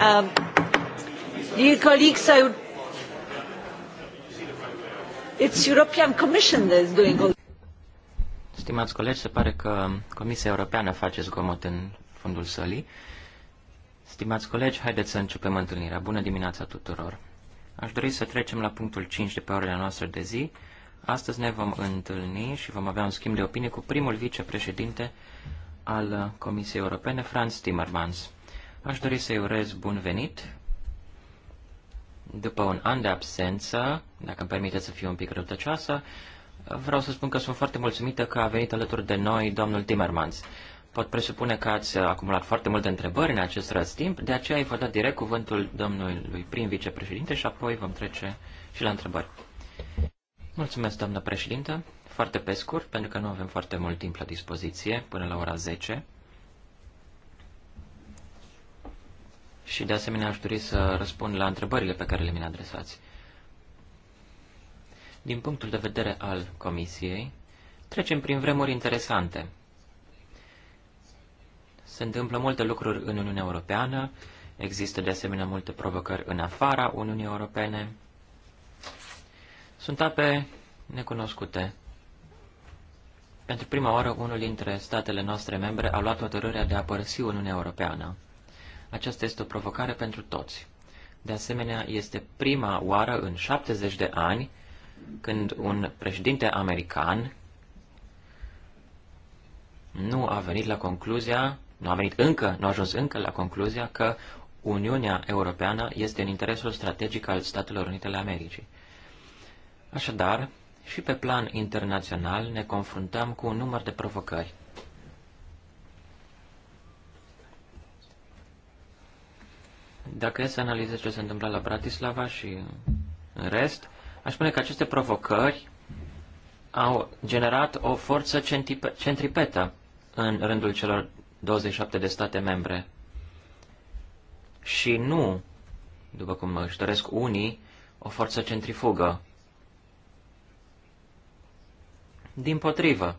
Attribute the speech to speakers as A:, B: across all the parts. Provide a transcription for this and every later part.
A: Um, dear colleagues, I would... it's European Commission that is doing all.
B: Stimați colegi, se pare că Comisia Europeană face zgomot în fundul sălii. Stimați colegi, haideți să începem întâlnirea. Bună dimineața tuturor! Aș dori să trecem la punctul 5 de pe orele noastre de zi. Astăzi ne vom întâlni și vom avea un schimb de opinie cu primul vicepreședinte al Comisiei Europene, Franz Timmermans. Aș dori să-i urez bun venit. După un an de absență, dacă îmi permiteți să fiu un pic răutăcioasă, vreau să spun că sunt foarte mulțumită că a venit alături de noi domnul Timmermans. Pot presupune că ați acumulat foarte multe întrebări în acest timp, de aceea îi vă da direct cuvântul domnului prim vicepreședinte și apoi vom trece și la întrebări. Mulțumesc, doamnă președintă. Foarte pe scurt, pentru că nu avem foarte mult timp la dispoziție până la ora 10. și de asemenea aș dori să răspund la întrebările pe care le mi adresați. Din punctul de vedere al Comisiei, trecem prin vremuri interesante. Se întâmplă multe lucruri în Uniunea Europeană, există de asemenea multe provocări în afara Uniunii Europene. Sunt ape necunoscute. Pentru prima oară, unul dintre statele noastre membre a luat hotărârea de a părăsi Uniunea Europeană. Aceasta este o provocare pentru toți. De asemenea, este prima oară în 70 de ani când un președinte american nu a venit la concluzia, nu a venit încă, nu a ajuns încă la concluzia că Uniunea Europeană este în interesul strategic al Statelor Unite ale Americii. Așadar, și pe plan internațional ne confruntăm cu un număr de provocări. Dacă e să analizez ce se întâmplă la Bratislava și în rest, aș spune că aceste provocări au generat o forță centripetă în rândul celor 27 de state membre. Și nu, după cum își doresc unii, o forță centrifugă. Din potrivă,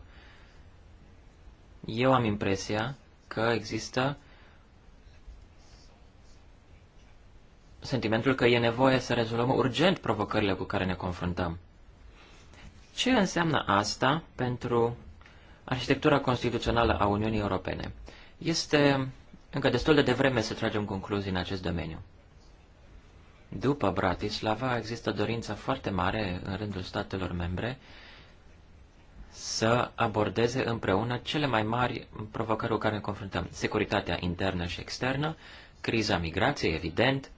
B: eu am impresia că există sentimentul că e nevoie să rezolvăm urgent provocările cu care ne confruntăm. Ce înseamnă asta pentru arhitectura constituțională a Uniunii Europene? Este încă destul de devreme să tragem concluzii în acest domeniu. După Bratislava există dorința foarte mare în rândul statelor membre să abordeze împreună cele mai mari provocări cu care ne confruntăm. Securitatea internă și externă, criza migrației, evident,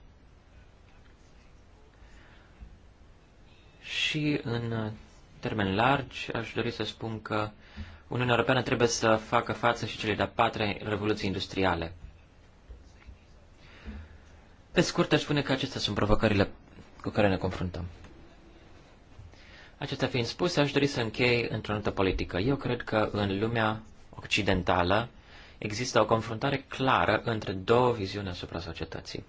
B: Și în termen larg, aș dori să spun că Uniunea Europeană trebuie să facă față și celei de-a patra revoluții industriale. Pe scurt, aș spune că acestea sunt provocările cu care ne confruntăm. Acestea fiind spuse, aș dori să închei într-o notă politică. Eu cred că în lumea occidentală există o confruntare clară între două viziuni asupra societății.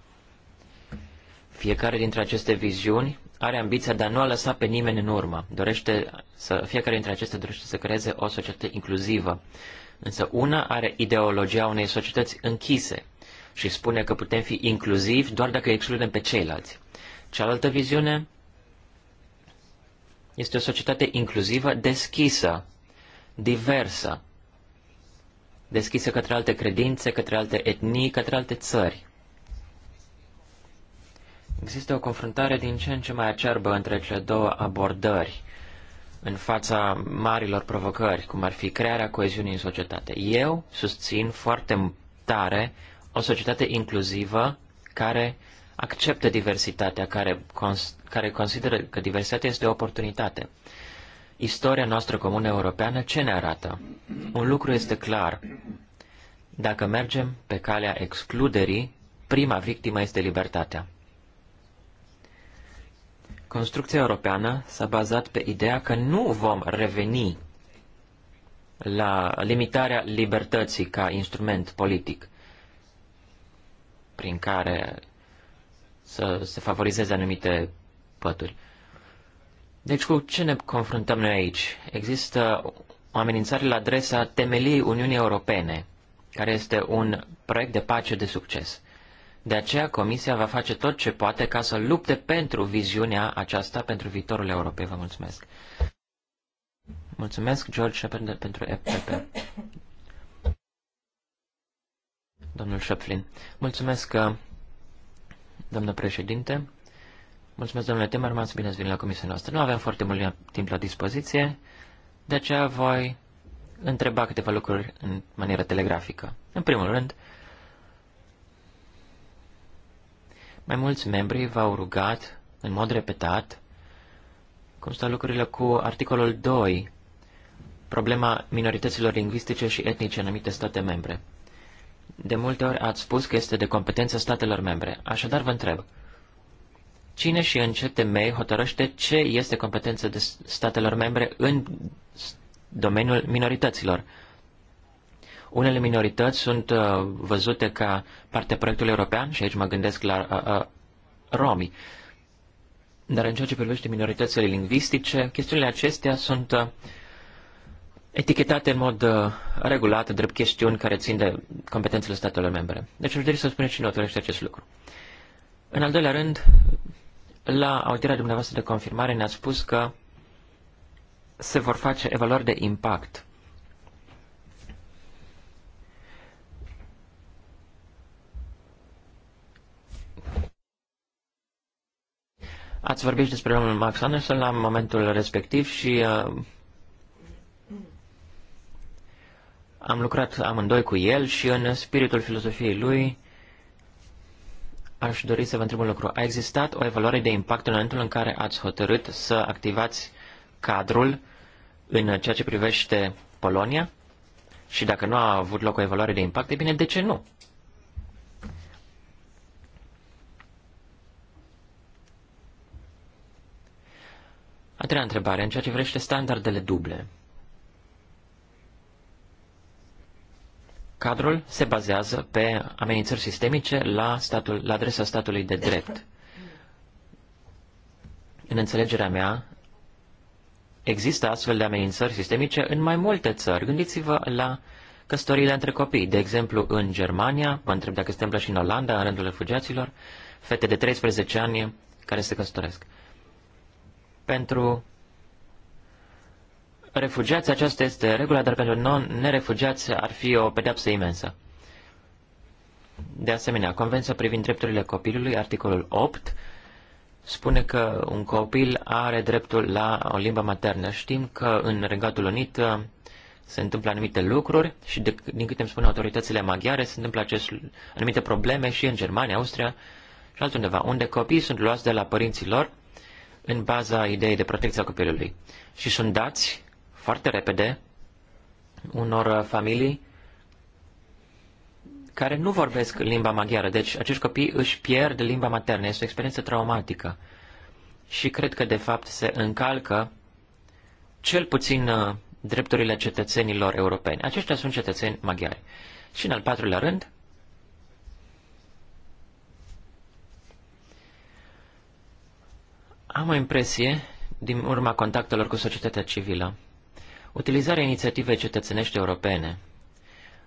B: Fiecare dintre aceste viziuni are ambiția de a nu a lăsa pe nimeni în urmă. Dorește să, fiecare dintre acestea dorește să creeze o societate inclusivă. Însă una are ideologia unei societăți închise și spune că putem fi inclusivi doar dacă excludem pe ceilalți. Cealaltă viziune este o societate inclusivă deschisă, diversă, deschisă către alte credințe, către alte etnii, către alte țări. Există o confruntare din ce în ce mai acerbă între cele două abordări în fața marilor provocări, cum ar fi crearea coeziunii în societate. Eu susțin foarte tare o societate inclusivă care acceptă diversitatea, care, cons- care consideră că diversitatea este o oportunitate. Istoria noastră comună europeană ce ne arată? Un lucru este clar. Dacă mergem pe calea excluderii, prima victimă este libertatea construcția europeană s-a bazat pe ideea că nu vom reveni la limitarea libertății ca instrument politic prin care să se favorizeze anumite pături. Deci cu ce ne confruntăm noi aici? Există o amenințare la adresa temeliei Uniunii Europene, care este un proiect de pace de succes. De aceea, Comisia va face tot ce poate ca să lupte pentru viziunea aceasta pentru viitorul Europei. Vă mulțumesc. Mulțumesc, George Shepard, pentru EPP. Domnul Șöpflin. Mulțumesc, domnul președinte. Mulțumesc, domnule Timmermans, bine ați venit la comisia noastră. Nu aveam foarte mult timp la dispoziție, de aceea voi întreba câteva lucruri în manieră telegrafică. În primul rând, Mai mulți membri v-au rugat în mod repetat cum stau lucrurile cu articolul 2, problema minorităților lingvistice și etnice în anumite state membre. De multe ori ați spus că este de competența statelor membre, așadar vă întreb, cine și în ce temei hotărăște ce este competență de statelor membre în domeniul minorităților? Unele minorități sunt uh, văzute ca parte a proiectului european și aici mă gândesc la uh, uh, romi. Dar în ceea ce privește minoritățile lingvistice, chestiunile acestea sunt uh, etichetate în mod uh, regulat drept chestiuni care țin de competențele statelor membre. Deci aș dori să spuneți cine autorește acest lucru. În al doilea rând, la audierea dumneavoastră de confirmare ne-ați spus că se vor face evaluări de impact Ați vorbit și despre domnul Max Anderson la momentul respectiv și uh, am lucrat amândoi cu el și în spiritul filozofiei lui aș dori să vă întreb un lucru. A existat o evaluare de impact în momentul în care ați hotărât să activați cadrul în ceea ce privește Polonia? Și dacă nu a avut loc o evaluare de impact, e bine, de ce nu? A treia întrebare, în ceea ce vrește standardele duble. Cadrul se bazează pe amenințări sistemice la, statul, la adresa statului de drept. În înțelegerea mea, există astfel de amenințări sistemice în mai multe țări. Gândiți-vă la căsătoriile între copii. De exemplu, în Germania, vă întreb dacă se întâmplă și în Olanda, în rândul refugiaților, fete de 13 ani care se căsătoresc pentru refugiați aceasta este regula, dar pentru non-nerefugiați ar fi o pedeapsă imensă. De asemenea, Convenția privind drepturile copilului, articolul 8, spune că un copil are dreptul la o limbă maternă. Știm că în Regatul Unit uh, se întâmplă anumite lucruri și, de, din câte îmi spun autoritățile maghiare, se întâmplă acest, anumite probleme și în Germania, Austria și altundeva, unde copiii sunt luați de la părinții lor în baza ideii de protecție a copilului și sunt dați foarte repede unor familii care nu vorbesc limba maghiară. Deci acești copii își pierd limba maternă. Este o experiență traumatică. Și cred că, de fapt, se încalcă cel puțin uh, drepturile cetățenilor europeni. Aceștia sunt cetățeni maghiari. Și în al patrulea rând, Am o impresie, din urma contactelor cu societatea civilă, utilizarea inițiativei cetățenești europene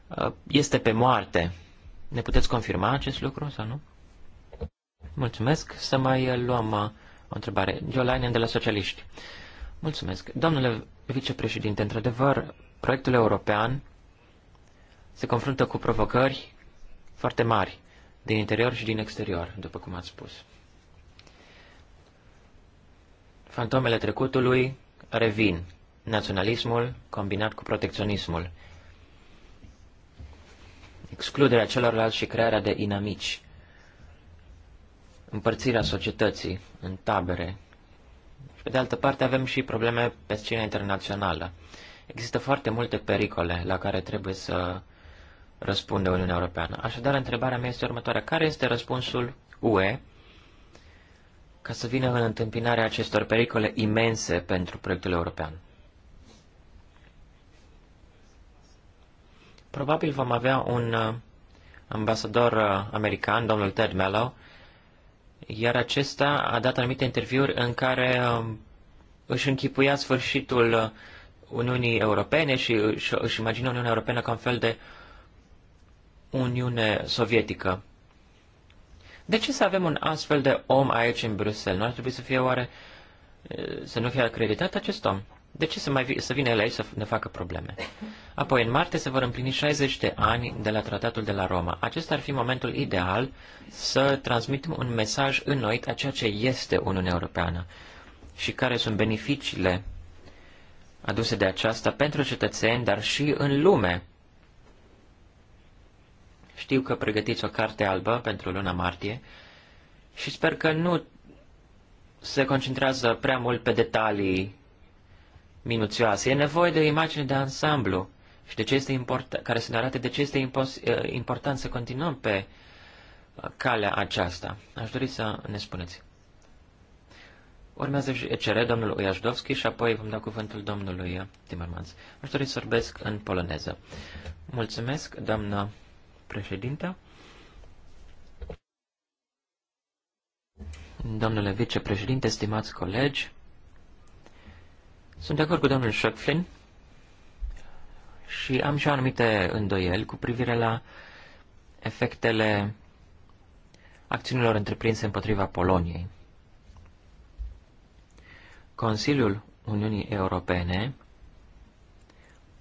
B: uh, este pe moarte. Ne puteți confirma acest lucru sau nu? Mulțumesc. Să mai luăm uh, o întrebare. Giolainen de la Socialiști. Mulțumesc. Domnule vicepreședinte, într-adevăr, proiectul european se confruntă cu provocări foarte mari din interior și din exterior, după cum ați spus. Fantomele trecutului revin. Naționalismul combinat cu protecționismul. Excluderea celorlalți și crearea de inamici. Împărțirea societății în tabere. pe de altă parte avem și probleme pe scena internațională. Există foarte multe pericole la care trebuie să răspunde Uniunea Europeană. Așadar, întrebarea mea este următoarea. Care este răspunsul UE ca să vină în întâmpinarea acestor pericole imense pentru proiectul european. Probabil vom avea un uh, ambasador uh, american, domnul Ted Mello, iar acesta a dat anumite interviuri în care uh, își închipuia sfârșitul Uniunii Europene și își, își imagina Uniunea Europeană ca un fel de Uniune Sovietică. De ce să avem un astfel de om aici în Bruxelles? Nu ar trebui să fie oare să nu fie acreditat acest om? De ce să, mai vi- să vină el aici să ne facă probleme? Apoi, în martie se vor împlini 60 de ani de la tratatul de la Roma. Acesta ar fi momentul ideal să transmitem un mesaj înnoit a ceea ce este Uniunea Europeană și care sunt beneficiile aduse de aceasta pentru cetățeni, dar și în lume. Știu că pregătiți o carte albă pentru luna martie și sper că nu se concentrează prea mult pe detalii minuțioase. E nevoie de o imagine de ansamblu și de ce este import- care să ne arate de ce este impos- eh, important să continuăm pe eh, calea aceasta. Aș dori să ne spuneți. Urmează ECR, domnul Ujașdovski, și apoi vom da cuvântul domnului Timmermans. Aș dori să vorbesc în poloneză. Mulțumesc, doamnă președinte. Domnule vicepreședinte, stimați colegi, sunt de acord cu domnul Schöpflin și am și anumite îndoieli cu privire la efectele acțiunilor întreprinse împotriva Poloniei. Consiliul Uniunii Europene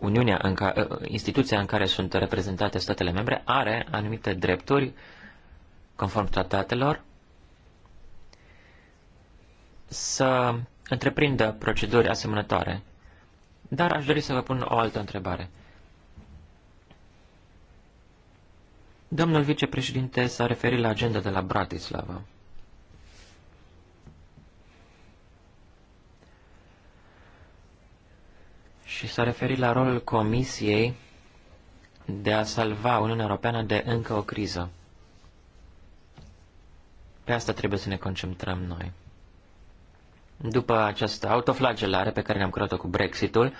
B: Uniunea, în ca, ă, instituția în care sunt reprezentate statele membre, are anumite drepturi conform tratatelor să întreprindă proceduri asemănătoare. Dar aș dori să vă pun o altă întrebare. Domnul vicepreședinte s-a referit la agenda de la Bratislava. și s-a referit la rolul Comisiei de a salva Uniunea Europeană de încă o criză. Pe asta trebuie să ne concentrăm noi. După această autoflagelare pe care ne-am creat-o cu Brexitul,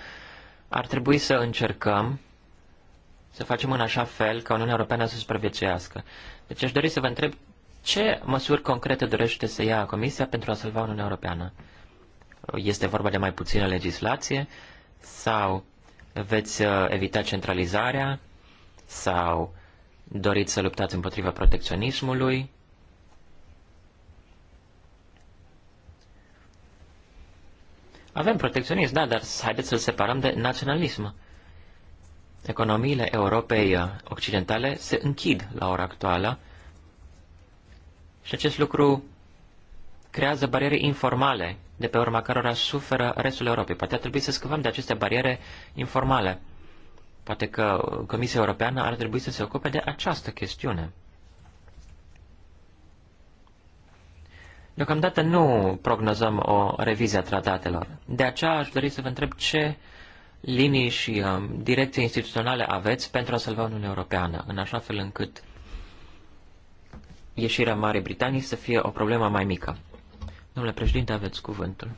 B: ar trebui să încercăm să facem în așa fel ca Uniunea Europeană să supraviețuiască. Deci aș dori să vă întreb ce măsuri concrete dorește să ia Comisia pentru a salva Uniunea Europeană? Este vorba de mai puțină legislație? Sau veți uh, evita centralizarea? Sau doriți să luptați împotriva protecționismului? Avem protecționism, da, dar haideți să-l separăm de naționalism. Economiile Europei uh, Occidentale se închid la ora actuală și acest lucru creează bariere informale de pe urma cărora suferă restul Europei. Poate ar trebui să scăpăm de aceste bariere informale. Poate că Comisia Europeană ar trebui să se ocupe de această chestiune. Deocamdată nu prognozăm o revizie a tratatelor. De aceea aș dori să vă întreb ce linii și um, direcții instituționale aveți pentru a salva Uniunea Europeană, în așa fel încât ieșirea Marii Britanii să fie o problemă mai mică. Domnule președinte, aveți cuvântul.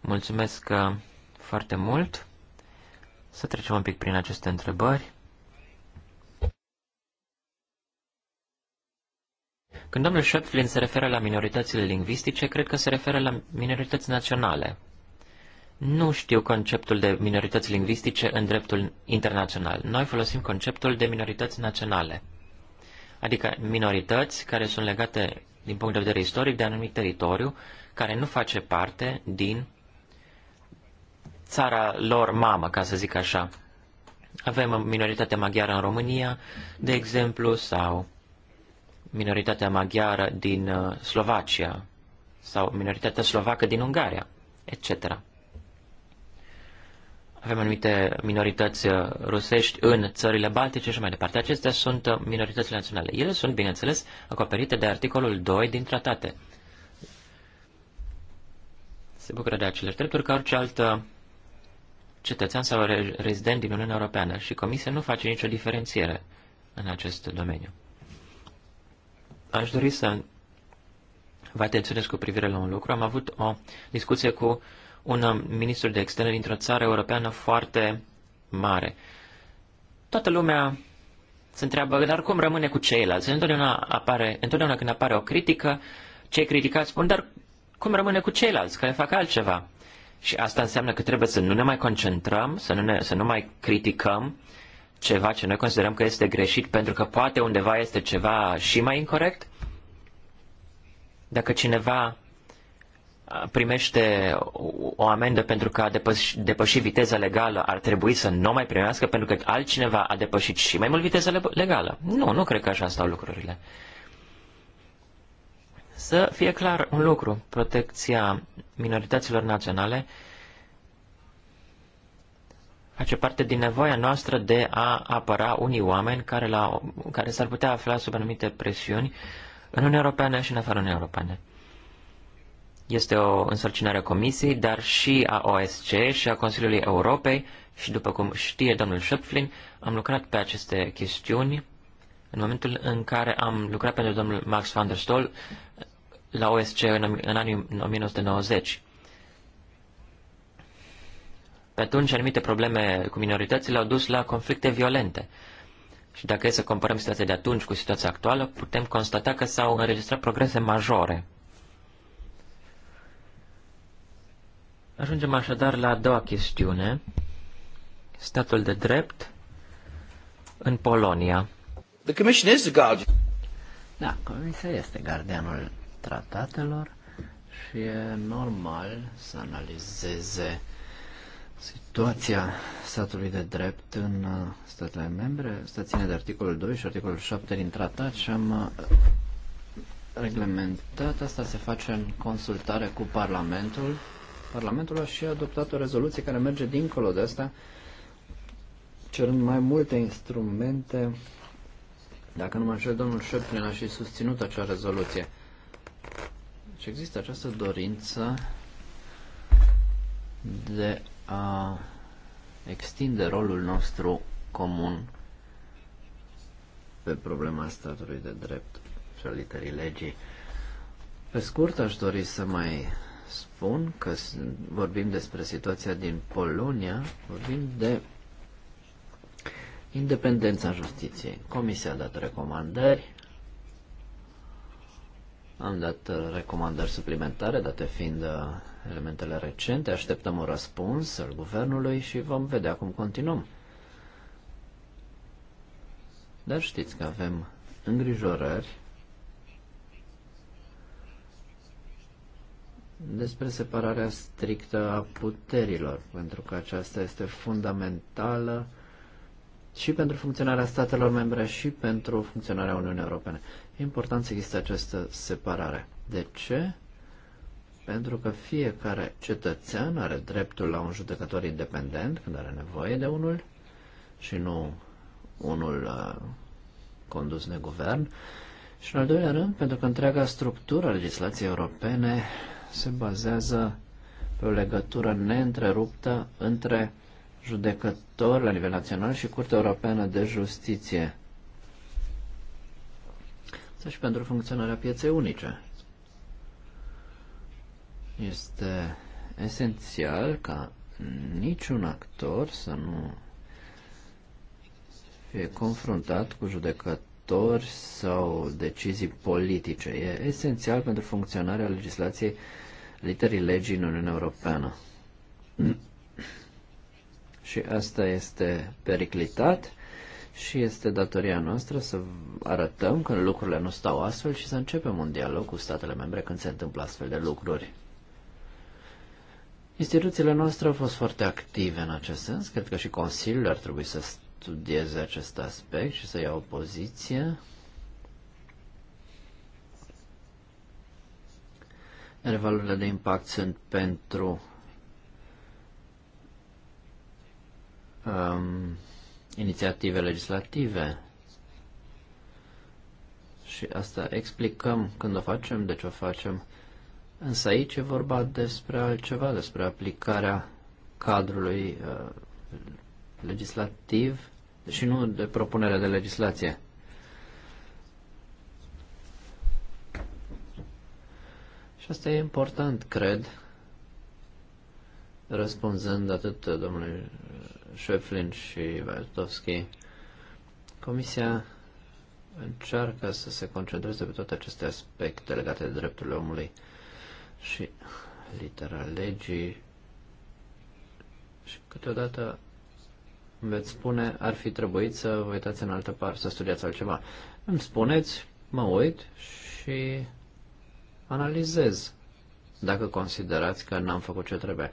B: Mulțumesc uh, foarte mult. Să trecem un pic prin aceste întrebări. Când domnul Schöpflin se referă la minoritățile lingvistice, cred că se referă la minorități naționale. Nu știu conceptul de minorități lingvistice în dreptul internațional. Noi folosim conceptul de minorități naționale, adică minorități care sunt legate din punct de vedere istoric de anumit teritoriu care nu face parte din țara lor mamă, ca să zic așa. Avem minoritatea maghiară în România, de exemplu, sau minoritatea maghiară din uh, Slovacia, sau minoritatea slovacă din Ungaria, etc. Avem anumite minorități uh, rusești în țările baltice și mai departe. Acestea sunt uh, minoritățile naționale. Ele sunt, bineînțeles, acoperite de articolul 2 din tratate. Se bucură de aceleași drepturi ca orice altă uh, cetățean sau rezident din Uniunea Europeană și Comisia nu face nicio diferențiere în acest domeniu. Aș dori să vă atenționez cu privire la un lucru. Am avut o discuție cu un um, ministru de externe dintr-o țară europeană foarte mare. Toată lumea se întreabă, dar cum rămâne cu ceilalți? Întotdeauna, apare, întotdeauna când apare o critică, cei criticați spun, dar cum rămâne cu ceilalți care fac altceva? Și asta înseamnă că trebuie să nu ne mai concentrăm, să nu, ne, să nu mai criticăm ceva ce noi considerăm că este greșit, pentru că poate undeva este ceva și mai incorrect? Dacă cineva primește o amendă pentru că a depăși, depășit viteza legală, ar trebui să nu mai primească pentru că altcineva a depășit și mai mult viteza legală. Nu, nu cred că așa stau lucrurile. Să fie clar un lucru, protecția minorităților naționale face parte din nevoia noastră de a apăra unii oameni care, care s-ar putea afla sub anumite presiuni în Uniunea Europeană și în afara Uniunii Europene. Este o însărcinare a Comisiei, dar și a OSC și a Consiliului Europei și, după cum știe domnul Schöpflin, am lucrat pe aceste chestiuni în momentul în care am lucrat pentru domnul Max van der Stol la OSC în, în anii 1990. Pe atunci, anumite probleme cu minoritățile au dus la conflicte violente. Și dacă e să comparăm situația de atunci cu situația actuală, putem constata că s-au înregistrat progrese majore Ajungem așadar la a doua chestiune, statul de drept în Polonia. The commission is the guardian.
C: Da, comisia este gardianul tratatelor și e normal să analizeze situația statului de drept în uh, statele membre. Asta ține de articolul 2 și articolul 7 din tratat și am uh, reglementat. Asta se face în consultare cu Parlamentul Parlamentul a și adoptat o rezoluție care merge dincolo de asta, cerând mai multe instrumente. Dacă nu mă înșel, domnul Șöpflin a și susținut acea rezoluție. Și deci există această dorință de a extinde rolul nostru comun pe problema statului de drept și a literii legii. Pe scurt, aș dori să mai spun că vorbim despre situația din Polonia, vorbim de independența justiției. Comisia a dat recomandări, am dat recomandări suplimentare, date fiind uh, elementele recente, așteptăm un răspuns al guvernului și vom vedea cum continuăm. Dar știți că avem îngrijorări despre separarea strictă a puterilor, pentru că aceasta este fundamentală și pentru funcționarea statelor membre și pentru funcționarea Uniunii Europene. E important să existe această separare. De ce? Pentru că fiecare cetățean are dreptul la un judecător independent când are nevoie de unul și nu unul uh, condus de guvern. Și în al doilea rând, pentru că întreaga structură a legislației europene se bazează pe o legătură neîntreruptă între judecători la nivel național și Curtea Europeană de Justiție. Asta și pentru funcționarea pieței unice. Este esențial ca niciun actor să nu fie confruntat cu judecători sau decizii politice. E esențial pentru funcționarea legislației literii legii în Uniunea Europeană. Și asta este periclitat și este datoria noastră să arătăm că lucrurile nu stau astfel și să începem un dialog cu statele membre când se întâmplă astfel de lucruri. Instituțiile noastre au fost foarte active în acest sens. Cred că și Consiliul ar trebui să studieze acest aspect și să ia o poziție. Iar valorile de impact sunt pentru um, inițiative legislative. Și asta explicăm când o facem, de ce o facem. Însă aici e vorba despre altceva, despre aplicarea cadrului uh, legislativ și nu de propunerea de legislație. Și asta e important, cred, răspunzând atât domnului Șeflin și Valtovski. Comisia încearcă să se concentreze pe toate aceste aspecte legate de drepturile omului și litera legii și câteodată veți spune, ar fi trebuit să vă uitați în altă parte, să studiați altceva. Îmi spuneți, mă uit și analizez dacă considerați că n-am făcut ce trebuie.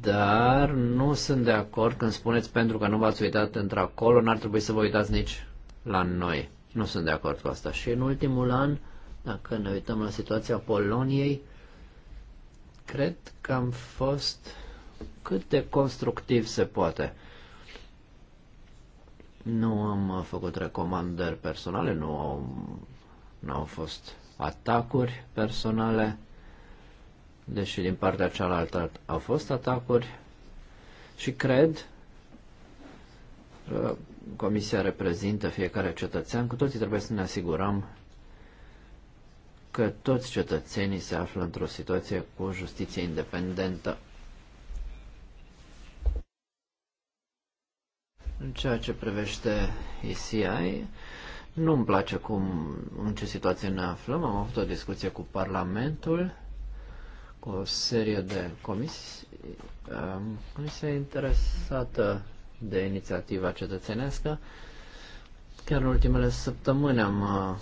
C: Dar nu sunt de acord când spuneți pentru că nu v-ați uitat într-acolo, n-ar trebui să vă uitați nici la noi. Nu sunt de acord cu asta. Și în ultimul an, dacă ne uităm la situația Poloniei, cred că am fost cât de constructiv se poate. Nu am făcut recomandări personale, nu am nu au fost atacuri personale, deși din partea cealaltă au fost atacuri și cred că Comisia reprezintă fiecare cetățean, cu toții trebuie să ne asigurăm că toți cetățenii se află într-o situație cu justiție independentă. În ceea ce privește ECI, nu-mi place cum, în ce situație ne aflăm. Am avut o discuție cu Parlamentul, cu o serie de comisii. Comisia interesată de inițiativa cetățenească. Chiar în ultimele săptămâni am uh,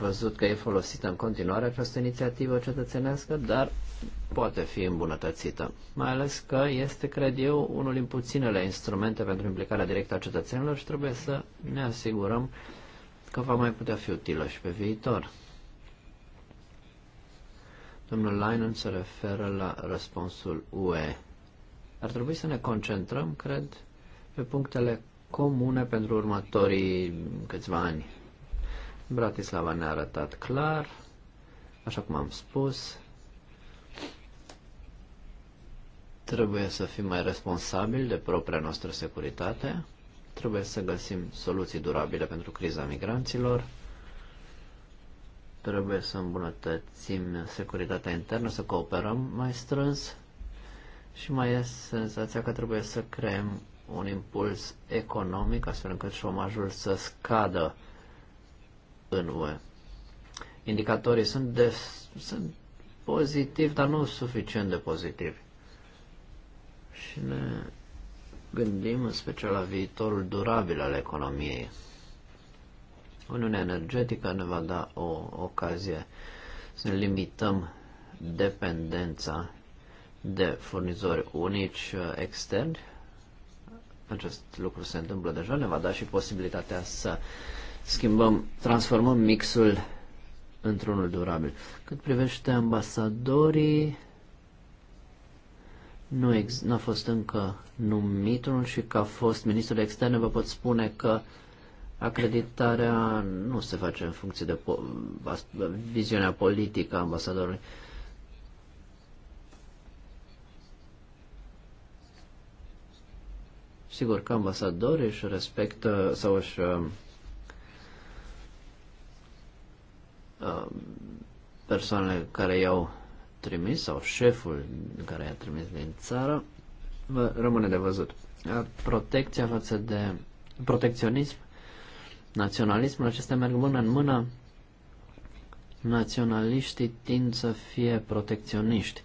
C: văzut că e folosită în continuare această inițiativă cetățenească, dar poate fi îmbunătățită. Mai ales că este, cred eu, unul din puținele instrumente pentru implicarea directă a cetățenilor și trebuie să ne asigurăm că va mai putea fi utilă și pe viitor. Domnul Leinen se referă la răspunsul UE. Ar trebui să ne concentrăm, cred, pe punctele comune pentru următorii câțiva ani. Bratislava ne-a arătat clar, așa cum am spus, trebuie să fim mai responsabili de propria noastră securitate. Trebuie să găsim soluții durabile pentru criza migranților. Trebuie să îmbunătățim securitatea internă, să cooperăm mai strâns și mai e senzația că trebuie să creăm un impuls economic astfel încât șomajul să scadă în UE. Indicatorii sunt, de, sunt pozitivi, dar nu suficient de pozitivi. Și ne gândim în special la viitorul durabil al economiei. Uniunea energetică ne va da o ocazie să ne limităm dependența de furnizori unici uh, externi. Acest lucru se întâmplă deja, ne va da și posibilitatea să schimbăm, transformăm mixul într-unul durabil. Cât privește ambasadorii, nu, ex- nu a fost încă numit unul și că a fost ministrul externe, vă pot spune că acreditarea nu se face în funcție de po- viziunea politică a ambasadorului. Sigur că ambasadorii își respectă sau își uh, uh, persoanele care iau trimis sau șeful care i-a trimis din țară, vă rămâne de văzut. Protecția față de protecționism, naționalismul, acestea merg mână în mână. Naționaliștii tind să fie protecționiști.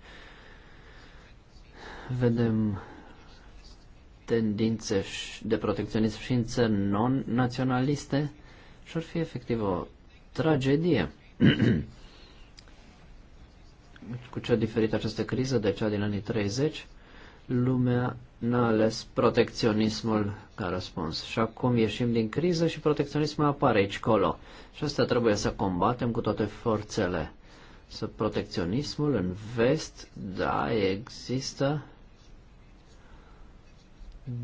C: Vedem tendințe de protecționism și în țări non-naționaliste și ar fi efectiv o tragedie. cu ce diferită această criză de cea din anii 30, lumea n-a ales protecționismul ca răspuns. Și acum ieșim din criză și protecționismul apare aici, colo. Și asta trebuie să combatem cu toate forțele. Să protecționismul în vest, da, există,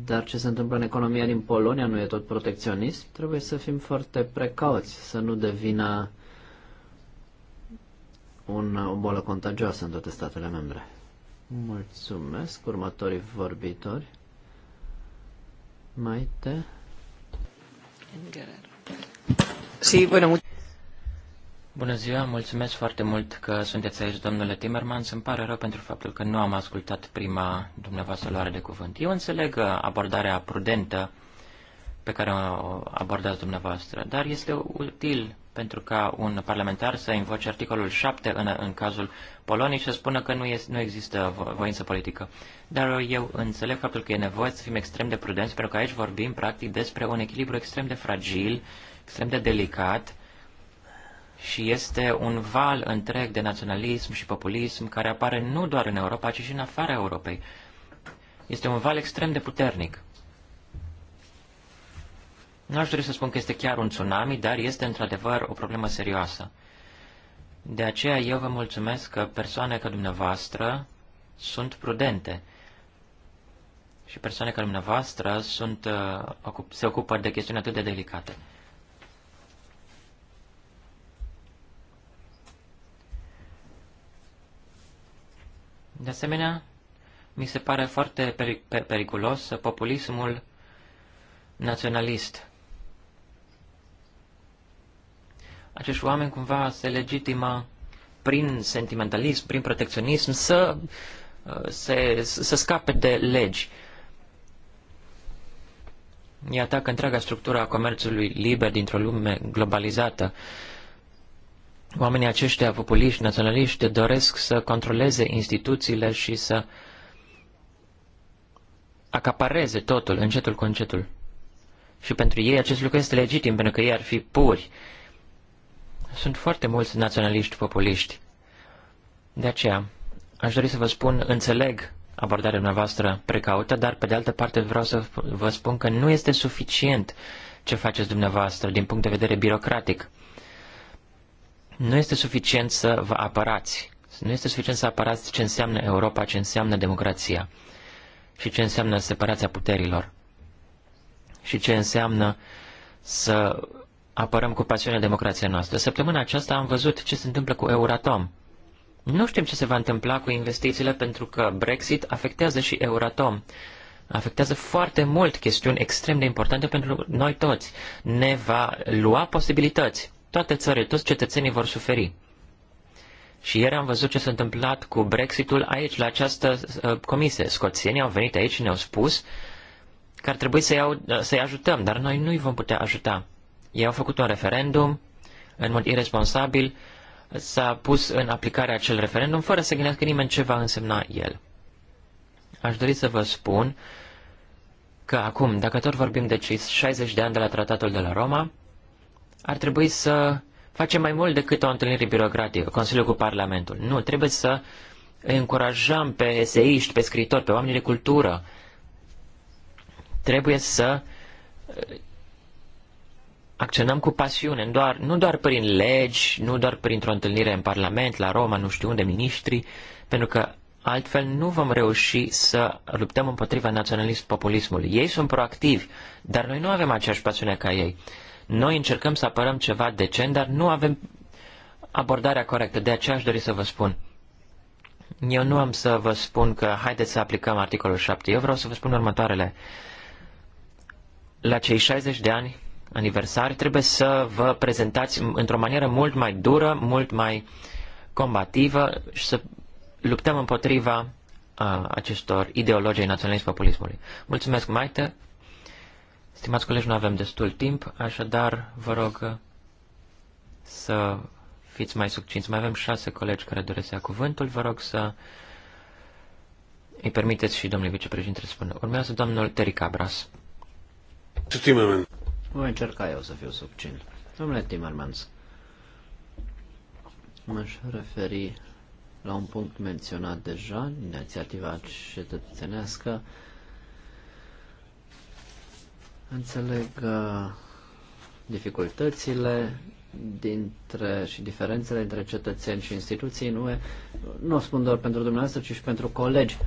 C: dar ce se întâmplă în economia din Polonia nu e tot protecționism. Trebuie să fim foarte precauți, să nu devină uh, un, o boală contagioasă în toate statele membre. Mulțumesc. Următorii vorbitori. Maite.
B: Sí, bueno, Bună ziua, mulțumesc foarte mult că sunteți aici, domnule Timerman. Îmi pare rău pentru faptul că nu am ascultat prima dumneavoastră luare de cuvânt. Eu înțeleg uh, abordarea prudentă pe care o abordați dumneavoastră, dar este util pentru ca un parlamentar să invoce articolul 7 în, în cazul Poloniei și să spună că nu, este, nu există voință politică. Dar eu înțeleg faptul că e nevoie să fim extrem de prudenți, pentru că aici vorbim practic despre un echilibru extrem de fragil, extrem de delicat și este un val întreg de naționalism și populism care apare nu doar în Europa, ci și în afara Europei. Este un val extrem de puternic. Nu aș dori să spun că este chiar un tsunami, dar este într-adevăr o problemă serioasă. De aceea eu vă mulțumesc că persoane ca dumneavoastră sunt prudente și persoane ca dumneavoastră sunt, uh, se ocupă de chestiuni atât de delicate. De asemenea, mi se pare foarte periculos populismul naționalist. acești oameni cumva se legitima prin sentimentalism, prin protecționism, să, uh, se, să scape de legi. Ea atacă întreaga structură a comerțului liber dintr-o lume globalizată. Oamenii aceștia, populiști, naționaliști, doresc să controleze instituțiile și să acapareze totul, încetul cu încetul. Și pentru ei acest lucru este legitim, pentru că ei ar fi puri. Uh, sunt foarte mulți naționaliști populiști. De aceea, aș dori să vă spun, înțeleg abordarea noastră precaută, dar pe de altă parte vreau să vă spun că nu este suficient ce faceți dumneavoastră din punct de vedere birocratic. Nu este suficient să vă apărați. Nu este suficient să apărați ce înseamnă Europa, ce înseamnă democrația și ce înseamnă separația puterilor și ce înseamnă să apărăm cu pasiune democrația noastră. Săptămâna aceasta am văzut ce se întâmplă cu Euratom. Nu știm ce se va întâmpla cu investițiile pentru că Brexit afectează și Euratom. Afectează foarte mult chestiuni extrem de importante pentru noi toți. Ne va lua posibilități. Toate țările, toți cetățenii vor suferi. Și ieri am văzut ce s-a întâmplat cu Brexitul aici, la această uh, comisie. Scoțienii au venit aici și ne-au spus că ar trebui să-i, să ajutăm, dar noi nu-i vom putea ajuta. Ei au făcut un referendum, în mod irresponsabil, s-a pus în aplicare acel referendum fără să gândească nimeni ce va însemna el. Aș dori să vă spun că acum, dacă tot vorbim de cei 60 de ani de la Tratatul de la Roma, ar trebui să facem mai mult decât o întâlnire birocratică, Consiliul cu Parlamentul. Nu, trebuie să îi încurajăm pe eseiști, pe scritori, pe oameni de cultură. Trebuie să acționăm cu pasiune, doar, nu doar prin legi, nu doar printr-o întâlnire în Parlament, la Roma, nu știu unde, miniștri, pentru că altfel nu vom reuși să luptăm împotriva naționalist-populismului. Ei sunt proactivi, dar noi nu avem aceeași pasiune ca ei. Noi încercăm să apărăm ceva decent, dar nu avem abordarea corectă. De aceea aș dori să vă spun. Eu nu am să vă spun că haideți să aplicăm articolul 7. Eu vreau să vă spun următoarele. La cei 60 de ani aniversari, trebuie să vă prezentați într-o manieră mult mai dură, mult mai combativă și să luptăm împotriva a, acestor ideologii naționalism populismului Mulțumesc, Maite! Stimați colegi, nu avem destul timp, așadar vă rog uh, să fiți mai succinți. Mai avem șase colegi care doresc să ia cuvântul. Vă rog să îi permiteți și domnului vicepreședinte să spună. Urmează domnul Terry Cabras. Timmerman.
C: Voi încerca eu să fiu subțin. Domnule Timmermans, m-aș referi la un punct menționat deja, inițiativa cetățenească. Înțeleg uh, dificultățile dintre, și diferențele între cetățeni și instituții nu e, nu o spun doar pentru dumneavoastră, ci și pentru colegi.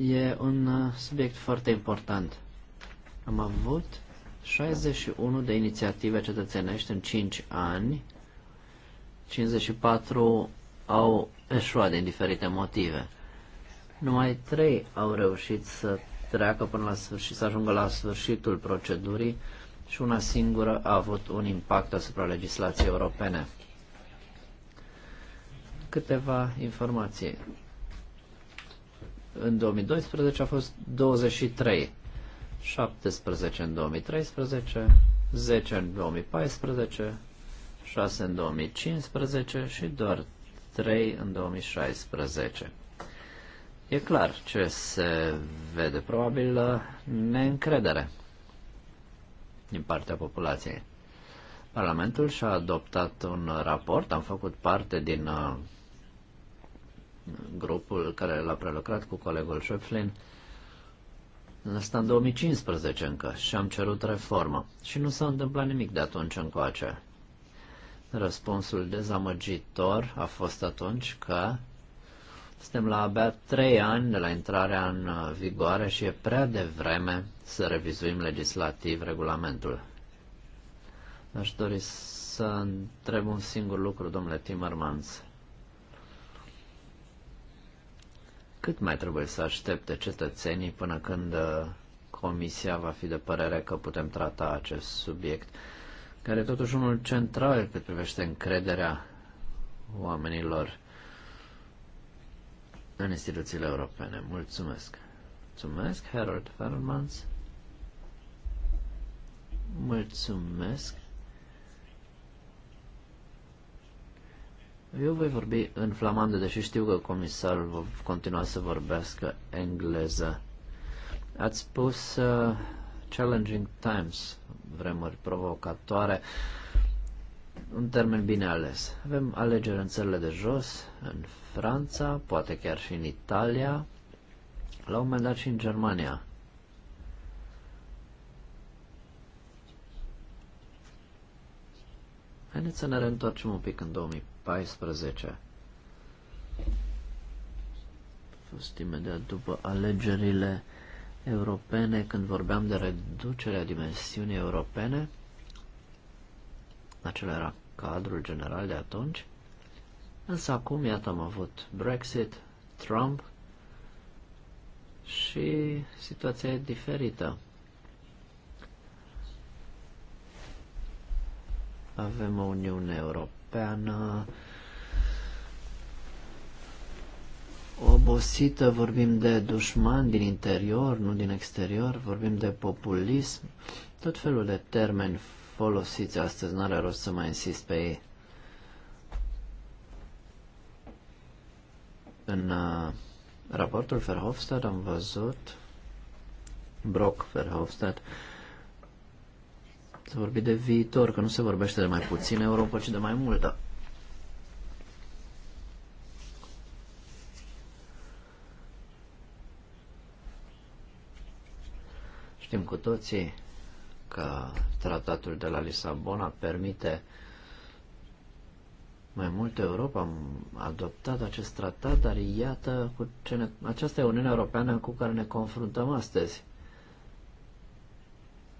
C: E un uh, subiect foarte important. Am avut 61 de inițiative cetățenești în 5 ani, 54 au eșuat din diferite motive. Numai 3 au reușit să treacă până la sfârșit, să ajungă la sfârșitul procedurii și una singură a avut un impact asupra legislației europene. Câteva informații în 2012 a fost 23, 17 în 2013, 10 în 2014, 6 în 2015 și doar 3 în 2016. E clar ce se vede, probabil uh, neîncredere din partea populației. Parlamentul și-a adoptat un raport, am făcut parte din uh, grupul care l-a prelucrat cu colegul Schöpflin, asta în 2015 încă, și am cerut reformă. Și nu s-a întâmplat nimic de atunci încoace. Răspunsul dezamăgitor a fost atunci că suntem la abia trei ani de la intrarea în vigoare și e prea devreme să revizuim legislativ regulamentul. Aș dori să întreb un singur lucru, domnule Timmermans. Cât mai trebuie să aștepte cetățenii până când uh, Comisia va fi de părere că putem trata acest subiect, care e totuși unul central cât privește încrederea oamenilor în instituțiile europene. Mulțumesc! Mulțumesc, Harold Fermans! Mulțumesc! Eu voi vorbi în flamandă, deși știu că comisarul va continua să vorbească engleză. Ați spus uh, challenging times, vremuri provocatoare, un termen bine ales. Avem alegeri în țările de jos, în Franța, poate chiar și în Italia, la un moment dat și în Germania. Haideți să ne reîntoarcem un pic în 2004. 14. A fost imediat după alegerile europene, când vorbeam de reducerea dimensiunii europene, acela era cadrul general de atunci, însă acum, iată, am avut Brexit, Trump și situația e diferită. Avem o Uniune Europeană Europeană obosită, vorbim de dușmani din interior, nu din exterior, vorbim de populism, tot felul de termeni folosiți astăzi, nu are rost să mai insist pe ei. În uh, raportul Verhofstadt am văzut Brock Verhofstadt S-a vorbit de viitor, că nu se vorbește de mai puțin Europa, ci de mai multă. Știm cu toții că tratatul de la Lisabona permite mai multă Europa. Am adoptat acest tratat, dar iată cu ce ne, aceasta e Uniunea Europeană cu care ne confruntăm astăzi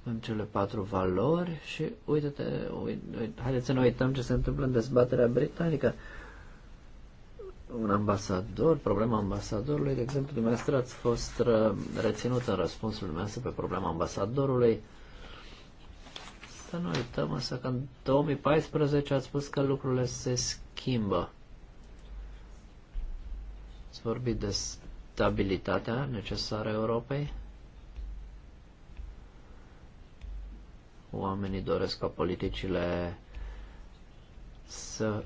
C: în cele patru valori și uite-te, uite, haideți să ne uităm ce se întâmplă în dezbaterea britanică. Un ambasador, problema ambasadorului, de exemplu, dumneavoastră ați fost uh, reținut în răspunsul dumneavoastră pe problema ambasadorului. Să nu uităm însă că în 2014 ați spus că lucrurile se schimbă. Ați vorbit de stabilitatea necesară Europei? Oamenii doresc ca politicile să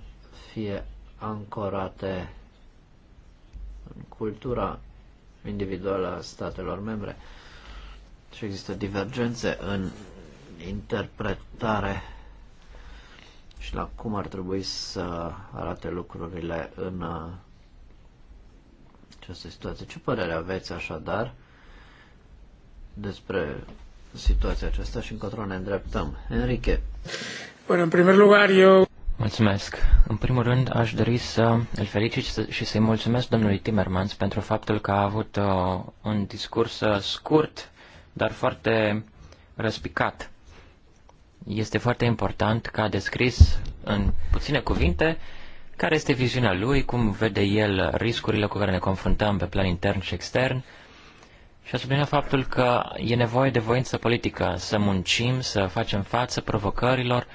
C: fie ancorate în cultura individuală a statelor membre și există divergențe în interpretare și la cum ar trebui să arate lucrurile în uh, această situație. Ce părere aveți așadar despre situația aceasta și încotro ne îndreptăm. Enrique. Bueno, în primul lugar, eu...
B: Mulțumesc. În primul rând, aș dori să îl felicit și să-i mulțumesc domnului Timmermans pentru faptul că a avut uh, un discurs uh, scurt, dar foarte răspicat. Este foarte important că a descris în puține cuvinte care este viziunea lui, cum vede el riscurile cu care ne confruntăm pe plan intern și extern, și a subliniat faptul că e nevoie de voință politică, să muncim, să facem față provocărilor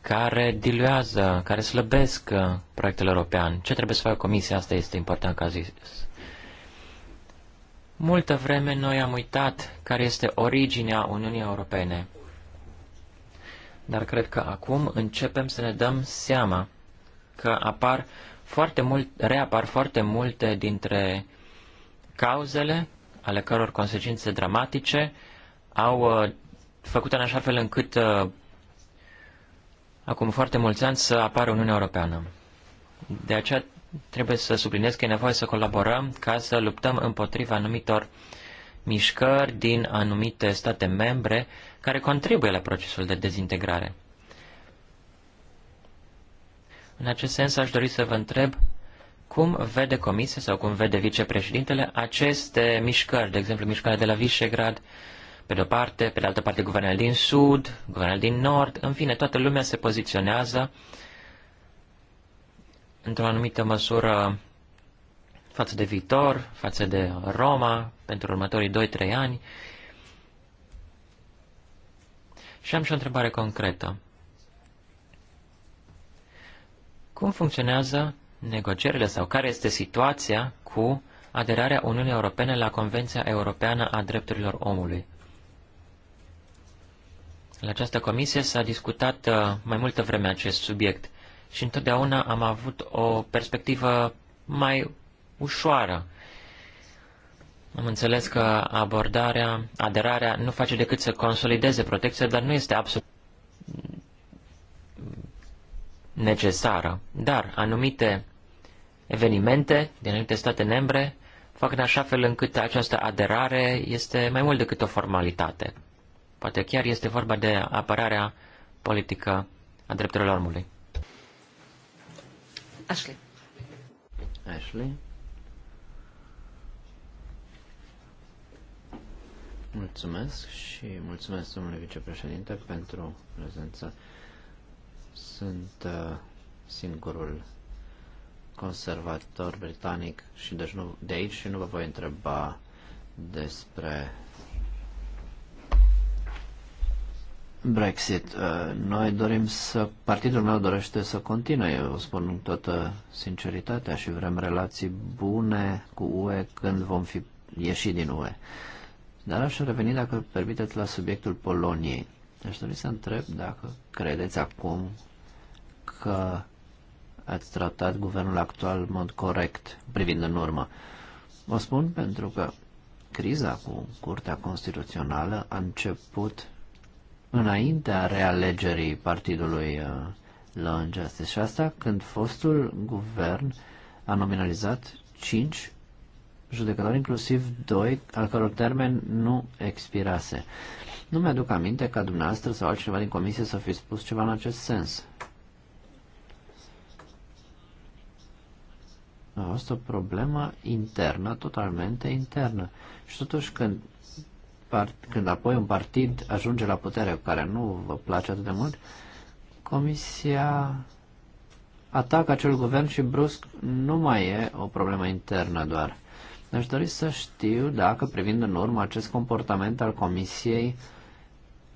B: care diluează, care slăbesc uh, proiectul european. Ce trebuie să facă Comisia? Asta este important ca zis. Multă vreme noi am uitat care este originea Uniunii Europene. Dar cred că acum începem să ne dăm seama că apar foarte mult, reapar foarte multe dintre cauzele ale căror consecințe dramatice au uh, făcut în așa fel încât uh, acum foarte mulți ani să apară Uniunea Europeană. De aceea trebuie să subliniez că e nevoie să colaborăm ca să luptăm împotriva anumitor mișcări din anumite state membre care contribuie la procesul de dezintegrare. În acest sens aș dori să vă întreb cum vede comisia sau cum vede vicepreședintele aceste mișcări, de exemplu mișcarea de la Visegrad, pe de-o parte, pe de altă parte guvernele din sud, guvernele din nord, în fine, toată lumea se poziționează într-o anumită măsură față de viitor, față de Roma, pentru următorii 2-3 ani. Și am și o întrebare concretă. Cum funcționează negocierile sau care este situația cu aderarea Uniunii Europene la Convenția Europeană a Drepturilor Omului. La această comisie s-a discutat uh, mai multă vreme acest subiect și întotdeauna am avut o perspectivă mai ușoară. Am înțeles că abordarea, aderarea nu face decât să consolideze protecția, dar nu este absolut necesară. Dar anumite evenimente din anumite state membre fac în așa fel încât această aderare este mai mult decât o formalitate. Poate chiar este vorba de apărarea politică a drepturilor omului.
C: Ashley. Ashley. Mulțumesc și mulțumesc domnule vicepreședinte pentru prezență. Sunt uh, singurul conservator britanic și deci nu, de aici și nu vă voi întreba despre Brexit. Uh, noi dorim să, partidul meu dorește să continue, eu spun în toată sinceritatea și vrem relații bune cu UE când vom fi ieși din UE. Dar aș reveni, dacă permiteți, la subiectul Poloniei. Aș dori să întreb dacă credeți acum că ați tratat guvernul actual în mod corect, privind în urmă. Vă spun pentru că criza cu Curtea Constituțională a început înaintea realegerii partidului uh, Law Justice și asta când fostul guvern a nominalizat cinci judecători, inclusiv doi al căror termen nu expirase. Nu mi-aduc aminte ca dumneavoastră sau altcineva din comisie să fi spus ceva în acest sens. A fost o problemă internă, totalmente internă. Și totuși când, part, când apoi un partid ajunge la putere care nu vă place atât de mult, Comisia atacă acel guvern și brusc nu mai e o problemă internă doar. Aș dori să știu dacă, privind în urmă acest comportament al Comisiei,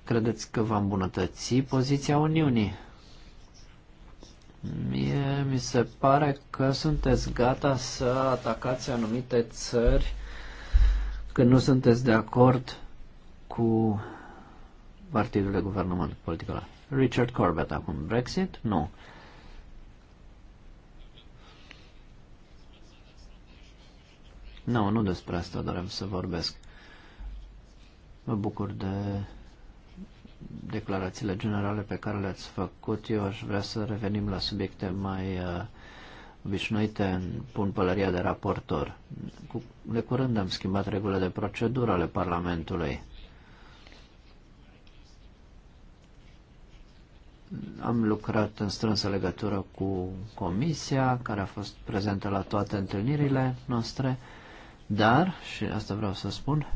C: credeți că va îmbunătăți poziția Uniunii? Mie mi se pare că sunteți gata să atacați anumite țări când nu sunteți de acord cu partidurile guvernământ politică. Richard Corbett acum Brexit? Nu. Nu, nu despre asta doream să vorbesc. Mă bucur de declarațiile generale pe care le-ați făcut. Eu aș vrea să revenim la subiecte mai uh, obișnuite în pălăria de raportor. Cu, de curând am schimbat regulile de procedură ale Parlamentului. Am lucrat în strânsă legătură cu comisia, care a fost prezentă la toate întâlnirile noastre, dar, și asta vreau să spun,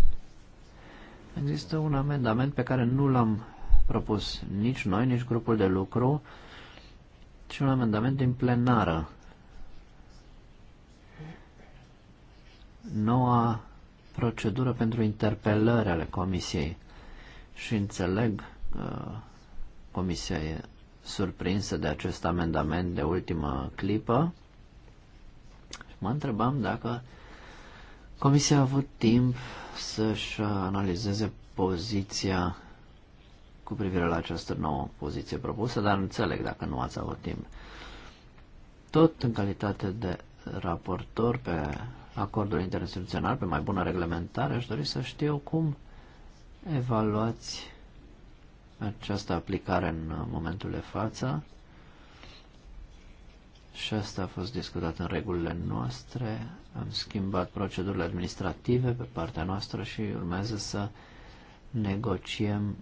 C: există un amendament pe care nu l-am propus nici noi, nici grupul de lucru, ci un amendament din plenară. Noua procedură pentru interpelări ale comisiei. Și înțeleg că uh, comisia e surprinsă de acest amendament de ultimă clipă. mă întrebam dacă comisia a avut timp să-și analizeze poziția cu privire la această nouă poziție propusă, dar înțeleg dacă nu ați avut timp. Tot în calitate de raportor pe acordul interinstituțional, pe mai bună reglementare, aș dori să știu cum evaluați această aplicare în momentul de față. Și asta a fost discutat în regulile noastre. Am schimbat procedurile administrative pe partea noastră și urmează să negociem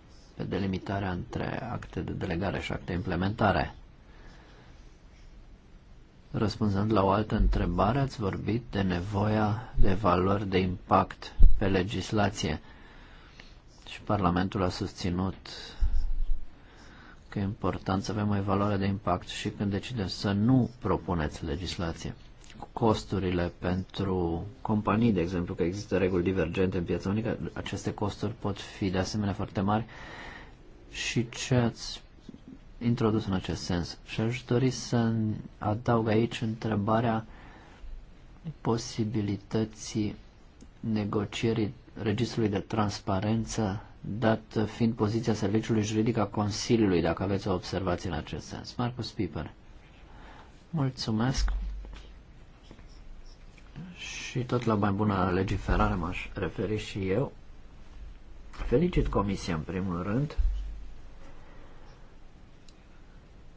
C: pe delimitarea între acte de delegare și acte de implementare. Răspunzând la o altă întrebare, ați vorbit de nevoia de valori de impact pe legislație și Parlamentul a susținut că e important să avem o evaluare de impact și când decidem să nu propuneți legislație. Costurile pentru companii, de exemplu, că există reguli divergente în piața unică, aceste costuri pot fi de asemenea foarte mari și ce ați introdus în acest sens. Și aș dori să adaug aici întrebarea posibilității negocierii registrului de transparență, dat fiind poziția serviciului juridic a Consiliului, dacă aveți o observație în acest sens. Marcus Piper. Mulțumesc. Și tot la mai bună legiferare m-aș referi și eu. Felicit Comisia în primul rând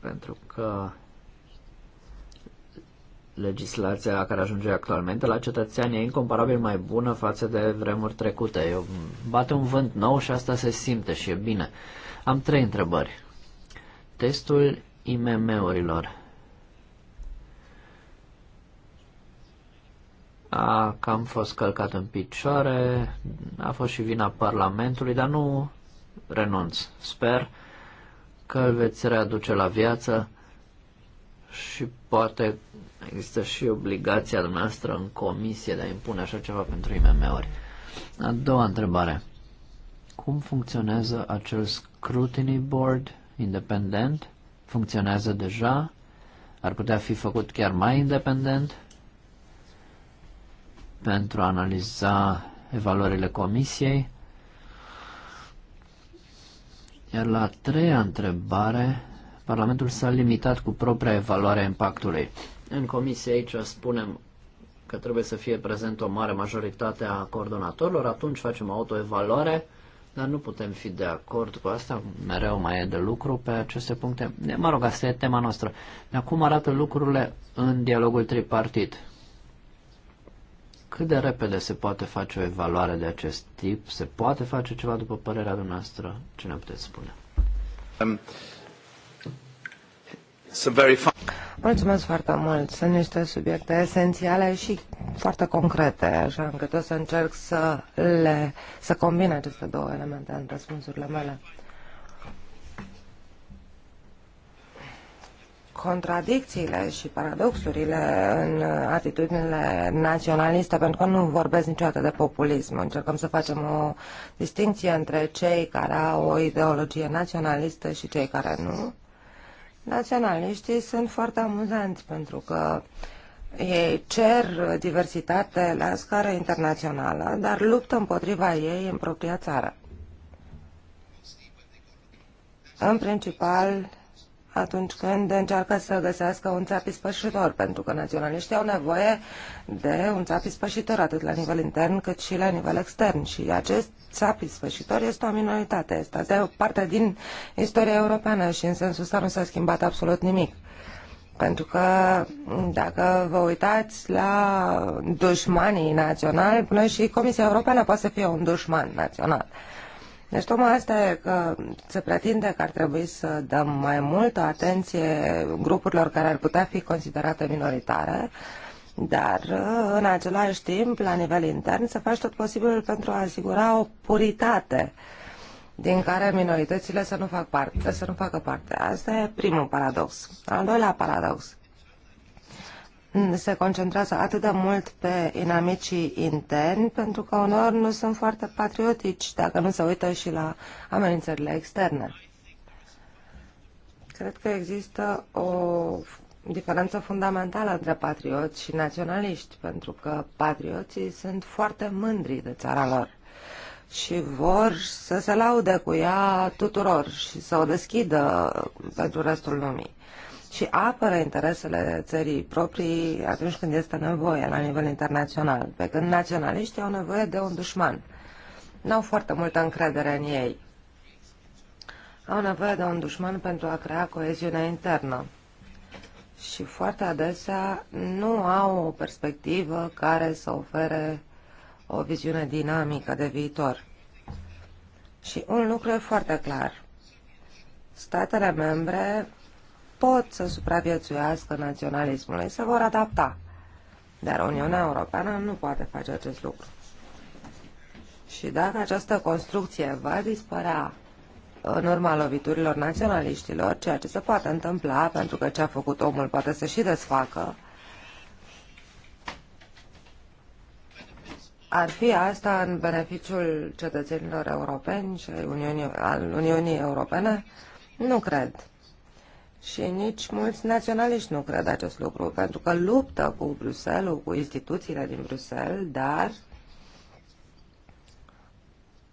C: pentru că legislația care ajunge actualmente la cetățeni e incomparabil mai bună față de vremuri trecute. Eu bate un vânt nou și asta se simte și e bine. Am trei întrebări. Testul IMM-urilor. A cam fost călcat în picioare, a fost și vina Parlamentului, dar nu renunț. Sper că îl veți readuce la viață și poate există și obligația dumneavoastră în comisie de a impune așa ceva pentru IMM-uri. A doua întrebare. Cum funcționează acel scrutiny board independent? Funcționează deja? Ar putea fi făcut chiar mai independent pentru a analiza evaluările comisiei? Iar la a treia întrebare, Parlamentul s-a limitat cu propria evaluare a impactului. În comisie aici spunem că trebuie să fie prezent o mare majoritate a coordonatorilor, atunci facem autoevaluare, dar nu putem fi de acord cu asta, mereu mai e de lucru pe aceste puncte. Mă rog, asta e tema noastră. Dar cum arată lucrurile în dialogul tripartit? Cât de repede se poate face o evaluare de acest tip? Se poate face ceva după părerea dumneavoastră? Ce ne puteți spune? Um, very
D: Mulțumesc foarte mult. Sunt niște subiecte esențiale și foarte concrete, așa încât o să încerc să, le, să combin aceste două elemente în răspunsurile mele. contradicțiile și paradoxurile în atitudinile naționaliste, pentru că nu vorbesc niciodată de populism. Încercăm să facem o distinție între cei care au o ideologie naționalistă și cei care nu. Naționaliștii sunt foarte amuzanți pentru că ei cer diversitate la scară internațională, dar luptă împotriva ei în propria țară. În principal, atunci când încearcă să găsească un țap ispășitor, pentru că naționaliștii au nevoie de un țap ispășitor atât la nivel intern cât și la nivel extern. Și acest țap ispășitor este o minoritate. Este asta o parte din istoria europeană și în sensul ăsta nu s-a schimbat absolut nimic. Pentru că dacă vă uitați la dușmanii naționali, până și Comisia Europeană poate să fie un dușman național. Uh, deci tocmai asta e că se pretinde că ar trebui să dăm mai multă atenție grupurilor care ar putea fi considerate minoritare, dar în același timp, la nivel intern, să faci tot posibilul pentru a asigura o puritate din care minoritățile să nu, fac parte, să nu facă parte. Asta e primul paradox. Al doilea paradox se concentrează atât de mult pe inamicii interni, pentru că uneori nu sunt foarte patriotici dacă nu se uită și la amenințările externe. Cred că există o diferență fundamentală între patrioți și naționaliști, pentru că patrioții sunt foarte mândri de țara lor și vor să se laude cu ea tuturor și să o deschidă pentru restul lumii și apără interesele țării proprii atunci când este nevoie la nivel internațional, pe când naționaliștii au nevoie de un dușman. N-au foarte multă încredere în ei. Au nevoie de un dușman pentru a crea coeziune internă și foarte adesea nu au o perspectivă care să ofere o viziune dinamică de viitor. Și un lucru e foarte clar. Statele membre pot să supraviețuiască naționalismului, se vor adapta. Dar Uniunea Europeană nu poate face acest lucru. Și dacă această construcție va dispărea în urma loviturilor naționaliștilor, ceea ce se poate întâmpla, pentru că ce a făcut omul poate să și desfacă, ar fi asta în beneficiul cetățenilor europeni și al Uniunii, Uniunii Europene? Nu cred. Și nici mulți naționaliști nu cred acest lucru, pentru că luptă cu Bruxelles, cu instituțiile din Bruxelles, dar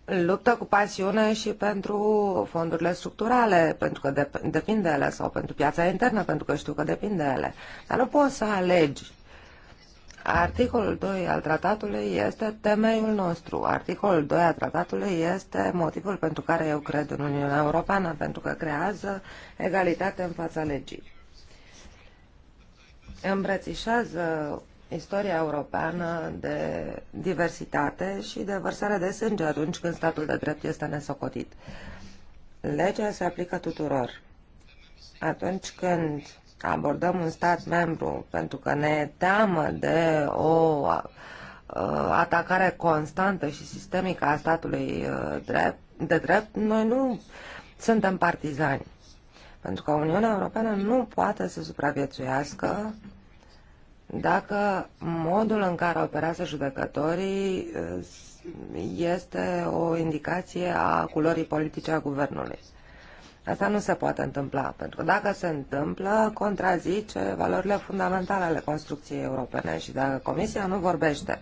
D: luptă cu pasiune și pentru fondurile structurale, pentru că depinde ele, sau pentru piața internă, pentru că știu că depinde ele. Dar nu poți să alegi Articolul 2 al tratatului este temeiul nostru. Articolul 2 al tratatului este motivul pentru care eu cred în Uniunea Europeană, pentru că creează egalitate în fața legii. Îmbrățișează istoria europeană de diversitate și de vărsare de sânge atunci când statul de drept este nesocotit. Legea se aplică tuturor. Atunci când abordăm un stat membru pentru că ne teamă de o atacare constantă și sistemică a statului drept, de drept, noi nu suntem partizani. Pentru că Uniunea Europeană nu poate să supraviețuiască dacă modul în care operează judecătorii este o indicație a culorii politice a guvernului. Asta nu se poate întâmpla, pentru că dacă se întâmplă, contrazice valorile fundamentale ale construcției europene și dacă Comisia nu vorbește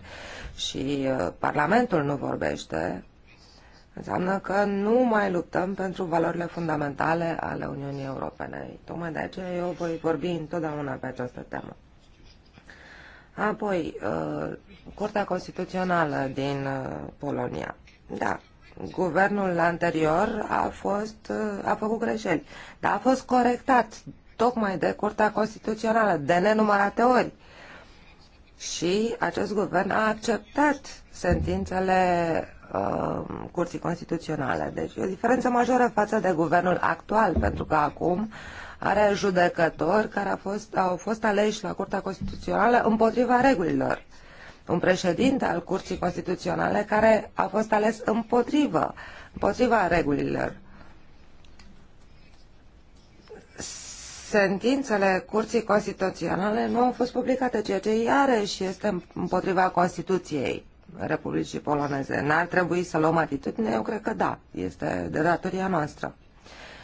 D: și uh, Parlamentul nu vorbește, înseamnă că nu mai luptăm pentru valorile fundamentale ale Uniunii Europene. Tocmai de aceea eu voi vorbi întotdeauna pe această temă. Apoi, uh, Curtea Constituțională din uh, Polonia. Da, guvernul anterior a, fost, a făcut greșeli, dar a fost corectat tocmai de Curtea Constituțională de nenumărate ori. Și acest guvern a acceptat sentințele uh, Curții Constituționale. Deci e o diferență majoră față de guvernul actual, pentru că acum are judecători care a fost, au fost aleși la Curtea Constituțională împotriva regulilor un președinte al Curții Constituționale care a fost ales împotrivă, împotriva regulilor. Sentințele Curții Constituționale nu au fost publicate, ceea ce iarăși este împotriva Constituției Republicii Poloneze. N-ar trebui să luăm atitudine? Eu cred că da. Este de datoria noastră.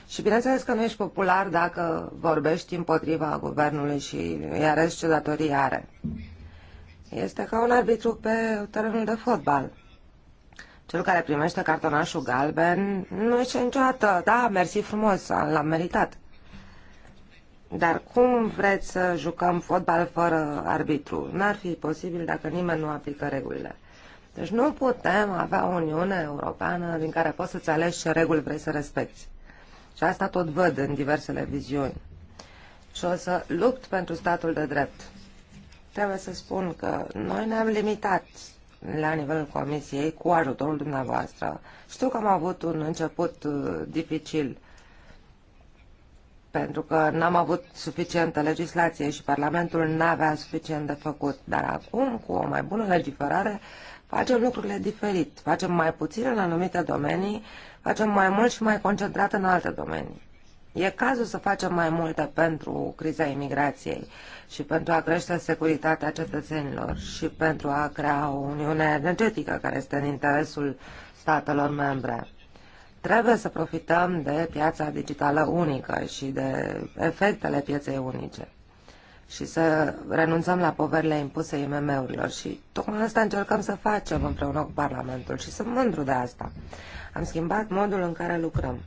D: Și bineînțeles că nu ești popular dacă vorbești împotriva guvernului și iarăși ce datorie are este ca un arbitru pe terenul de fotbal. Cel care primește cartonașul galben nu e niciodată, da, mersi frumos, l-am meritat. Dar cum vreți să jucăm fotbal fără arbitru? N-ar fi posibil dacă nimeni nu aplică regulile. Deci nu putem avea o Uniune Europeană din care poți să-ți alegi ce reguli vrei să respecti. Și asta tot văd în diversele viziuni. Și o să lupt pentru statul de drept trebuie să spun că noi ne-am limitat la nivelul comisiei cu ajutorul dumneavoastră. Știu că am avut un început uh, dificil pentru că n-am avut suficientă legislație și Parlamentul n-avea suficient de făcut. Dar acum, cu o mai bună legiferare, facem lucrurile diferit. Facem mai puțin în anumite domenii, facem mai mult și mai concentrat în alte domenii. E cazul să facem mai multe pentru criza imigrației și pentru a crește securitatea cetățenilor și pentru a crea o uniune energetică care este în interesul statelor membre. Trebuie să profităm de piața digitală unică și de efectele pieței unice și să renunțăm la poverile impuse IMM-urilor și tocmai asta încercăm să facem împreună cu Parlamentul și sunt mândru de asta. Am schimbat modul în care lucrăm.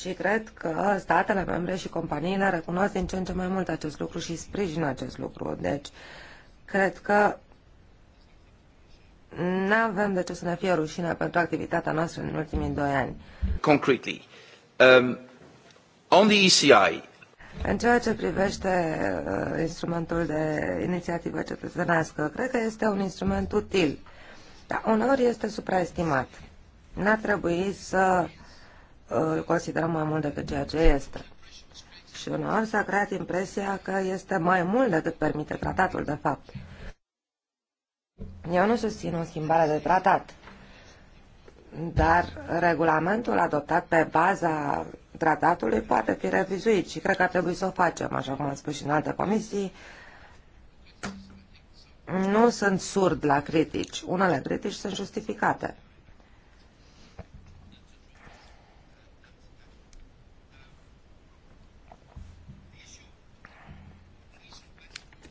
D: Și cred că statele membre și companiile recunosc din ce în ce mai mult acest lucru și sprijină acest lucru. Deci, cred că nu avem de ce să ne fie rușine pentru activitatea noastră în ultimii doi ani.
A: Concretely, um, on the ECI,
D: în ceea ce privește uh, instrumentul de inițiativă cetățenească, cred că este un instrument util, dar uneori este supraestimat. N-ar trebui să uh, îl considerăm mai mult decât ceea ce este. Și uneori s-a creat impresia că este mai mult decât permite tratatul, de fapt. Eu nu susțin o schimbare de tratat, dar regulamentul adoptat pe baza tratatului poate fi revizuit și cred că ar trebui să o facem, așa cum am spus și în alte comisii. Nu sunt surd la critici. Unele critici sunt justificate.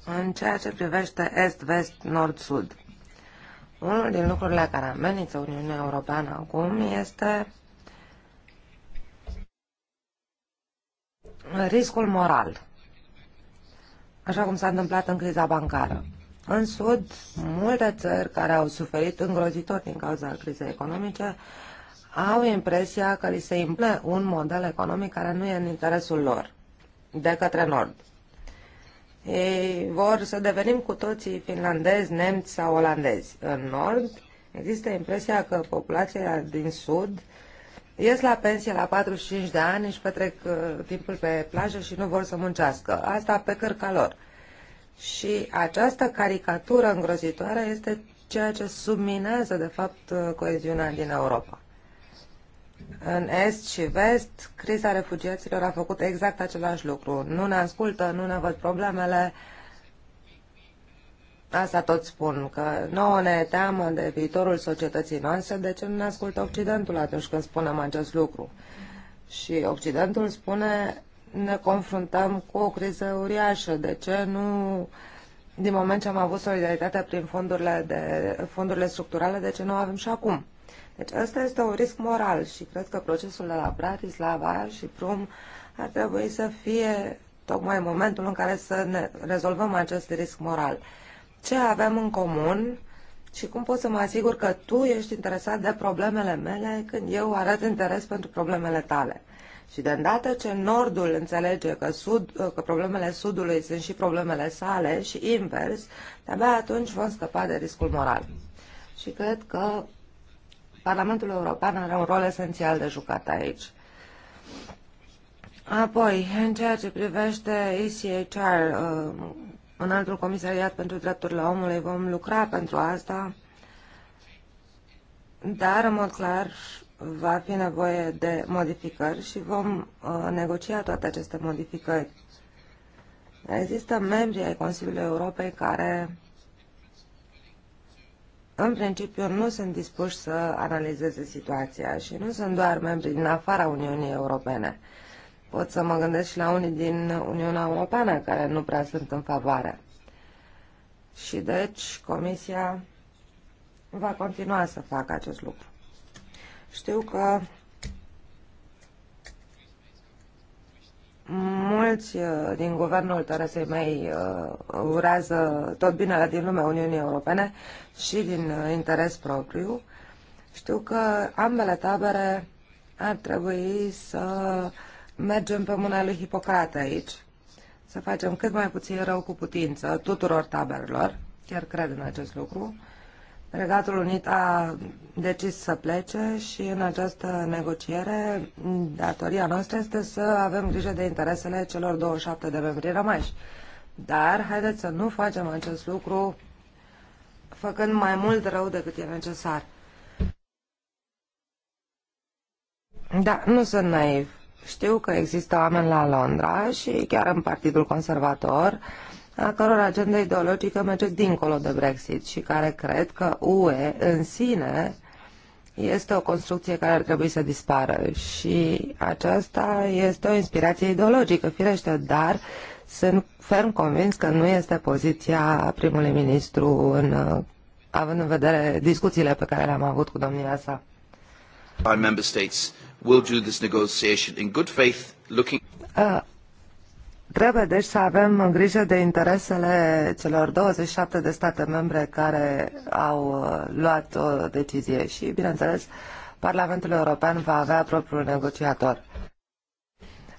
D: În ceea ce privește est, vest, nord, sud, unul din lucrurile care amenință Uniunea Europeană acum este riscul moral, așa cum s-a întâmplat în criza bancară. În Sud, multe țări care au suferit îngrozitor din cauza crizei economice au impresia că li se impune un model economic care nu e în interesul lor, de către Nord. Ei vor să devenim cu toții finlandezi, nemți sau olandezi. În nord există impresia că populația din sud ies la pensie la 45 de ani, și petrec uh, timpul pe plajă și nu vor să muncească. Asta pe cărca lor. Și această caricatură îngrozitoare este ceea ce subminează, de fapt, uh, coeziunea din Europa. În est și vest, criza refugiaților a făcut exact același lucru. Nu ne ascultă, nu ne văd problemele. Asta tot spun, că nouă ne teamă de viitorul societății noastre, de ce nu ne ascultă Occidentul atunci când spunem acest lucru? Și Occidentul spune, ne confruntăm cu o criză uriașă, de ce nu, din moment ce am avut solidaritatea prin fondurile, de, fondurile structurale, de ce nu o avem și acum? Deci ăsta este un risc moral și cred că procesul de la Bratislava și Prum ar trebui să fie tocmai momentul în care să ne rezolvăm acest risc moral. Ce avem în comun și cum pot să mă asigur că tu ești interesat de problemele mele când eu arăt interes pentru problemele tale. Și de îndată ce Nordul înțelege că, sud, că problemele Sudului sunt și problemele sale și invers, de-abia atunci vom scăpa de riscul moral. Și cred că Parlamentul European are un rol esențial de jucat aici. Apoi, în ceea ce privește ECHR, în uh, altul comisariat pentru drepturile omului, vom lucra pentru asta, dar, în mod clar, va fi nevoie de modificări și vom uh, negocia toate aceste modificări. Există membri ai Consiliului Europei care în principiu nu sunt dispuși să analizeze situația și nu sunt doar membri din afara Uniunii Europene. Pot să mă gândesc și la unii din Uniunea Europeană care nu prea sunt în favoare. Și deci Comisia va continua să facă acest lucru. Știu că Mulți uh, din guvernul Teresei mei uh, urează tot binele din lumea Uniunii Europene și din uh, interes propriu. Știu că ambele tabere ar trebui să mergem pe mâna lui Hipocrate aici, să facem cât mai puțin rău cu putință tuturor taberelor, chiar cred în acest lucru, Regatul Unit a decis să plece și în această negociere datoria noastră este să avem grijă de interesele celor 27 de membri rămași. Dar haideți să nu facem acest lucru făcând mai mult rău decât e necesar. Da, nu sunt naiv. Știu că există oameni la Londra și chiar în Partidul Conservator uh, a căror agenda ideologică merge dincolo de Brexit și care cred că UE în sine este o construcție care ar trebui să dispară și aceasta este o inspirație ideologică, firește, dar sunt ferm convins că nu este poziția primului ministru în, uh, având în vedere discuțiile pe care le-am avut cu domnia sa.
A: Our member states will do this negotiation in good faith, looking...
D: Uh Trebuie deci să avem grijă de interesele celor 27 de state membre care au uh, luat o decizie și, bineînțeles, Parlamentul European va avea propriul negociator.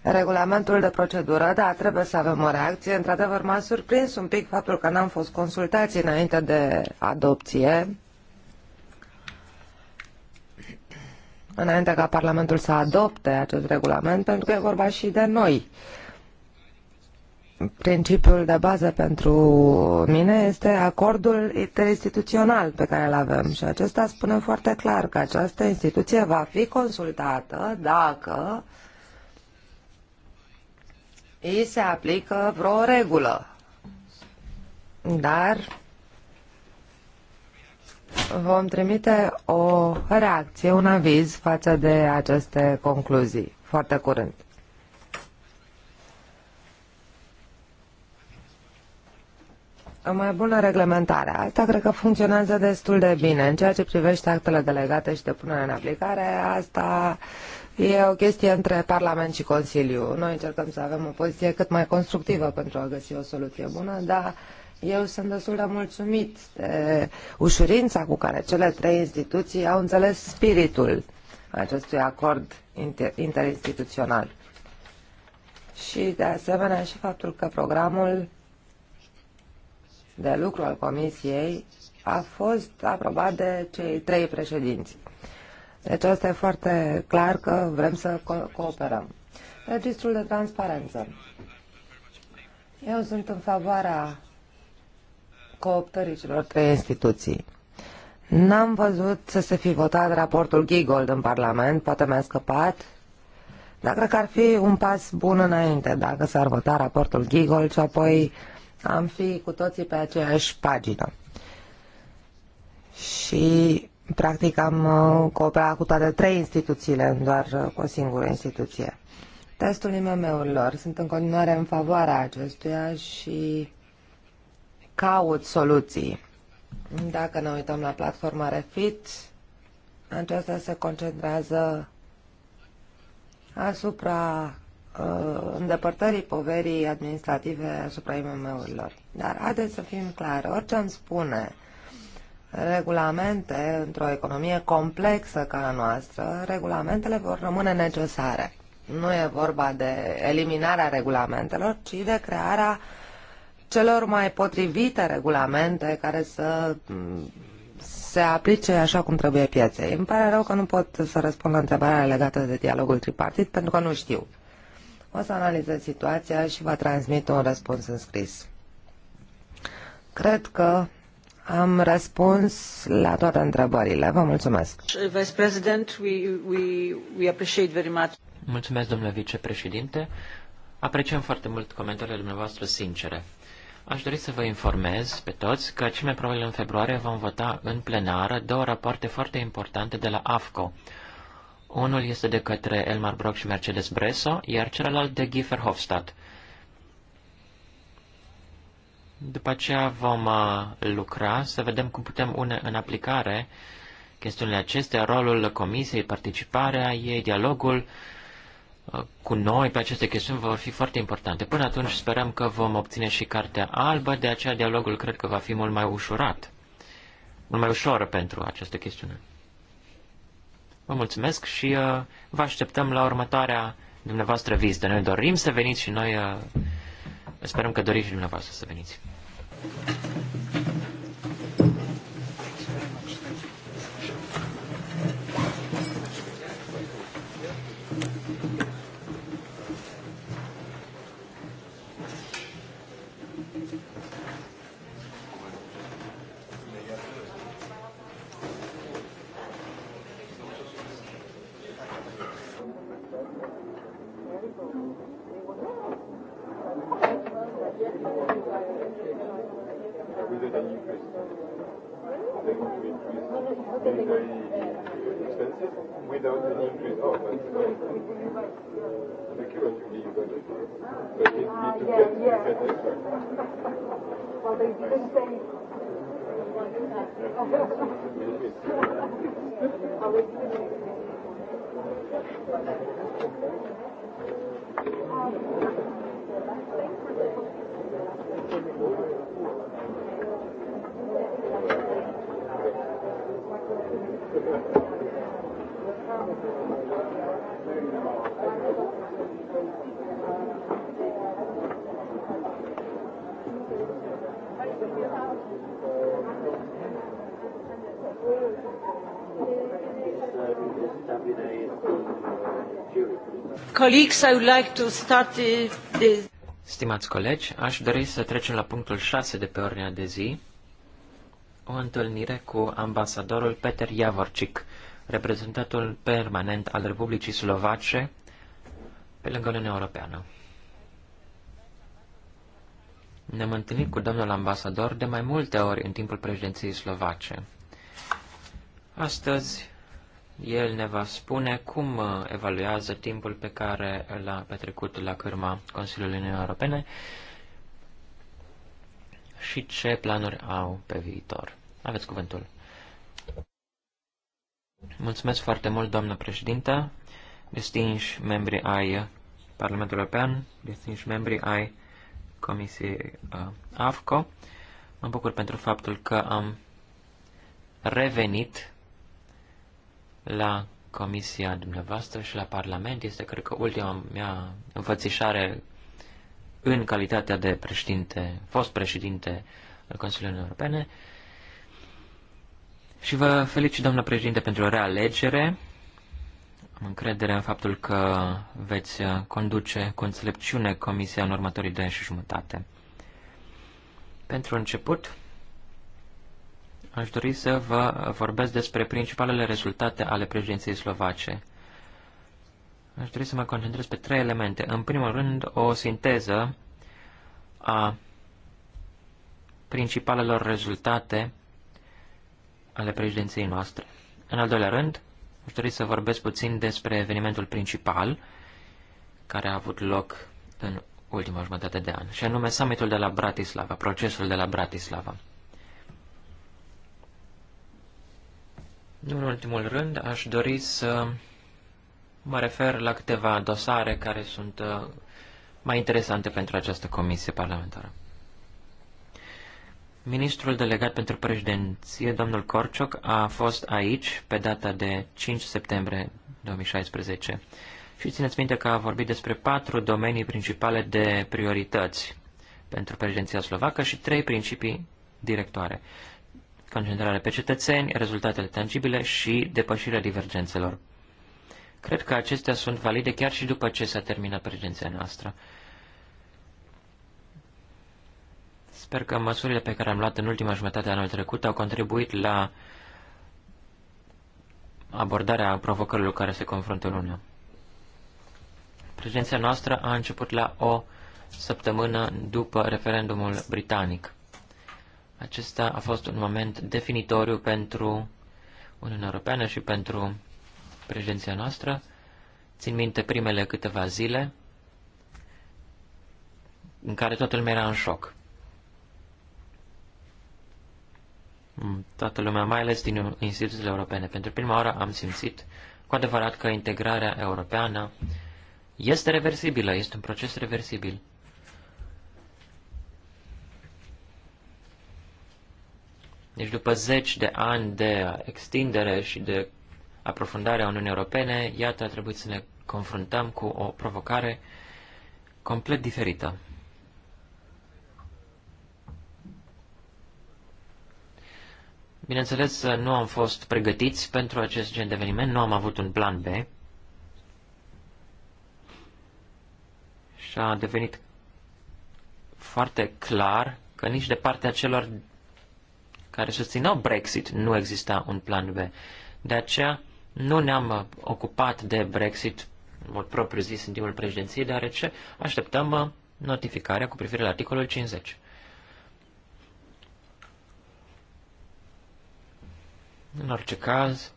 D: Regulamentul de procedură, da, trebuie să avem o reacție. Într-adevăr, m-a surprins un pic faptul că n-am fost consultați înainte de adopție, înainte ca Parlamentul să adopte acest regulament, pentru că e vorba și de noi principiul de bază pentru mine este acordul interinstituțional pe care îl avem și acesta spune foarte clar că această instituție va fi consultată dacă îi se aplică vreo regulă. Dar vom trimite o reacție, un aviz față de aceste concluzii foarte curând. mai bună reglementare. Asta cred că funcționează destul de bine. În ceea ce privește actele delegate și de punere în aplicare, asta e o chestie între Parlament și Consiliu. Noi încercăm să avem o poziție cât mai constructivă pentru a găsi o soluție bună, dar eu sunt destul de mulțumit de ușurința cu care cele trei instituții au înțeles spiritul acestui acord inter- interinstituțional. Și, de asemenea, și faptul că programul de lucru al Comisiei a fost aprobat de cei trei președinți. Deci asta e foarte clar că vrem să co- cooperăm. Registrul de transparență. Eu sunt în favoarea cooptării celor trei instituții. N-am văzut să se fi votat raportul Gigold în Parlament, poate mi-a scăpat, dar cred că ar fi un pas bun înainte dacă s-ar vota raportul Gigold și apoi uh, am fi cu toții pe aceeași pagină. Și, practic, am uh, cooperat cu toate trei instituțiile, doar uh, cu o singură instituție. Testul IMM-urilor. Sunt în continuare în favoarea acestuia și caut soluții. Dacă ne uităm la platforma Refit, aceasta se concentrează asupra Uh, îndepărtării poverii administrative asupra IMM-urilor. Dar haideți să fim clari, orice îmi spune regulamente într-o economie complexă ca a noastră, regulamentele vor rămâne necesare. Nu e vorba de eliminarea regulamentelor, ci de crearea celor mai potrivite regulamente care să mm, se aplice așa cum trebuie pieței. Îmi pare rău că nu pot să răspund la întrebarea legată de dialogul tripartit, pentru că nu știu. O să analizez situația și vă transmit un răspuns în scris. Cred că am răspuns la toate întrebările. Vă mulțumesc.
A: Vice President, we, we, we appreciate very much.
B: Mulțumesc, domnule vicepreședinte. Apreciem foarte mult comentariile dumneavoastră sincere. Aș dori să vă informez pe toți că cel mai probabil în februarie vom vota în plenară două rapoarte foarte importante de la AFCO. Unul este de către Elmar Brock și Mercedes Bresso, iar celălalt de Giffer Hofstadt. După aceea vom uh, lucra să vedem cum putem une în aplicare chestiunile acestea, rolul comisiei, participarea ei, dialogul uh, cu noi pe aceste chestiuni vor fi foarte importante. Până atunci sperăm că vom obține și cartea albă, de aceea dialogul cred că va fi mult mai ușurat, mult mai ușor pentru această chestiune. Vă mulțumesc și uh, vă așteptăm la următoarea dumneavoastră vizită. Noi dorim să veniți și noi uh, sperăm că doriți și dumneavoastră să veniți. colleagues, I would like
C: to start uh,
B: Stimați colegi, aș dori să trecem la punctul 6 de pe ordinea de zi, o întâlnire cu ambasadorul Peter Javorcic, reprezentantul permanent al Republicii Slovace pe lângă Uniunea Europeană. Ne-am întâlnit cu domnul ambasador de mai multe ori în timpul președinției slovace. Astăzi el ne va spune cum uh, evaluează timpul pe care l-a petrecut la cârma Consiliului Uniunii Europene și ce planuri au pe viitor. Aveți cuvântul. Mulțumesc foarte mult, doamnă președintă, distinși membri ai Parlamentului European, distinși membri ai Comisiei uh, AFCO. Mă bucur pentru faptul că am revenit la comisia dumneavoastră și la Parlament. Este, cred că, ultima mea înfățișare în calitatea de președinte, fost președinte al Consiliului Europene. Și vă felicit, doamnă președinte, pentru o realegere. Am încredere în faptul că veți conduce cu înțelepciune comisia în următorii doi ani și jumătate. Pentru început, Aș dori să vă vorbesc despre principalele rezultate ale președinției slovace. Aș dori să mă concentrez pe trei elemente. În primul rând, o sinteză a principalelor rezultate ale președinției noastre. În al doilea rând, aș dori să vorbesc puțin despre evenimentul principal care a avut loc în ultima jumătate de an, și anume summitul de la Bratislava, procesul de la Bratislava. Nu în ultimul rând, aș dori să mă refer la câteva dosare care sunt uh, mai interesante pentru această comisie parlamentară. Ministrul delegat pentru președinție, domnul Corcioc, a fost aici pe data de 5 septembrie 2016 și țineți minte că a vorbit despre patru domenii principale de priorități pentru președinția slovacă și trei principii directoare concentrare pe cetățeni, rezultatele tangibile și depășirea divergențelor. Cred că acestea sunt valide chiar și după ce s-a terminat prezenția noastră. Sper că măsurile pe care am luat în ultima jumătate a anului trecut au contribuit la abordarea provocărilor care se confruntă lumea. Prezenția noastră a început la o săptămână după referendumul britanic. Acesta a fost un moment definitoriu pentru Uniunea Europeană și pentru președinția noastră. Țin minte primele câteva zile în care toată lumea era în șoc. Toată lumea, mai ales din instituțiile europene. Pentru prima oară am simțit cu adevărat că integrarea europeană este reversibilă, este un proces reversibil. Deci după zeci de ani de extindere și de aprofundare a Uniunii Europene, iată, a trebuit să ne confruntăm cu o provocare complet diferită. Bineînțeles, nu am fost pregătiți pentru acest gen de eveniment, nu am avut un plan B. Și a devenit foarte clar că nici de partea celor care susțineau Brexit, nu exista un plan B. De aceea nu ne-am ocupat de Brexit în mod propriu zis în timpul președinției, deoarece așteptăm uh, notificarea cu privire la articolul 50. În orice caz,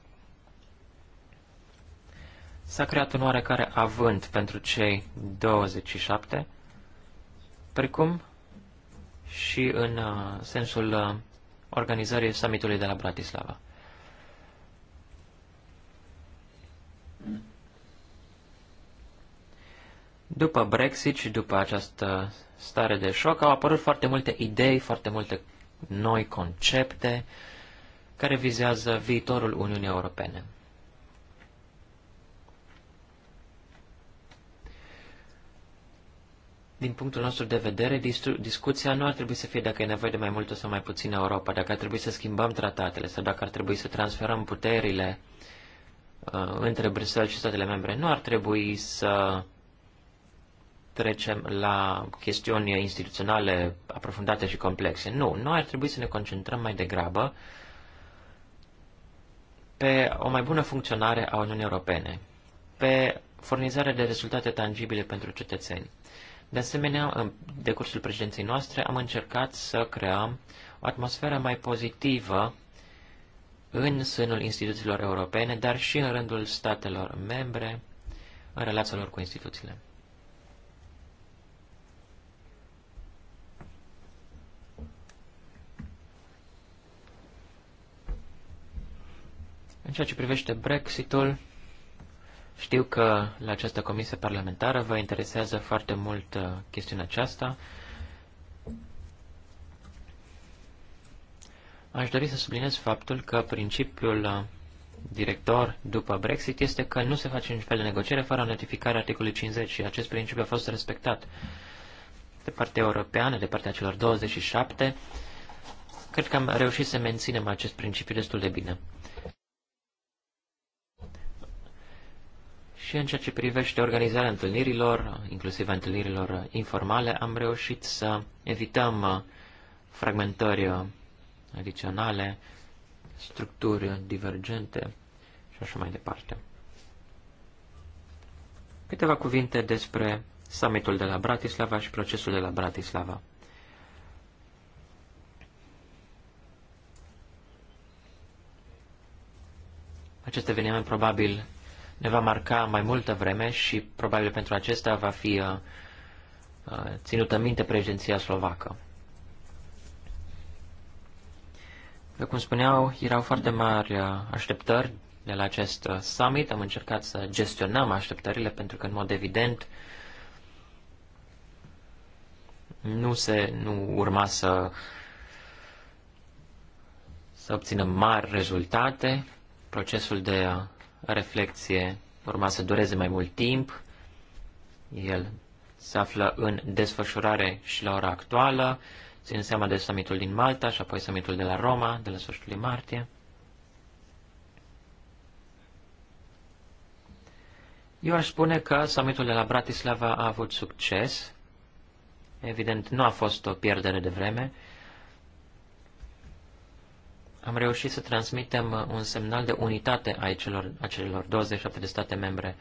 B: s-a creat un oarecare avânt pentru cei 27, precum și în uh, sensul uh, organizării summitului de la Bratislava. După Brexit și după această stare de șoc au apărut foarte multe idei, foarte multe noi concepte care vizează viitorul Uniunii Europene. Din punctul nostru de vedere, discuția nu ar trebui să fie dacă e nevoie de mai multă sau mai puțină Europa, dacă ar trebui să schimbăm tratatele sau dacă ar trebui să transferăm puterile uh, între Bruxelles și statele membre. Nu ar trebui să trecem la chestiuni instituționale aprofundate și complexe. Nu, nu ar trebui să ne concentrăm mai degrabă pe o mai bună funcționare a Uniunii Europene, pe furnizarea de rezultate tangibile pentru cetățeni. De asemenea, în decursul președinței noastre am încercat să creăm o atmosferă mai pozitivă în sânul instituțiilor europene, dar și în rândul statelor membre, în relația lor cu instituțiile. În ceea ce privește Brexitul, știu că la această comisie parlamentară vă interesează foarte mult uh, chestiunea aceasta. Aș dori să subliniez faptul că principiul uh, director după Brexit este că nu se face niciun fel de negociere fără notificarea articolului 50 și acest principiu a fost respectat de partea europeană, de partea celor 27. Cred că am reușit să menținem acest principiu destul de bine. Și în ceea ce privește organizarea întâlnirilor, inclusiv a întâlnirilor informale, am reușit să evităm uh, fragmentări uh, adiționale, structuri divergente și așa mai departe. Câteva cuvinte despre summitul de la Bratislava și procesul de la Bratislava. Acest eveniment probabil ne va marca mai multă vreme și probabil pentru acesta va fi uh, uh, ținută minte președinția slovacă. De cum spuneau, erau foarte mari uh, așteptări de la acest summit. Am încercat să gestionăm așteptările pentru că, în mod evident, nu se nu urma să să obținem mari rezultate. Procesul de reflexie urma să dureze mai mult timp. El se află în desfășurare și la ora actuală, ținând seama de summitul din Malta și apoi summitul de la Roma, de la sfârșitul martie. Eu aș spune că summitul de la Bratislava a avut succes. Evident, nu a fost o pierdere de vreme am reușit să transmitem uh, un semnal de unitate a celor, a celor 27 de state membre.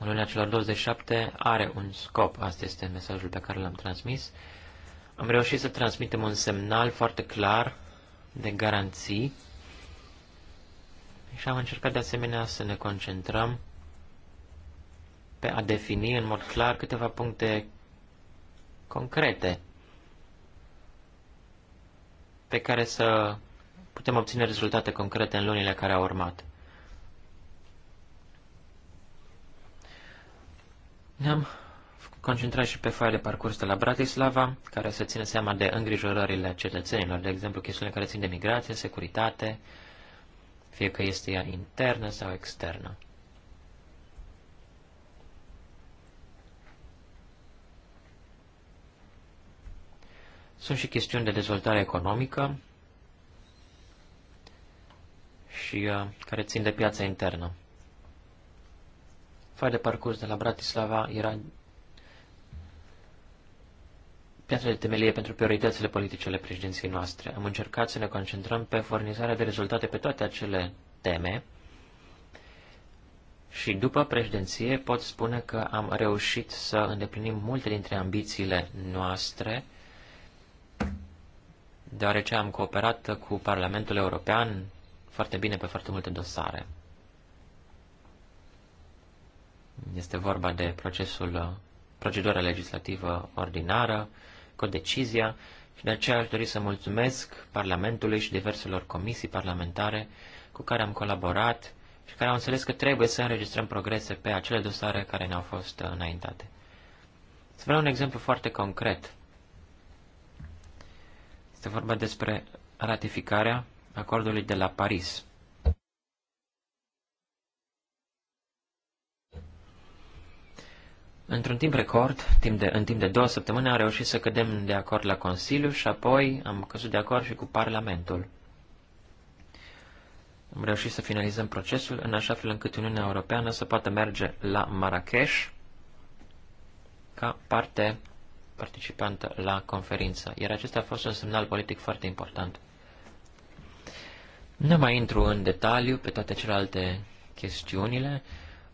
B: Uniunea celor 27 are un scop, asta este mesajul pe care l-am transmis. Am reușit să transmitem un semnal foarte clar de garanții și am încercat de asemenea să ne concentrăm pe a defini în mod clar câteva puncte concrete pe care să putem obține rezultate concrete în lunile care au urmat. Ne-am concentrat și pe foaia de parcurs de la Bratislava, care să țină seama de îngrijorările cetățenilor, de exemplu chestiunile care țin de migrație, securitate, fie că este ea internă sau externă. Sunt și chestiuni de dezvoltare economică și uh, care țin de piața internă. Fai de parcurs de la Bratislava era piața de temelie pentru prioritățile politice ale președinției noastre. Am încercat să ne concentrăm pe furnizarea de rezultate pe toate acele teme și după președinție pot spune că am reușit să îndeplinim multe dintre ambițiile noastre deoarece am cooperat cu Parlamentul European foarte bine pe foarte multe dosare. Este vorba de procesul, procedura legislativă ordinară, codecizia și de aceea aș dori să mulțumesc Parlamentului și diverselor comisii parlamentare cu care am colaborat și care au înțeles că trebuie să înregistrăm progrese pe acele dosare care ne-au fost înaintate. Să vreau un exemplu foarte concret este vorba despre ratificarea acordului de la Paris. Într-un timp record, timp de, în timp de două săptămâni, am reușit să cădem de acord la Consiliu și apoi am căzut de acord și cu Parlamentul. Am reușit să finalizăm procesul în așa fel încât Uniunea Europeană să poată merge la Marrakesh ca parte participant la conferință, iar acesta a fost un semnal politic foarte important. Nu mai intru în detaliu pe toate celelalte chestiunile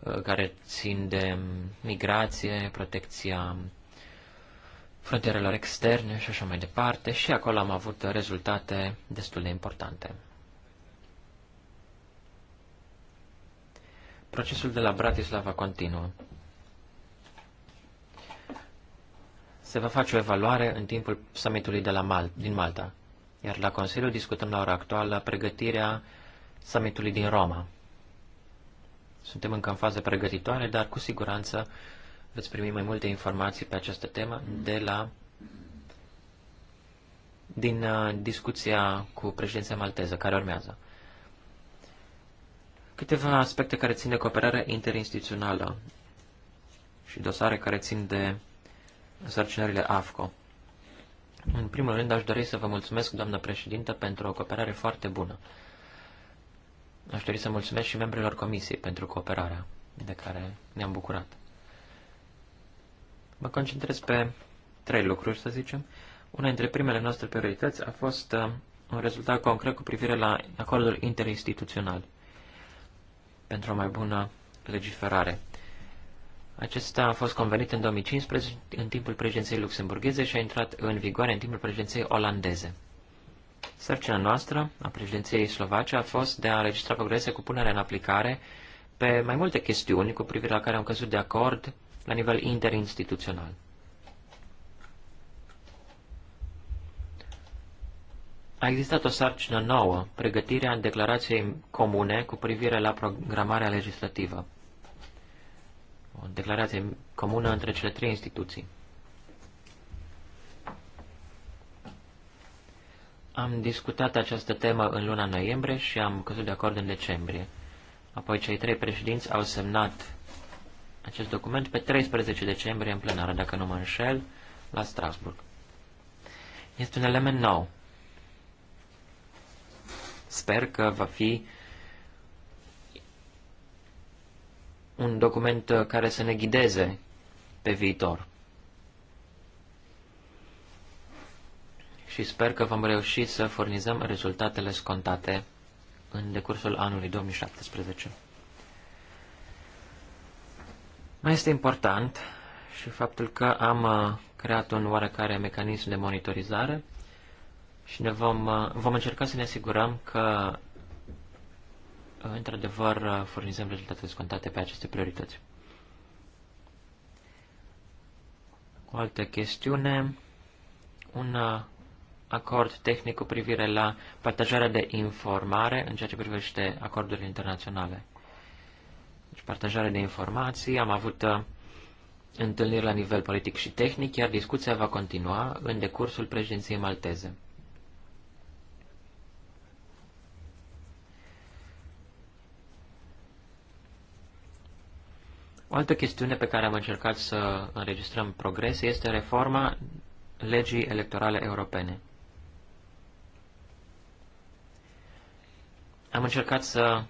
B: uh, care țin de migrație, protecția frontierelor externe și așa mai departe, și acolo am avut rezultate destul de importante. Procesul de la Bratislava continuă. Se va face o evaluare în timpul summitului de la Mal- din Malta, iar la Consiliu discutăm la ora actuală pregătirea summitului din Roma. Suntem încă în fază pregătitoare, dar cu siguranță veți primi mai multe informații pe această temă de la din uh, discuția cu președinția malteză care urmează. Câteva aspecte care țin de cooperare interinstituțională și dosare care țin de sarcinările AFCO. În primul rând, aș dori să vă mulțumesc, doamnă președintă, pentru o cooperare foarte bună. Aș dori să mulțumesc și membrilor comisiei pentru cooperarea de care ne-am bucurat. Mă concentrez pe trei lucruri, să zicem. Una dintre primele noastre priorități a fost uh, un rezultat concret cu privire la acordul interinstituțional pentru o mai bună legiferare. Acesta a fost convenit în 2015 în timpul președinției luxemburgheze și a intrat în vigoare în timpul președinției olandeze. Sarcina noastră a președinției slovace a fost de a registra progrese cu punerea în aplicare pe mai multe chestiuni cu privire la care am căzut de acord la nivel interinstituțional. A existat o sarcină nouă, pregătirea declarației comune cu privire la programarea legislativă o declarație comună între cele trei instituții. Am discutat această temă în luna noiembrie și am căzut de acord în decembrie. Apoi cei trei președinți au semnat acest document pe 13 decembrie în plenară, dacă nu mă înșel, la Strasburg. Este un element nou. Sper că va fi un document uh, care să ne ghideze pe viitor. Și sper că vom reuși să furnizăm rezultatele scontate în decursul anului 2017. Mai este important și faptul că am uh, creat un oarecare mecanism de monitorizare și ne vom, uh, vom încerca să ne asigurăm că Uh, într-adevăr, uh, furnizăm rezultate scontate pe aceste priorități. O altă chestiune, un uh, acord tehnic cu privire la partajarea de informare în ceea ce privește acordurile internaționale. Deci partajarea de informații, am avut întâlniri la nivel politic și tehnic, iar discuția va continua în decursul președinției malteze. O altă chestiune pe care am încercat să înregistrăm progres este reforma legii electorale europene. Am încercat să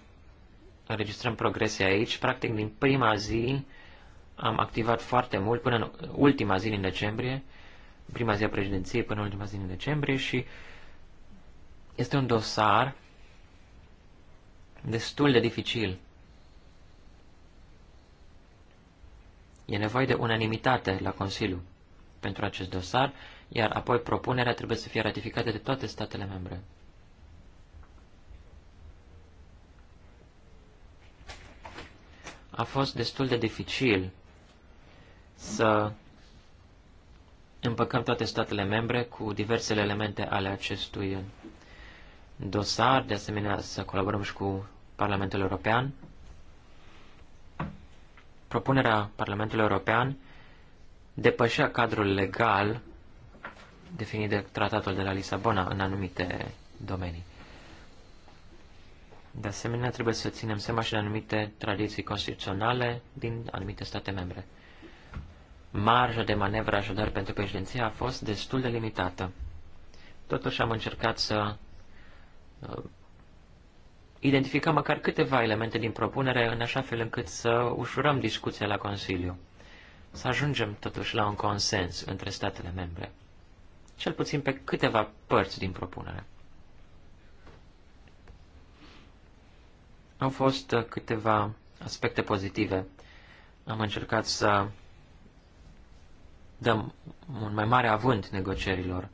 B: înregistrăm progrese aici. Practic, din prima zi am activat foarte mult, până în ultima zi din decembrie, prima zi a președinției până în ultima zi din decembrie și este un dosar destul de dificil. E nevoie de unanimitate la Consiliu pentru acest dosar, iar apoi propunerea trebuie să fie ratificată de toate statele membre. A fost destul de dificil să împăcăm toate statele membre cu diversele elemente ale acestui dosar, de asemenea să colaborăm și cu Parlamentul European propunerea Parlamentului European depășea cadrul legal definit de tratatul de la Lisabona în anumite domenii. De asemenea, trebuie să ținem seama și de anumite tradiții constituționale din anumite state membre. Marja de manevră, așadar, pentru președinția a fost destul de limitată. Totuși am încercat să uh, identifica măcar câteva elemente din propunere în așa fel încât să ușurăm discuția la Consiliu. Să ajungem totuși la un consens între statele membre, cel puțin pe câteva părți din propunere. Au fost câteva aspecte pozitive. Am încercat să dăm un mai mare avânt negocierilor.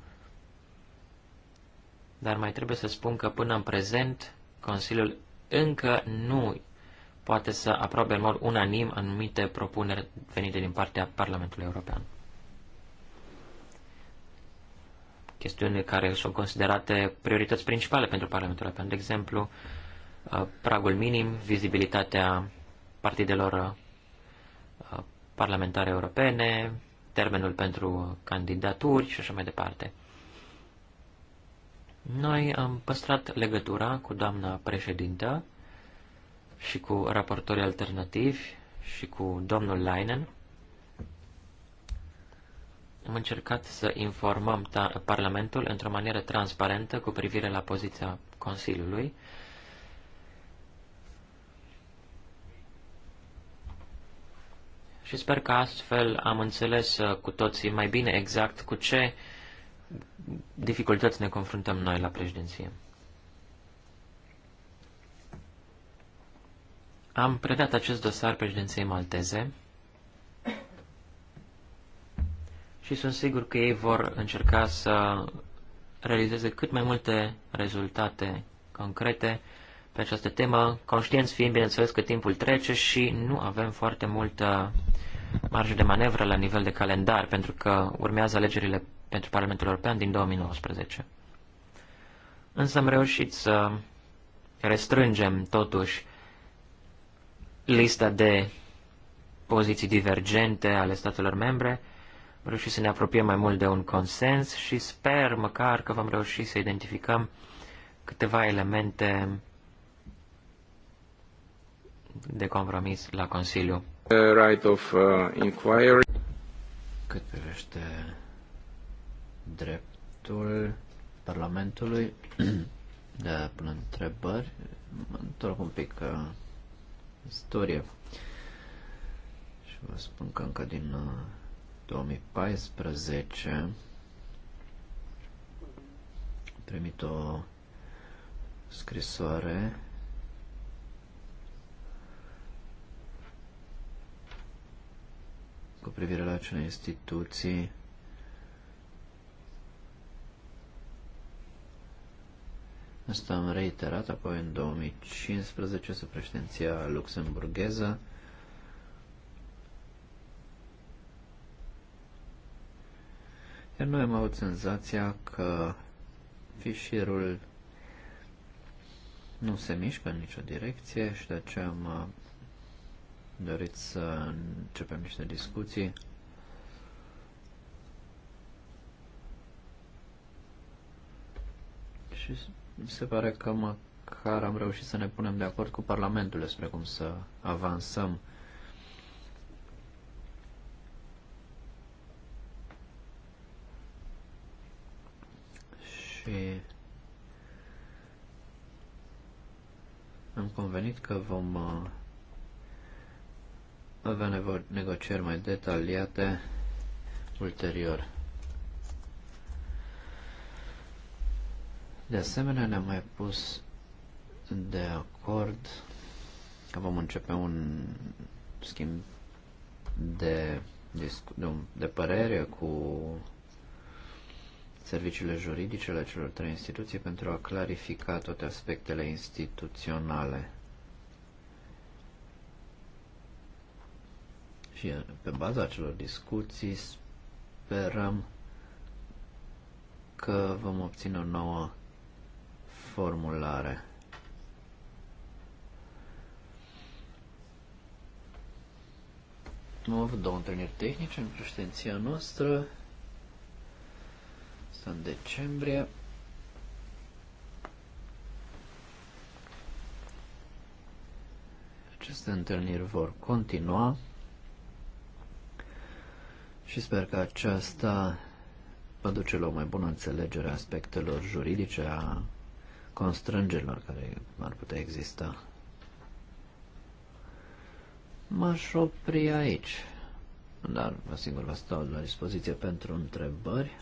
B: Dar mai trebuie să spun că până în prezent Consiliul încă nu poate să aprobe în mod unanim anumite propuneri venite din partea Parlamentului European. Chestiuni care sunt considerate priorități principale pentru Parlamentul European, de exemplu, uh, pragul minim, vizibilitatea partidelor uh, parlamentare europene, termenul pentru candidaturi și așa mai departe. Noi am păstrat legătura cu doamna președintă și cu raportorii alternativi și cu domnul Leinen. Am încercat să informăm Parlamentul într-o manieră transparentă cu privire la poziția Consiliului. Și sper că astfel am înțeles uh, cu toții mai bine exact cu ce uh, dificultăți ne confruntăm noi la președinție. Am predat acest dosar președinției malteze și sunt sigur că ei vor încerca să realizeze cât mai multe rezultate concrete pe această temă, conștienți fiind, bineînțeles, că timpul trece și nu avem foarte multă marjă de manevră la nivel de calendar, pentru că urmează alegerile pentru Parlamentul European din 2019. Însă am reușit să restrângem totuși lista de poziții divergente ale statelor membre, am reușit să ne apropiem mai mult de un consens și sper măcar că vom reuși să identificăm câteva elemente de compromis la Consiliu.
C: Right of uh, inquiry. Cât privește dreptul Parlamentului de a pune întrebări. Mă întorc un pic uh, istorie și vă spun că încă din uh, 2014 primit o scrisoare cu privire la acele instituții Asta am reiterat apoi în 2015 sub președinția luxemburgheză. Iar noi am avut senzația că fișierul nu se mișcă în nicio direcție și de aceea am uh, dorit să începem niște discuții. Și mi se pare că măcar am reușit să ne punem de acord cu Parlamentul despre cum să avansăm. Și am convenit că vom uh, avea negocieri mai detaliate ulterior. De asemenea, ne-am mai pus de acord că vom începe un schimb de, de, de părere cu serviciile juridice la celor trei instituții pentru a clarifica toate aspectele instituționale. Și pe baza acelor discuții sperăm că vom obține o nouă formulare. Am avut două întâlniri tehnice în președinția noastră. Asta în decembrie. Aceste întâlniri vor continua și sper că aceasta va duce la o mai bună înțelegere a aspectelor juridice a constrângerilor care ar putea exista. M-aș opri aici, dar vă sigur vă stau la dispoziție pentru întrebări.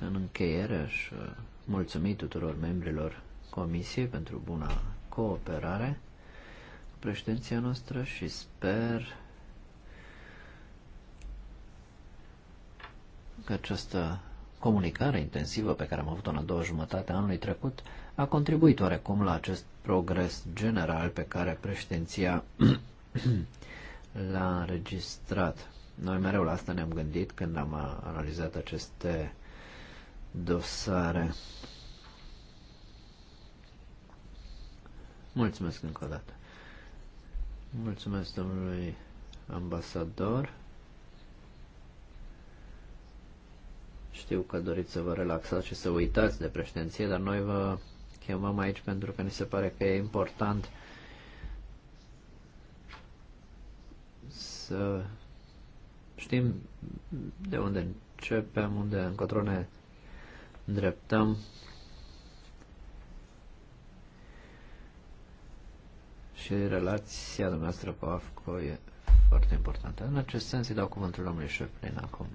C: În încheiere aș mulțumi tuturor membrilor Comisiei pentru buna cooperare cu președinția noastră și sper că această comunicare intensivă pe care am avut-o în a doua jumătate a anului trecut a contribuit oarecum la acest progres general pe care președinția l-a înregistrat. Noi mereu la asta ne-am gândit când am analizat aceste dosare. Mulțumesc încă o dată. Mulțumesc domnului ambasador. Știu că doriți să vă relaxați și să uitați de preștenție, dar noi vă chemăm aici pentru că ni se pare că e important să știm de unde începem, unde încotro ne îndreptăm. Și relația dumneavoastră cu AFCO e foarte importantă. În acest sens îi dau cuvântul șef plin acum.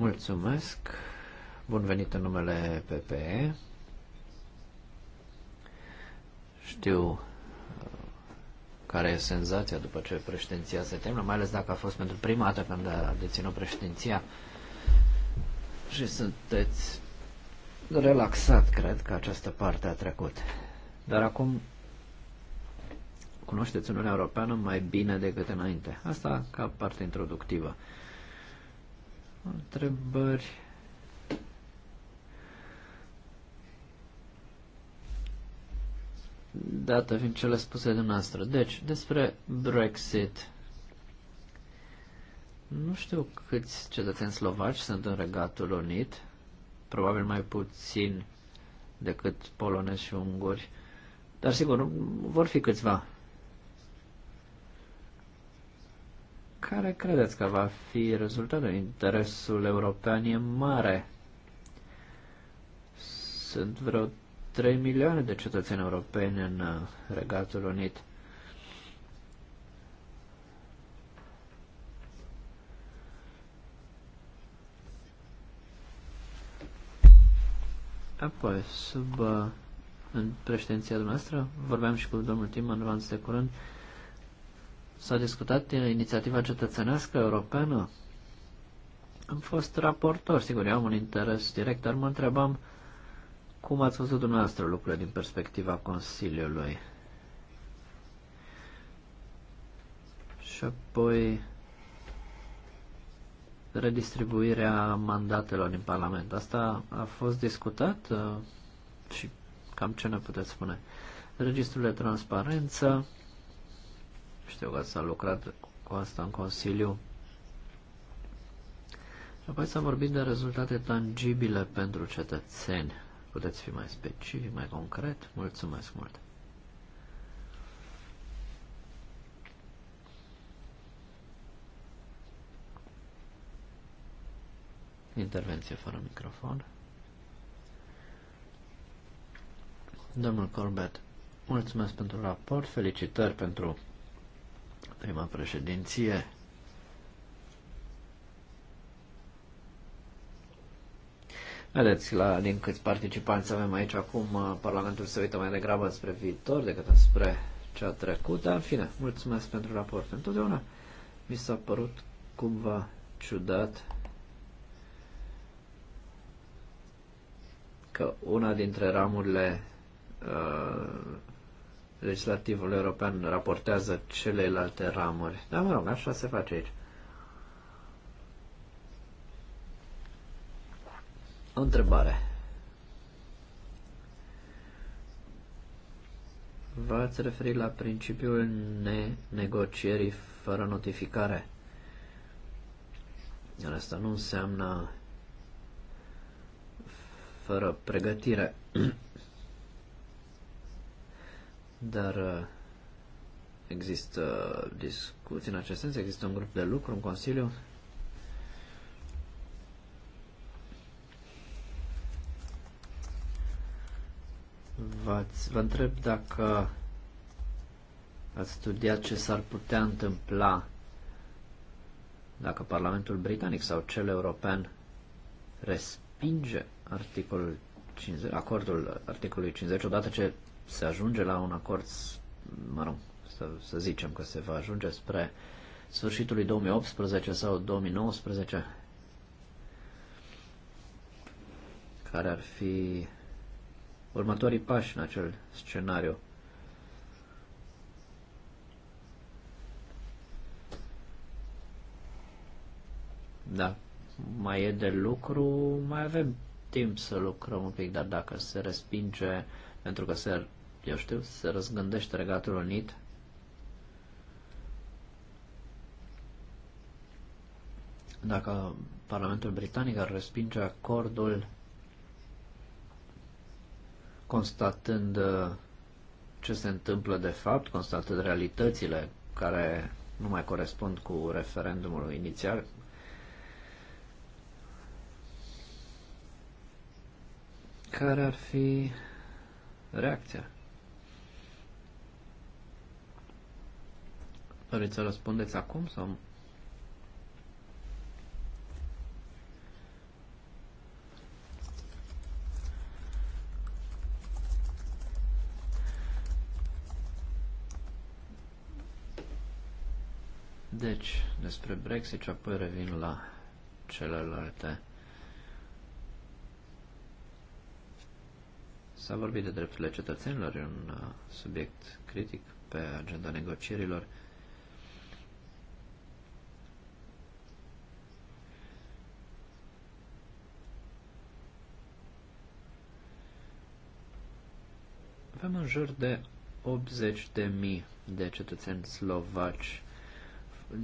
C: Mulțumesc. Bun venit în numele PPE. Știu uh, care e senzația după ce președinția se termină, mai ales dacă a fost pentru prima dată când a deținut președinția. Și sunteți relaxat, cred, că această parte a trecut. Dar acum cunoașteți Uniunea Europeană mai bine decât înainte. Asta ca parte introductivă. Întrebări. Dată fiind cele spuse de noastră. Deci, despre Brexit. Nu știu câți cetățeni slovaci sunt în Regatul Unit, probabil mai puțin decât polonezi și unguri, dar sigur, vor fi câțiva. care credeți că va fi rezultatul? Interesul european e mare. Sunt vreo 3 milioane de cetățeni europeni în uh, Regatul Unit. Apoi, sub uh, în președinția dumneavoastră, vorbeam și cu domnul Timan Vans de curând, uh, s-a discutat inițiativa cetățenească europeană. Am fost raportor, sigur, eu am un interes direct, dar mă întrebam cum ați văzut dumneavoastră lucrurile din perspectiva Consiliului. Și apoi redistribuirea mandatelor din Parlament. Asta a fost discutat uh, și cam ce ne puteți spune? Registrul de transparență, știu că s-a lucrat cu asta în Consiliu. Apoi s-a vorbit de rezultate tangibile pentru cetățeni. Puteți fi mai specific, mai concret? Mulțumesc mult! Intervenție fără microfon. Domnul Corbett, mulțumesc pentru raport, felicitări pentru prima președinție. Vedeți, la, din câți participanți avem aici acum, uh, Parlamentul se uită mai degrabă spre viitor decât spre ce trecut. Dar, În fine, mulțumesc pentru raport. Întotdeauna mi s-a părut cumva ciudat că una dintre ramurile uh, legislativul european raportează celelalte ramuri. Dar, mă rog, așa se face aici. O întrebare. V-ați referit la principiul nenegocierii fără notificare. Iar asta nu înseamnă fără pregătire. Dar uh, există discuții în acest sens, există un grup de lucru, un consiliu. Vă, întreb dacă ați studiat ce s-ar putea întâmpla dacă Parlamentul Britanic sau cel european respinge articolul 50, acordul articolului 50 odată ce se ajunge la un acord, mă rog, să, să zicem că se va ajunge spre sfârșitul lui 2018 sau 2019, care ar fi următorii pași în acel scenariu. Da, mai e de lucru, mai avem timp să lucrăm un pic, dar dacă se respinge pentru că se eu știu, se răzgândește Regatul Unit dacă Parlamentul Britanic ar respinge acordul constatând uh, ce se întâmplă de fapt, constatând realitățile care nu mai corespund cu referendumul inițial. Care ar fi reacția? Doriți să răspundeți acum sau... Deci, despre Brexit și apoi revin la celelalte. S-a vorbit de drepturile cetățenilor, un uh, subiect critic pe agenda negocierilor. Avem în jur de 80 de mii de cetățeni slovaci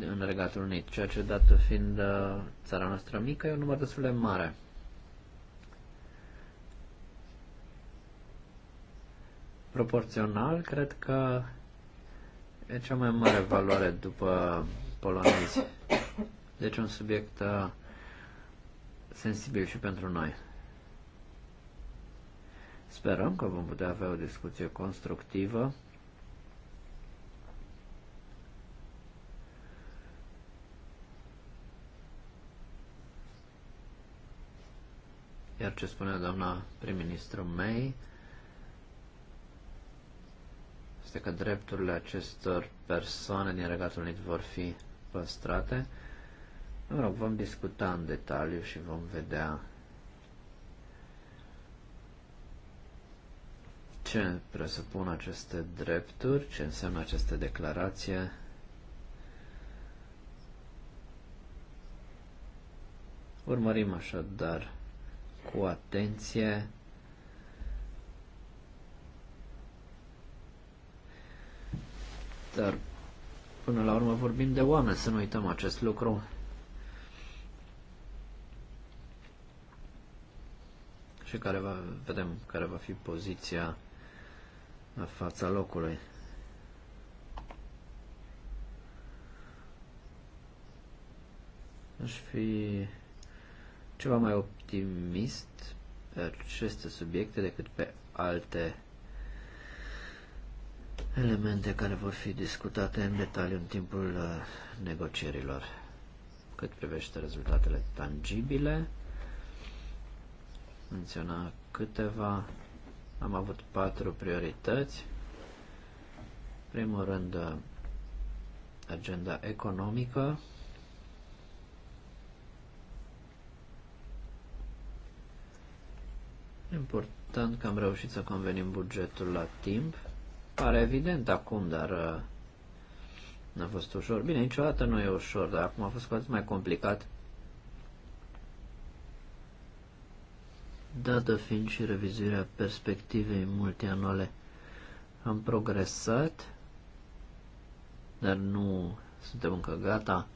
C: în Regatul Unit, ceea ce, dată fiind uh, țara noastră mică, e un număr destul de mare. Proporțional, cred că e cea mai mare valoare după polonezi. Deci un subiect uh, sensibil și pentru noi. Sperăm că vom putea avea o discuție constructivă. Iar ce spunea doamna prim-ministru May este că drepturile acestor persoane din Regatul Unit vor fi păstrate. Mă rog, vom discuta în detaliu și vom vedea ce presupun aceste drepturi, ce înseamnă această declarație. Urmărim așadar cu atenție dar până la urmă vorbim de oameni, să nu uităm acest lucru. Și care va, vedem care va fi poziția la fața locului. Aș fi ceva mai optimist pe aceste subiecte decât pe alte elemente care vor fi discutate în detaliu în timpul uh, negocierilor cât privește rezultatele tangibile menționa câteva am avut patru priorități. Primul rând, uh, agenda economică, Important că am reușit să convenim bugetul la timp. Pare evident acum, dar uh, n-a fost ușor. Bine, niciodată nu e ușor, dar acum a fost cu atât mai complicat dată fiind și revizuirea perspectivei multianuale, am progresat, dar nu suntem încă gata.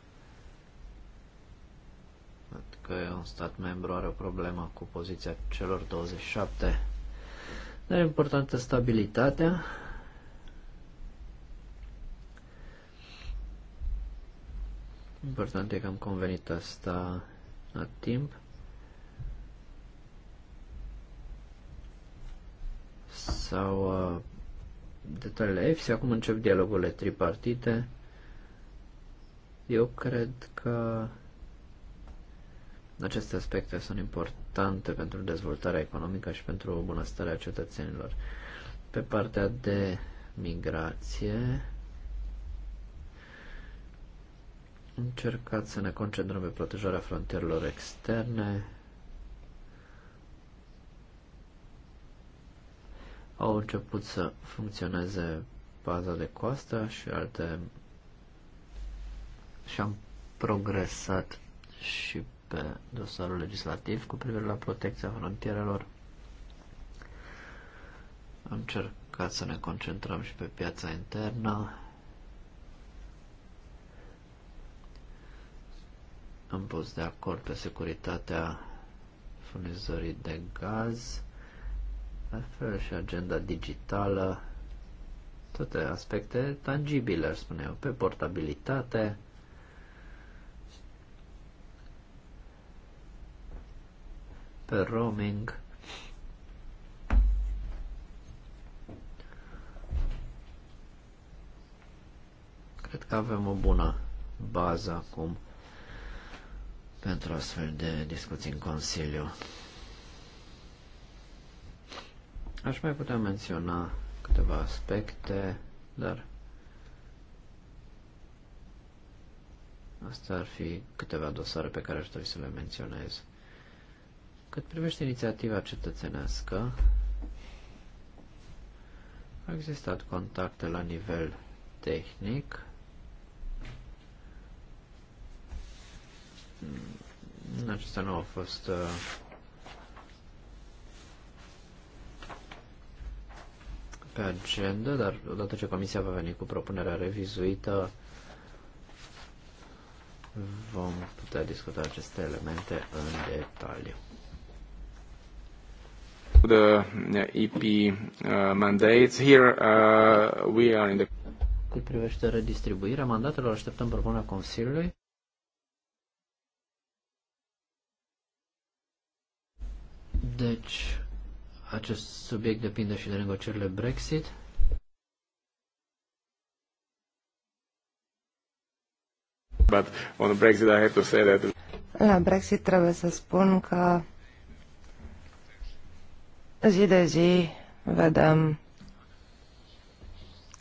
C: Că un stat membru are o problemă cu poziția celor 27. Dar e importantă stabilitatea. Important e că am convenit asta la timp. sau uh, detaliile și Acum încep dialogurile tripartite. Eu cred că aceste aspecte sunt importante pentru dezvoltarea economică și pentru bunăstarea cetățenilor. Pe partea de migrație, încercați să ne concentrăm pe protejarea frontierelor externe, au început să funcționeze baza de coastă și alte și am progresat și pe dosarul legislativ cu privire la protecția frontierelor. Am încercat să ne concentrăm și pe piața internă. Am pus de acord pe securitatea furnizorii de gaz la fel și agenda digitală, toate aspecte tangibile, ar spune eu, pe portabilitate. pe roaming. Cred că avem o bună bază acum pentru astfel de discuții în Consiliu. Aș mai putea menționa câteva aspecte, dar Asta ar fi câteva dosare pe care aș dori să le menționez. Cât privește inițiativa cetățenească, au existat contacte la nivel tehnic. Acestea nu au fost uh, pe agenda, dar odată ce Comisia va veni cu propunerea revizuită, vom putea discuta aceste elemente în detaliu. The uh, EP uh, mandates here
A: uh, we are in the
C: cât privește redistribuirea mandatelor, așteptăm propunerea Consiliului. Deci, acest subiect depinde și de negocierile Brexit.
B: But on Brexit I have to say that...
D: La Brexit trebuie să spun că zi de zi vedem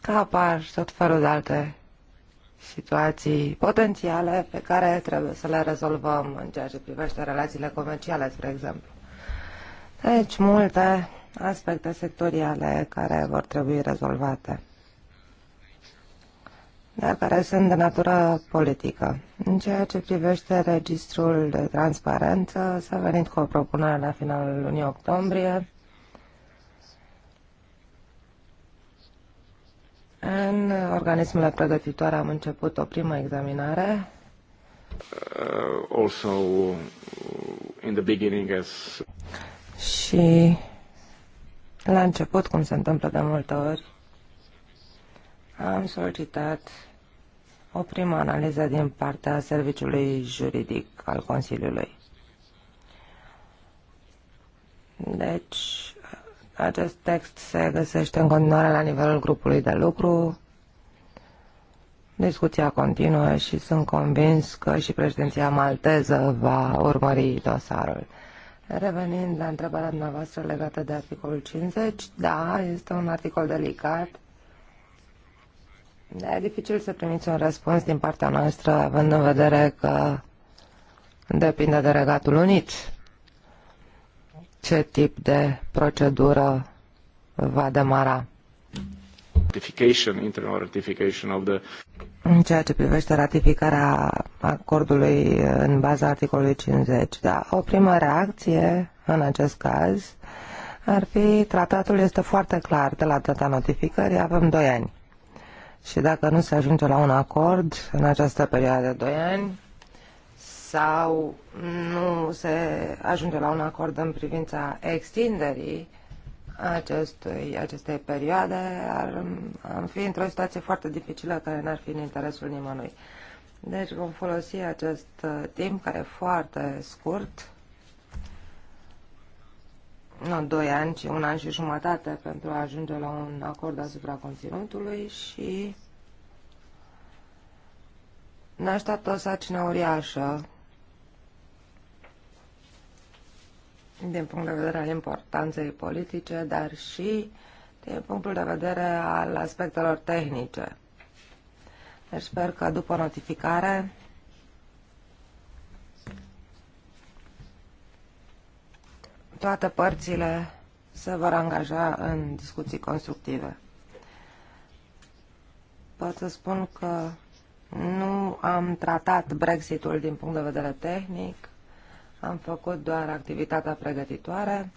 D: că apar tot felul de alte situații potențiale pe care trebuie să le rezolvăm în ceea ce privește relațiile comerciale, spre exemplu. Deci, multe aspecte sectoriale care vor trebui rezolvate, dar care sunt de natură politică. În ceea ce privește registrul de transparență, s-a venit cu o propunere la finalul lunii octombrie, În organismele pregătitoare am început o primă examinare.
A: Uh, also uh, in the beginning as
D: și la început, cum se întâmplă de multe ori, am solicitat o primă analiză din partea serviciului juridic al Consiliului. Deci, acest text se găsește în continuare la nivelul grupului de lucru. Discuția continuă și sunt convins că și președinția malteză va urmări dosarul. Revenind la întrebarea dumneavoastră legată de articolul 50, da, este un articol delicat. E dificil să primiți un răspuns din partea noastră, având în vedere că depinde de Regatul Unit ce tip de procedură va demara.
C: Ratification, internal ratification of the
D: în ceea ce privește ratificarea acordului în baza articolului 50, da, o primă reacție în acest caz ar fi, tratatul este foarte clar de la data notificării, avem 2 ani. Și dacă nu se ajunge la un acord în această perioadă de 2 ani, sau nu se ajunge la un acord în privința extinderii acestui, acestei perioade, ar, ar fi într-o situație foarte dificilă care n-ar fi în interesul nimănui. Deci vom folosi acest uh, timp care e foarte scurt, nu 2 ani, ci un an și jumătate pentru a ajunge la un acord asupra conținutului și ne așteaptă o sacină uriașă din punct de vedere al importanței politice, dar și din punctul de vedere al aspectelor tehnice. Deci sper că după notificare toate părțile se vor angaja în discuții constructive. Pot să spun că nu am tratat Brexitul din punct de vedere tehnic, am făcut doar activitatea pregătitoare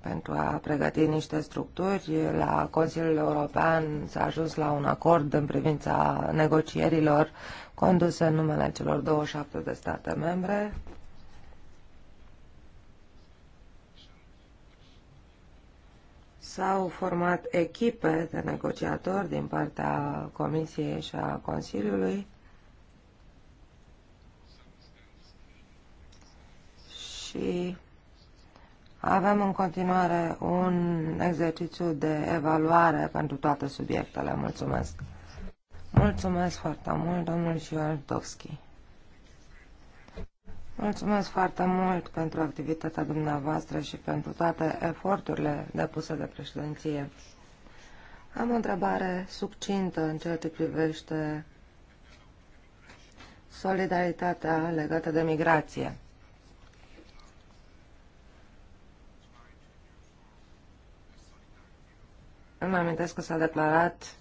D: pentru a pregăti niște structuri. La Consiliul European s-a ajuns la un acord în privința negocierilor conduse în numele celor 27 de state membre. S-au format echipe de negociatori din partea Comisiei și a Consiliului și avem în continuare un exercițiu de evaluare pentru toate subiectele. Mulțumesc! Mulțumesc foarte mult, domnul Șioardovski. Mulțumesc foarte mult pentru activitatea dumneavoastră și pentru toate eforturile depuse de președinție. Am o întrebare succintă în ceea ce privește solidaritatea legată de migrație. Îmi amintesc că s-a declarat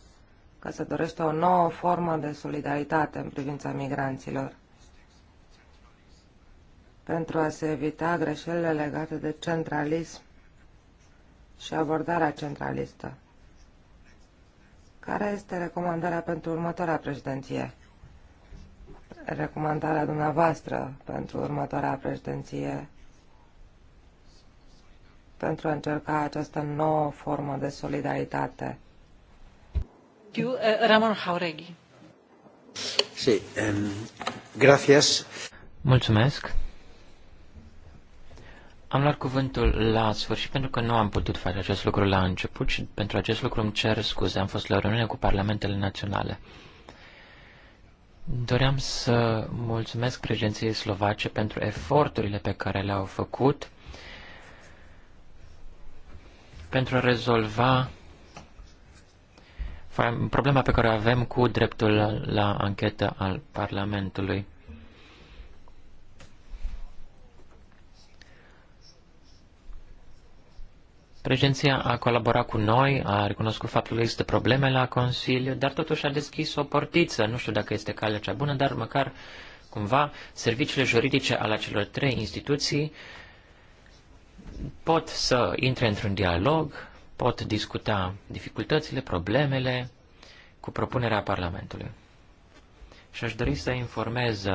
D: că se dorește o nouă formă de solidaritate în privința migranților pentru a se evita greșelile legate de centralism și abordarea centralistă. Care este recomandarea pentru următoarea președinție? Recomandarea dumneavoastră pentru următoarea președinție pentru a încerca această nouă formă de solidaritate. Eh, Ramon
B: Jauregui.
C: Sí, gracias.
B: Mulțumesc. Am luat cuvântul la sfârșit pentru că nu am putut face acest lucru la început și pentru acest lucru îmi cer scuze. Am fost la o reuniune cu parlamentele naționale. Doream să mulțumesc prezenției slovace pentru eforturile pe care le-au făcut pentru a rezolva problema pe care o avem cu dreptul la anchetă al Parlamentului. Președinția a colaborat cu noi, a recunoscut faptul că există probleme la Consiliu, dar totuși a deschis o portiță. Nu știu dacă este calea cea bună, dar măcar cumva serviciile juridice ale celor trei instituții uh, pot să intre într-un dialog, pot discuta dificultățile, problemele cu propunerea Parlamentului. Și aș dori să informez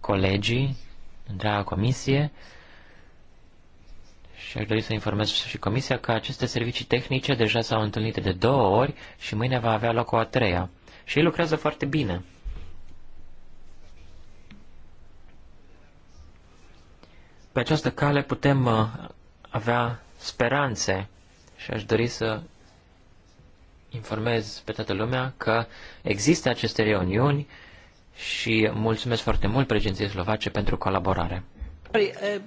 B: colegii, întreaga comisie, și aș dori să informez și comisia că aceste servicii tehnice deja s-au întâlnit de două ori și mâine va avea loc o a treia. Și ei lucrează foarte bine. Pe această cale putem uh, avea speranțe și aș dori să informez pe toată lumea că există aceste reuniuni și mulțumesc foarte mult președinției slovace pentru colaborare.
D: Uh,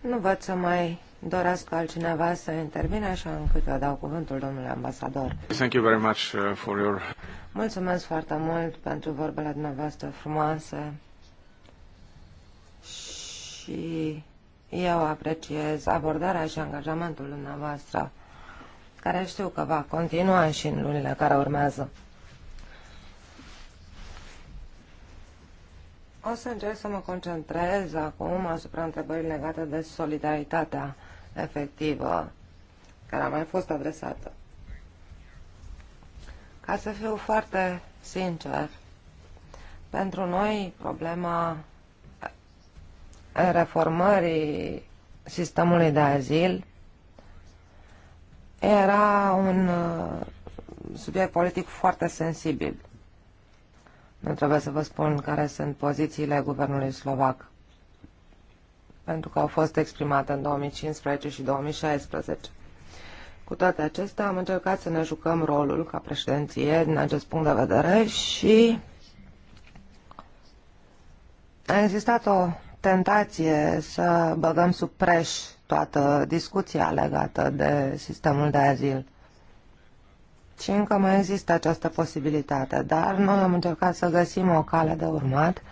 D: nu văd să mai dorească altcineva să intervine, așa încât vă dau cuvântul domnului ambasador.
C: Thank you very much uh, for your...
D: Mulțumesc foarte mult pentru vorbele dumneavoastră frumoase și eu apreciez abordarea și angajamentul dumneavoastră, care știu că va continua și în lunile care urmează. O să încerc să mă concentrez acum asupra întrebării legate de solidaritatea efectivă care a mai fost adresată. Ca să fiu foarte sincer, pentru noi problema reformării sistemului de azil era un uh, subiect politic foarte sensibil. Nu trebuie să vă spun care sunt pozițiile guvernului slovac, pentru că au fost exprimate în 2015 și 2016. Cu toate acestea, am încercat să ne jucăm rolul ca președinție din acest punct de vedere și a existat o tentație să băgăm sub preș toată discuția legată de sistemul de azil. Și încă mai există această posibilitate, dar noi am încercat să găsim o cale de urmat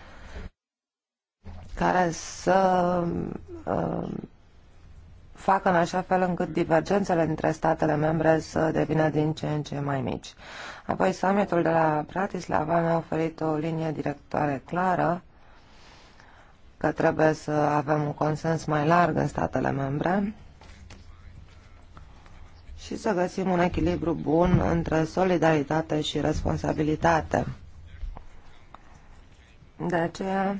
D: care să uh, facă în așa fel încât divergențele dintre statele membre să devină din ce în ce mai mici. Apoi summitul de la Bratislava ne-a oferit o linie directoare clară că trebuie să avem un consens mai larg în statele membre și să găsim un echilibru bun între solidaritate și responsabilitate. De aceea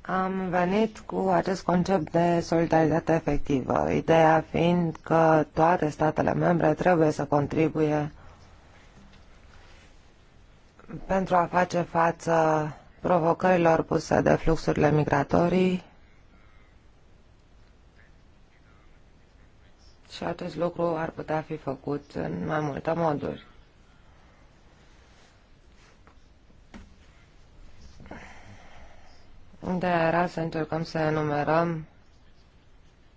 D: am venit cu acest concept de solidaritate efectivă, ideea fiind că toate statele membre trebuie să contribuie pentru a face față provocărilor puse de fluxurile migratorii și acest lucru ar putea fi făcut în mai multe moduri. De era să încercăm să enumerăm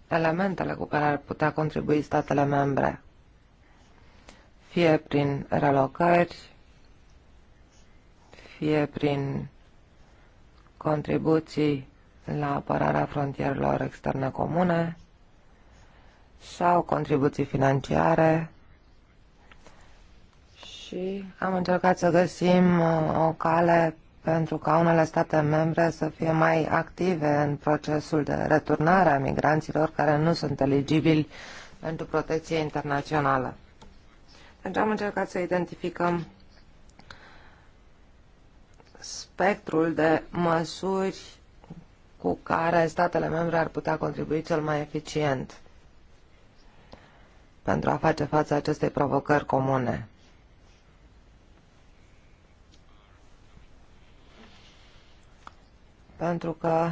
D: elementele cu care ar putea contribui statele membre, fie prin relocări, fie prin contribuții la apărarea frontierelor externe comune sau contribuții financiare și am încercat să găsim uh, o cale pentru ca unele state membre să fie mai active în procesul de returnare a migranților care nu sunt eligibili pentru protecție internațională. Deci am încercat să identificăm spectrul de măsuri cu care statele membre ar putea contribui cel mai eficient pentru a face față acestei provocări comune. Pentru că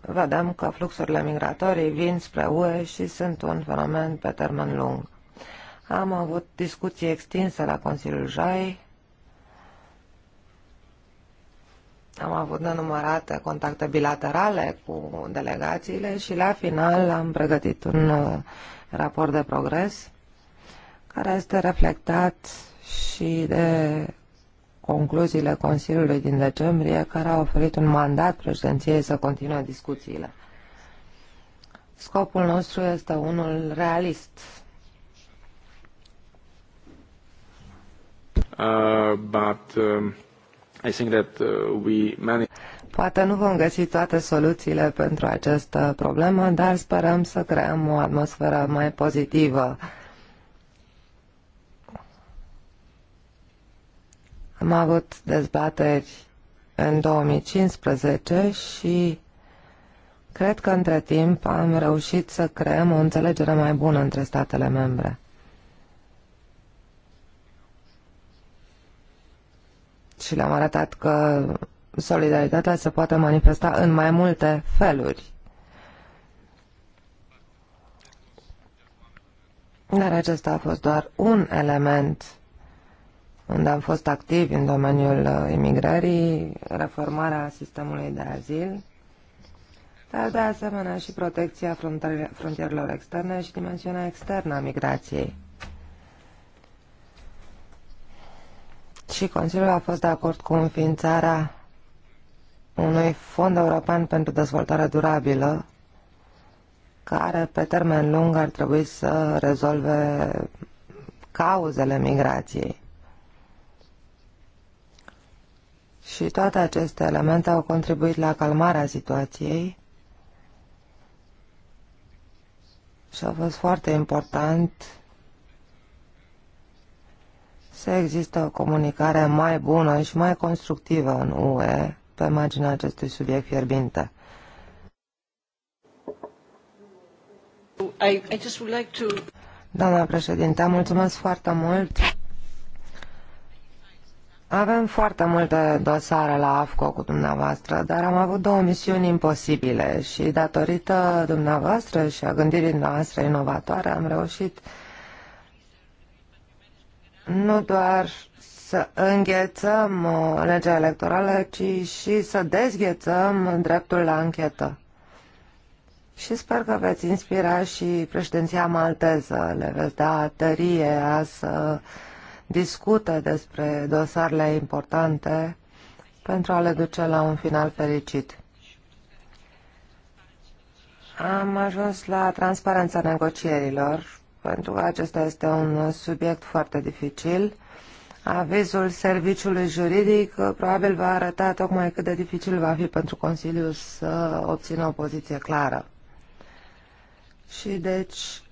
D: vedem că fluxurile migratorii vin spre UE și sunt un fenomen pe termen lung. Am avut discuții extinse la Consiliul JAI Am avut nenumărate contacte bilaterale cu delegațiile și la final am pregătit un uh, raport de progres care este reflectat și de concluziile Consiliului din decembrie, care a oferit un mandat președinției să continue discuțiile. Scopul nostru este unul realist.
C: Uh, but, uh... I think
A: that
D: uh, we Poate nu vom găsi toate soluțiile pentru această problemă, dar sperăm să creăm o atmosferă mai pozitivă. Am avut dezbateri în 2015 și cred că între timp am reușit să creăm o înțelegere mai bună între statele membre. și le-am arătat că solidaritatea se poate manifesta în mai multe feluri. Dar acesta a fost doar un element unde am fost activi în domeniul uh, imigrării, reformarea sistemului de azil, dar de asemenea și protecția frontierelor externe și dimensiunea externă a migrației. Și Consiliul a fost de acord cu înființarea unui fond european pentru dezvoltare durabilă, care pe termen lung ar trebui să rezolve cauzele migrației. Și toate aceste elemente au contribuit la calmarea situației și a fost foarte important să există o comunicare mai bună și mai constructivă în UE pe marginea acestui subiect fierbinte.
C: I, I just would like to...
D: Doamna președinte, mulțumesc foarte mult. Avem foarte multe dosare la AFCO cu dumneavoastră, dar am avut două misiuni imposibile și datorită dumneavoastră și a gândirii noastre inovatoare am reușit nu doar să înghețăm uh, legea electorală, ci și să dezghețăm dreptul la închetă. Și sper că veți inspira și președinția malteză, le veți da tărie să discute despre dosarele importante pentru a le duce la un final fericit. Am ajuns la transparența negocierilor pentru că acesta este un subiect foarte dificil. Avizul serviciului juridic uh, probabil va arăta tocmai cât de dificil va fi pentru Consiliu să obțină o poziție clară. Și deci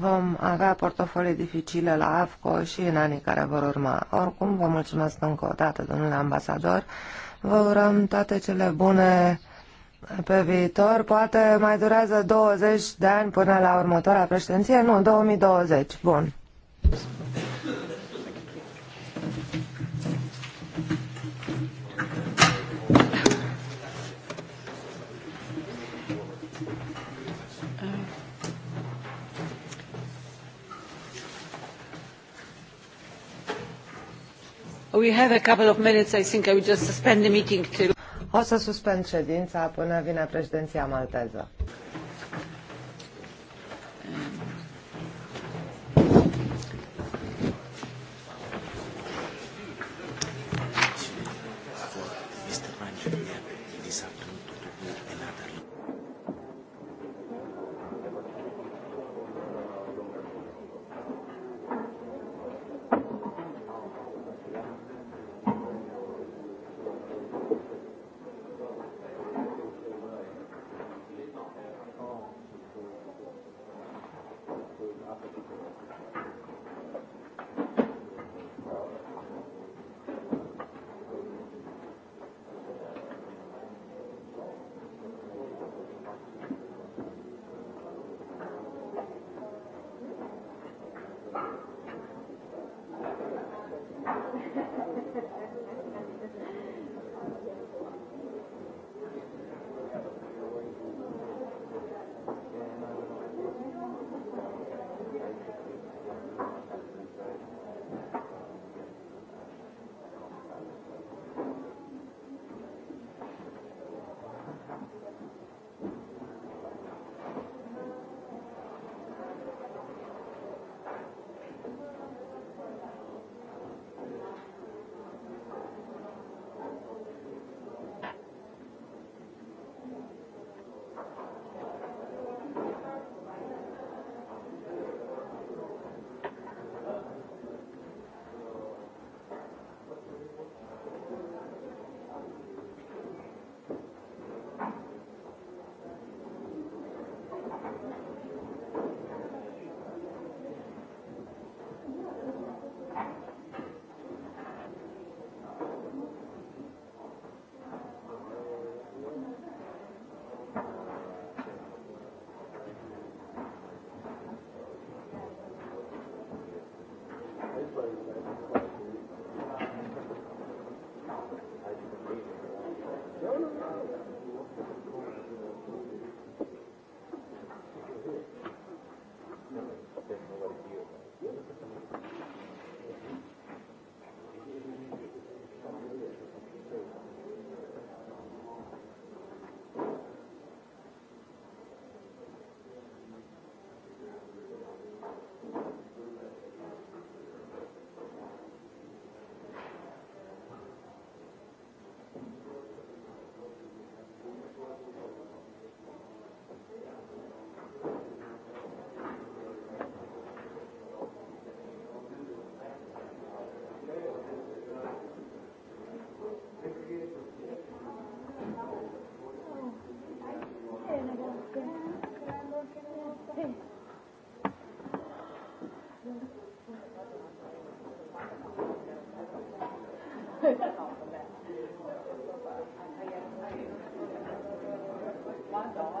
D: vom avea portofolii dificile la AFCO și în anii care vor urma. Oricum, vă mulțumesc încă o dată, domnule ambasador. Vă urăm toate cele bune pe viitor, poate mai durează 20 de ani până la următoarea președinție, nu, 2020, bun.
A: we have a couple of minutes i think i will
D: just suspend the meeting till. O să suspend ședința până vine președinția malteză.
A: Thank you.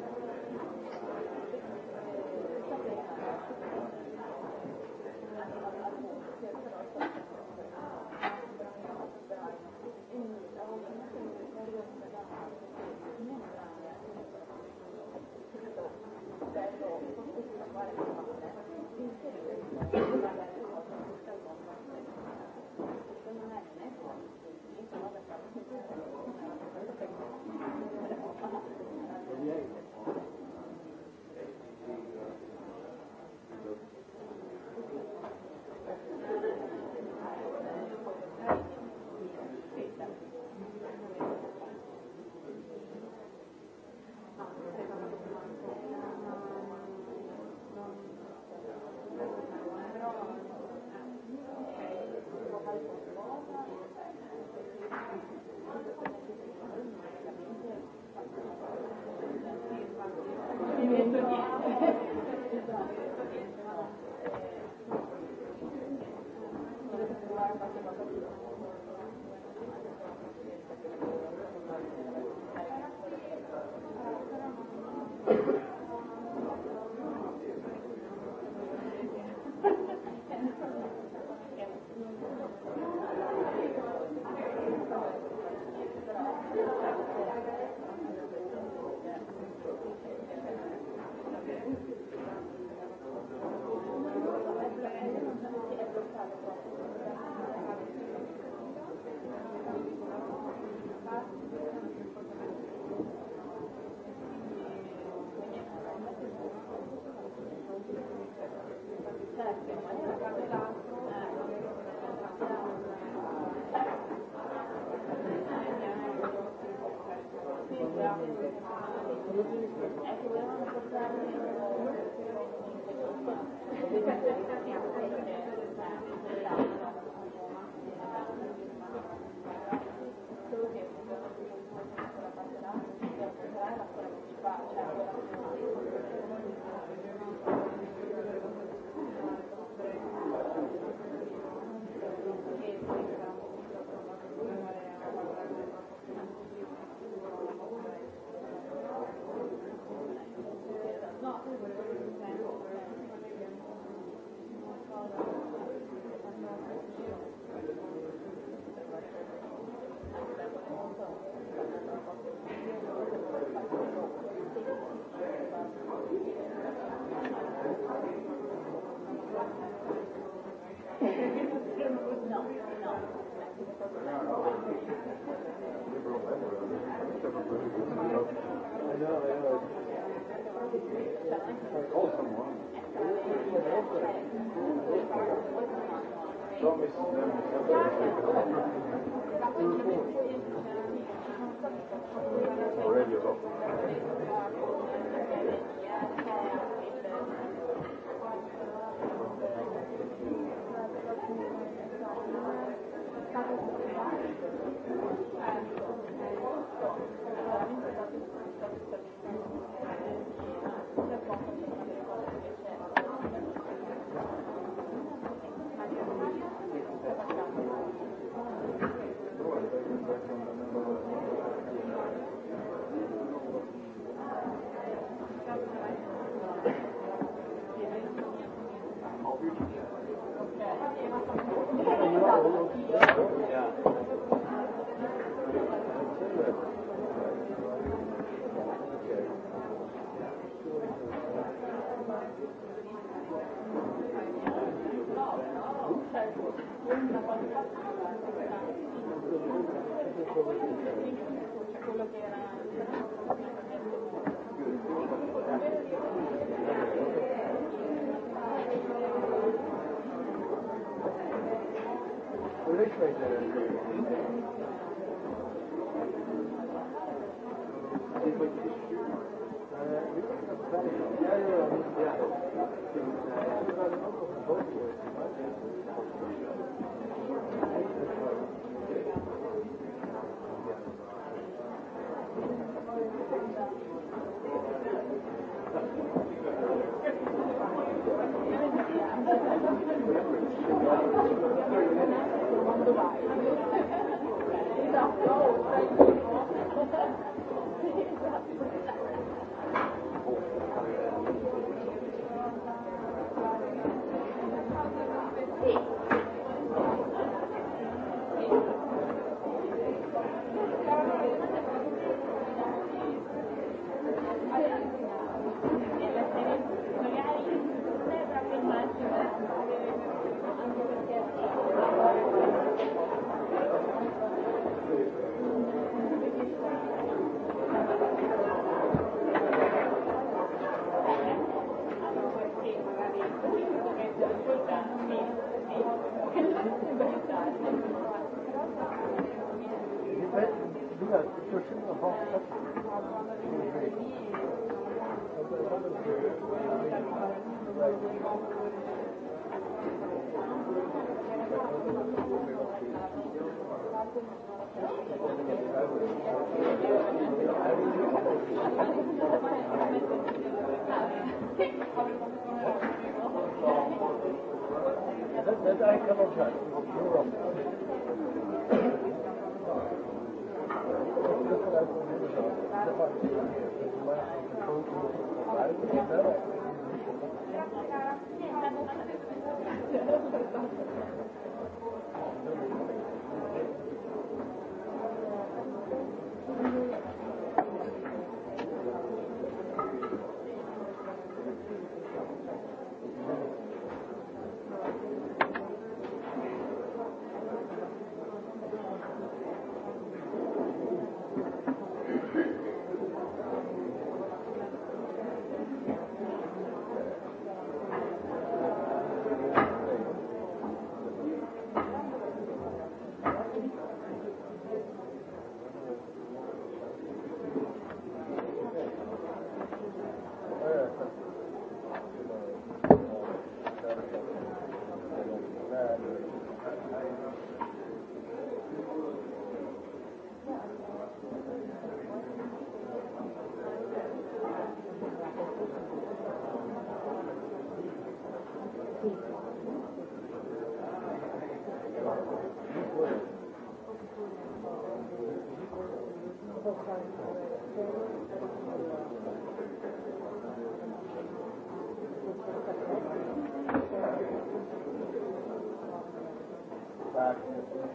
A: Thank you.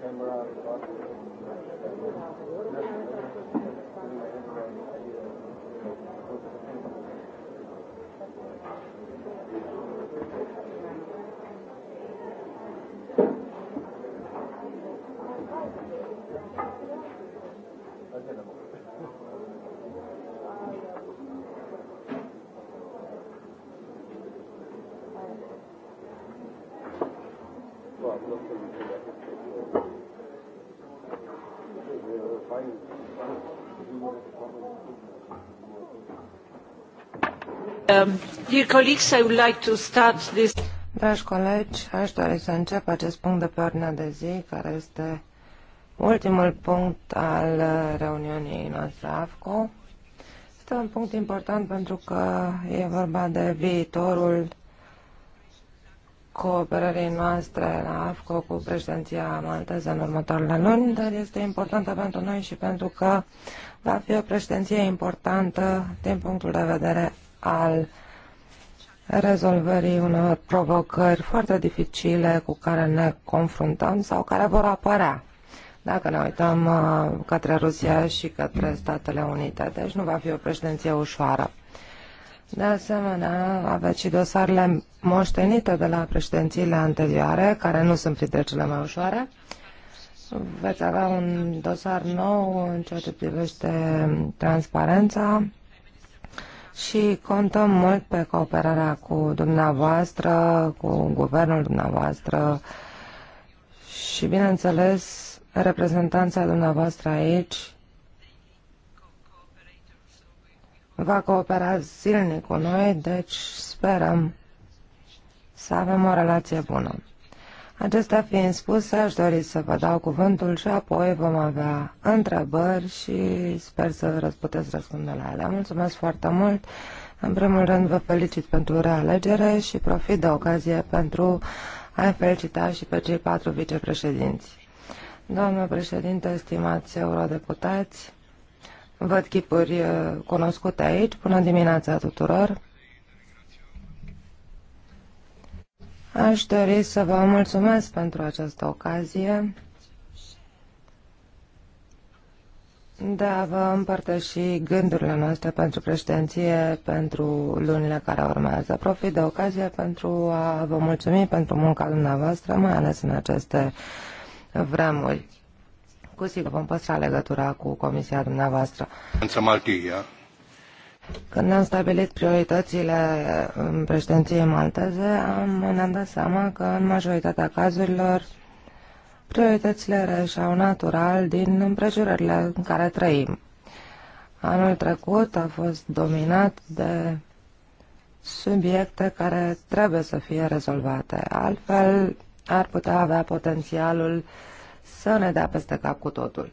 A: camera
D: Dragi colegi, aș dori să încep acest punct de pe ordinea de zi, care este ultimul punct al reuniunii noastre AFCO. Este un punct important pentru că e vorba de viitorul cooperării noastre la AFCO cu președinția malteză în următoarele luni, dar este importantă pentru noi și pentru că va fi o președinție importantă din punctul de vedere al rezolvării unor provocări foarte dificile cu care ne confruntăm sau care vor apărea dacă ne uităm uh, către Rusia și către Statele Unite. Deci nu va fi o președinție ușoară. De asemenea, aveți și dosarele moștenite de la președințiile anterioare, care nu sunt printre cele mai ușoare. Veți avea un dosar nou în ceea ce privește transparența, și contăm mult pe cooperarea cu dumneavoastră, cu guvernul dumneavoastră și, bineînțeles, reprezentanța dumneavoastră aici va coopera zilnic cu noi, deci sperăm să avem o relație bună. Acesta fiind spus, aș dori să vă dau cuvântul și apoi vom avea întrebări și sper să puteți răspunde la ele. Mulțumesc foarte mult! În primul rând vă felicit pentru realegere și profit de ocazie pentru a felicita și pe cei patru vicepreședinți. Doamnă președinte, stimați eurodeputați, văd chipuri uh, cunoscute aici. Bună dimineața tuturor! Aș dori să vă mulțumesc pentru această ocazie de a vă împărtăși gândurile noastre pentru președinție pentru lunile care urmează. Profit de ocazie pentru a vă mulțumi pentru munca dumneavoastră, mai ales în aceste vremuri. Cu sigur vom păstra legătura cu comisia dumneavoastră. Când am stabilit prioritățile în președinției malteze, am, ne-am dat seama că în majoritatea cazurilor prioritățile reșeau natural din împrejurările în care trăim. Anul trecut a fost dominat de subiecte care trebuie să fie rezolvate, altfel ar putea avea potențialul să ne dea peste cap cu totul.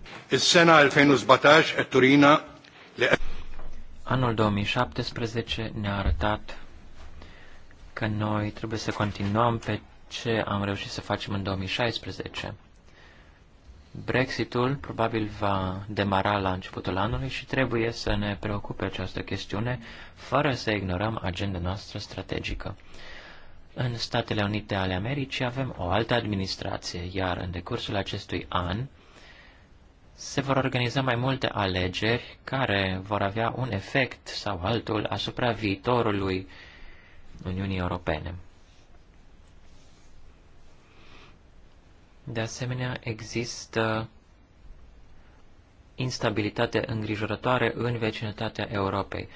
B: Anul 2017 ne-a arătat că noi trebuie să continuăm pe ce am reușit să facem în 2016. Brexitul probabil va demara la începutul anului și trebuie să ne preocupe această chestiune fără să ignorăm agenda noastră strategică. În Statele Unite ale Americii avem o altă administrație, iar în decursul acestui an se vor organiza mai multe alegeri care vor avea un efect sau altul asupra viitorului Uniunii Europene. De asemenea, există instabilitate îngrijorătoare în vecinătatea Europei.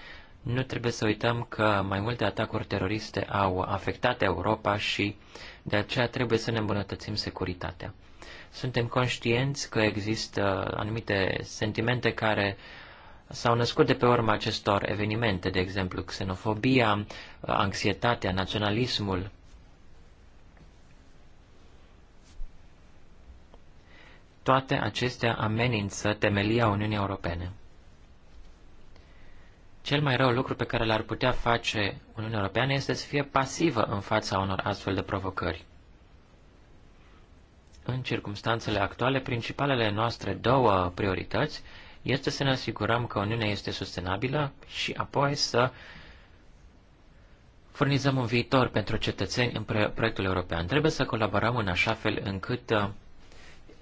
B: Nu trebuie să uităm că mai multe atacuri teroriste au afectat Europa și de aceea trebuie să ne îmbunătățim securitatea. Suntem conștienți că există anumite sentimente care s-au născut de pe urma acestor evenimente, de exemplu xenofobia, anxietatea, naționalismul. Toate acestea amenință temelia Uniunii Europene. Cel mai rău lucru pe care l-ar putea face Uniunea Europeană este să fie pasivă în fața unor astfel de provocări. În circumstanțele actuale, principalele noastre două priorități este să ne asigurăm că Uniunea este sustenabilă și apoi să furnizăm un viitor pentru cetățeni în proiectul european. Trebuie să colaborăm în așa fel încât uh,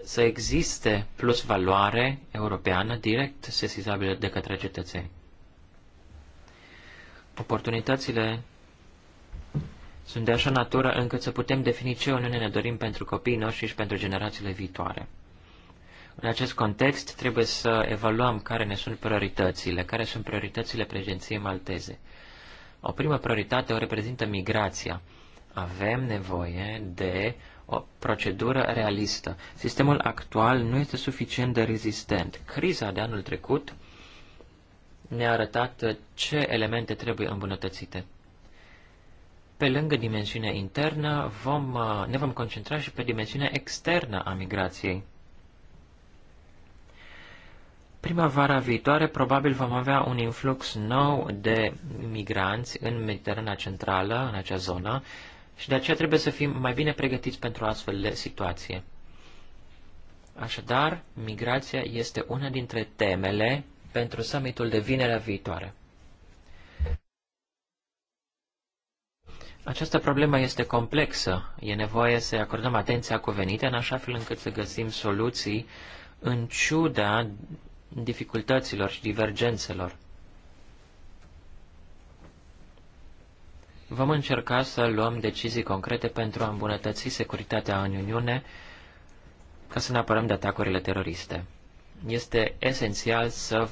B: să existe plus valoare europeană direct sesizabilă de către cetățeni. Oportunitățile sunt de așa natură încât să putem defini ce Uniune ne dorim pentru copiii noștri și pentru generațiile viitoare. În acest context, trebuie să evaluăm care ne sunt prioritățile, care sunt prioritățile prezenției malteze. O primă prioritate o reprezintă migrația. Avem nevoie de o procedură realistă. Sistemul actual nu este suficient de rezistent. Criza de anul trecut ne-a arătat ce elemente trebuie îmbunătățite. Pe lângă dimensiunea internă, vom, uh, ne vom concentra și pe dimensiunea externă a migrației. Primăvara viitoare probabil vom avea un influx nou de migranți în Mediterana Centrală, în acea zonă, și de aceea trebuie să fim mai bine pregătiți pentru astfel de situație. Așadar, migrația este una dintre temele pentru summitul de vinerea viitoare. Această problemă este complexă. E nevoie să acordăm atenția cuvenită în așa fel încât să găsim soluții în ciuda dificultăților și divergențelor. Vom încerca să luăm decizii concrete pentru a îmbunătăți securitatea în Uniune ca să ne apărăm de atacurile teroriste. Este esențial să,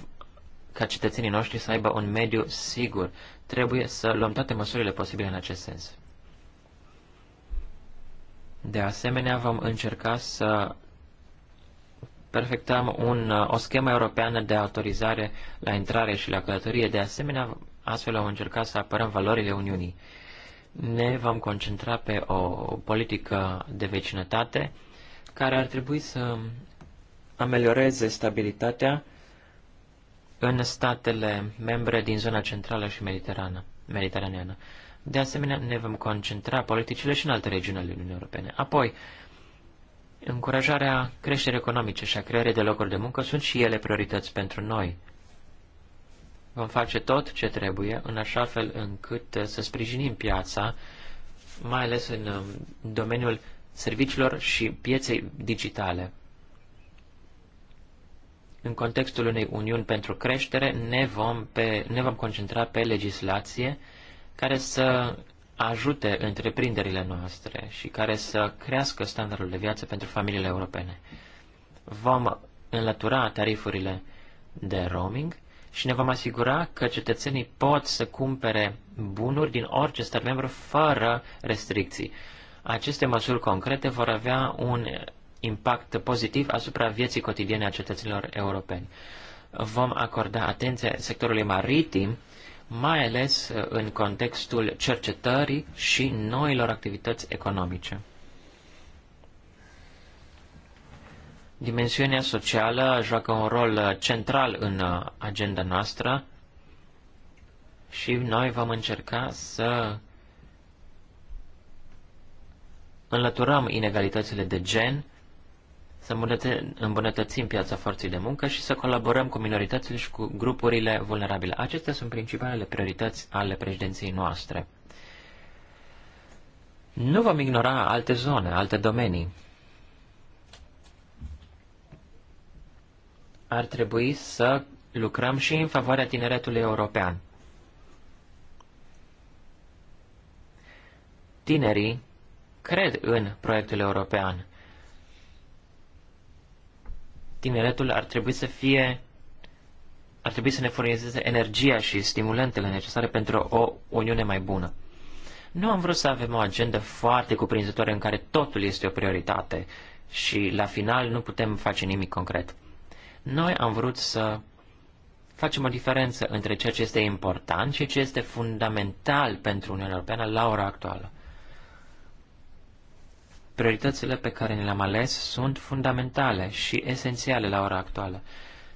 B: ca cetățenii noștri să aibă un mediu sigur, Trebuie să luăm toate măsurile posibile în acest sens. De asemenea, vom încerca să perfectăm un, o schemă europeană de autorizare la intrare și la călătorie. De asemenea, astfel vom încerca să apărăm valorile Uniunii. Ne vom concentra pe o politică de vecinătate care ar trebui să amelioreze stabilitatea în statele membre din zona centrală și mediterană, mediteraneană. De asemenea, ne vom concentra politicile și în alte regiuni ale Uniunii Europene. Apoi, încurajarea creșterii economice și a creării de locuri de muncă sunt și ele priorități pentru noi. Vom face tot ce trebuie în așa fel încât uh, să sprijinim piața, mai ales în um, domeniul serviciilor și pieței digitale. În contextul unei uniuni pentru creștere, ne vom, pe, ne vom concentra pe legislație care să ajute întreprinderile noastre și care să crească standardul de viață pentru familiile europene. Vom înlătura tarifurile de roaming și ne vom asigura că cetățenii pot să cumpere bunuri din orice stat membru fără restricții. Aceste măsuri concrete vor avea un impact pozitiv asupra vieții cotidiene a cetățenilor europeni. Vom acorda atenție sectorului maritim, mai ales uh, în contextul cercetării și noilor activități economice. Dimensiunea socială joacă un rol uh, central în uh, agenda noastră și noi vom încerca să înlăturăm inegalitățile de gen să îmbunătățim piața forței de muncă și să colaborăm cu minoritățile și cu grupurile vulnerabile. Acestea sunt principalele priorități ale președinției noastre. Nu vom ignora alte zone, alte domenii. Ar trebui să lucrăm și în favoarea tineretului european. Tinerii cred în proiectul european tineretul ar trebui să fie ar trebui să ne furnizeze energia și stimulentele necesare pentru o uniune mai bună. Nu am vrut să avem o agendă foarte cuprinzătoare în care totul este o prioritate și la final nu putem face nimic concret. Noi am vrut să facem o diferență între ceea ce este important și ce este fundamental pentru Uniunea Europeană la ora actuală. Prioritățile pe care ne le-am ales sunt fundamentale și esențiale la ora actuală.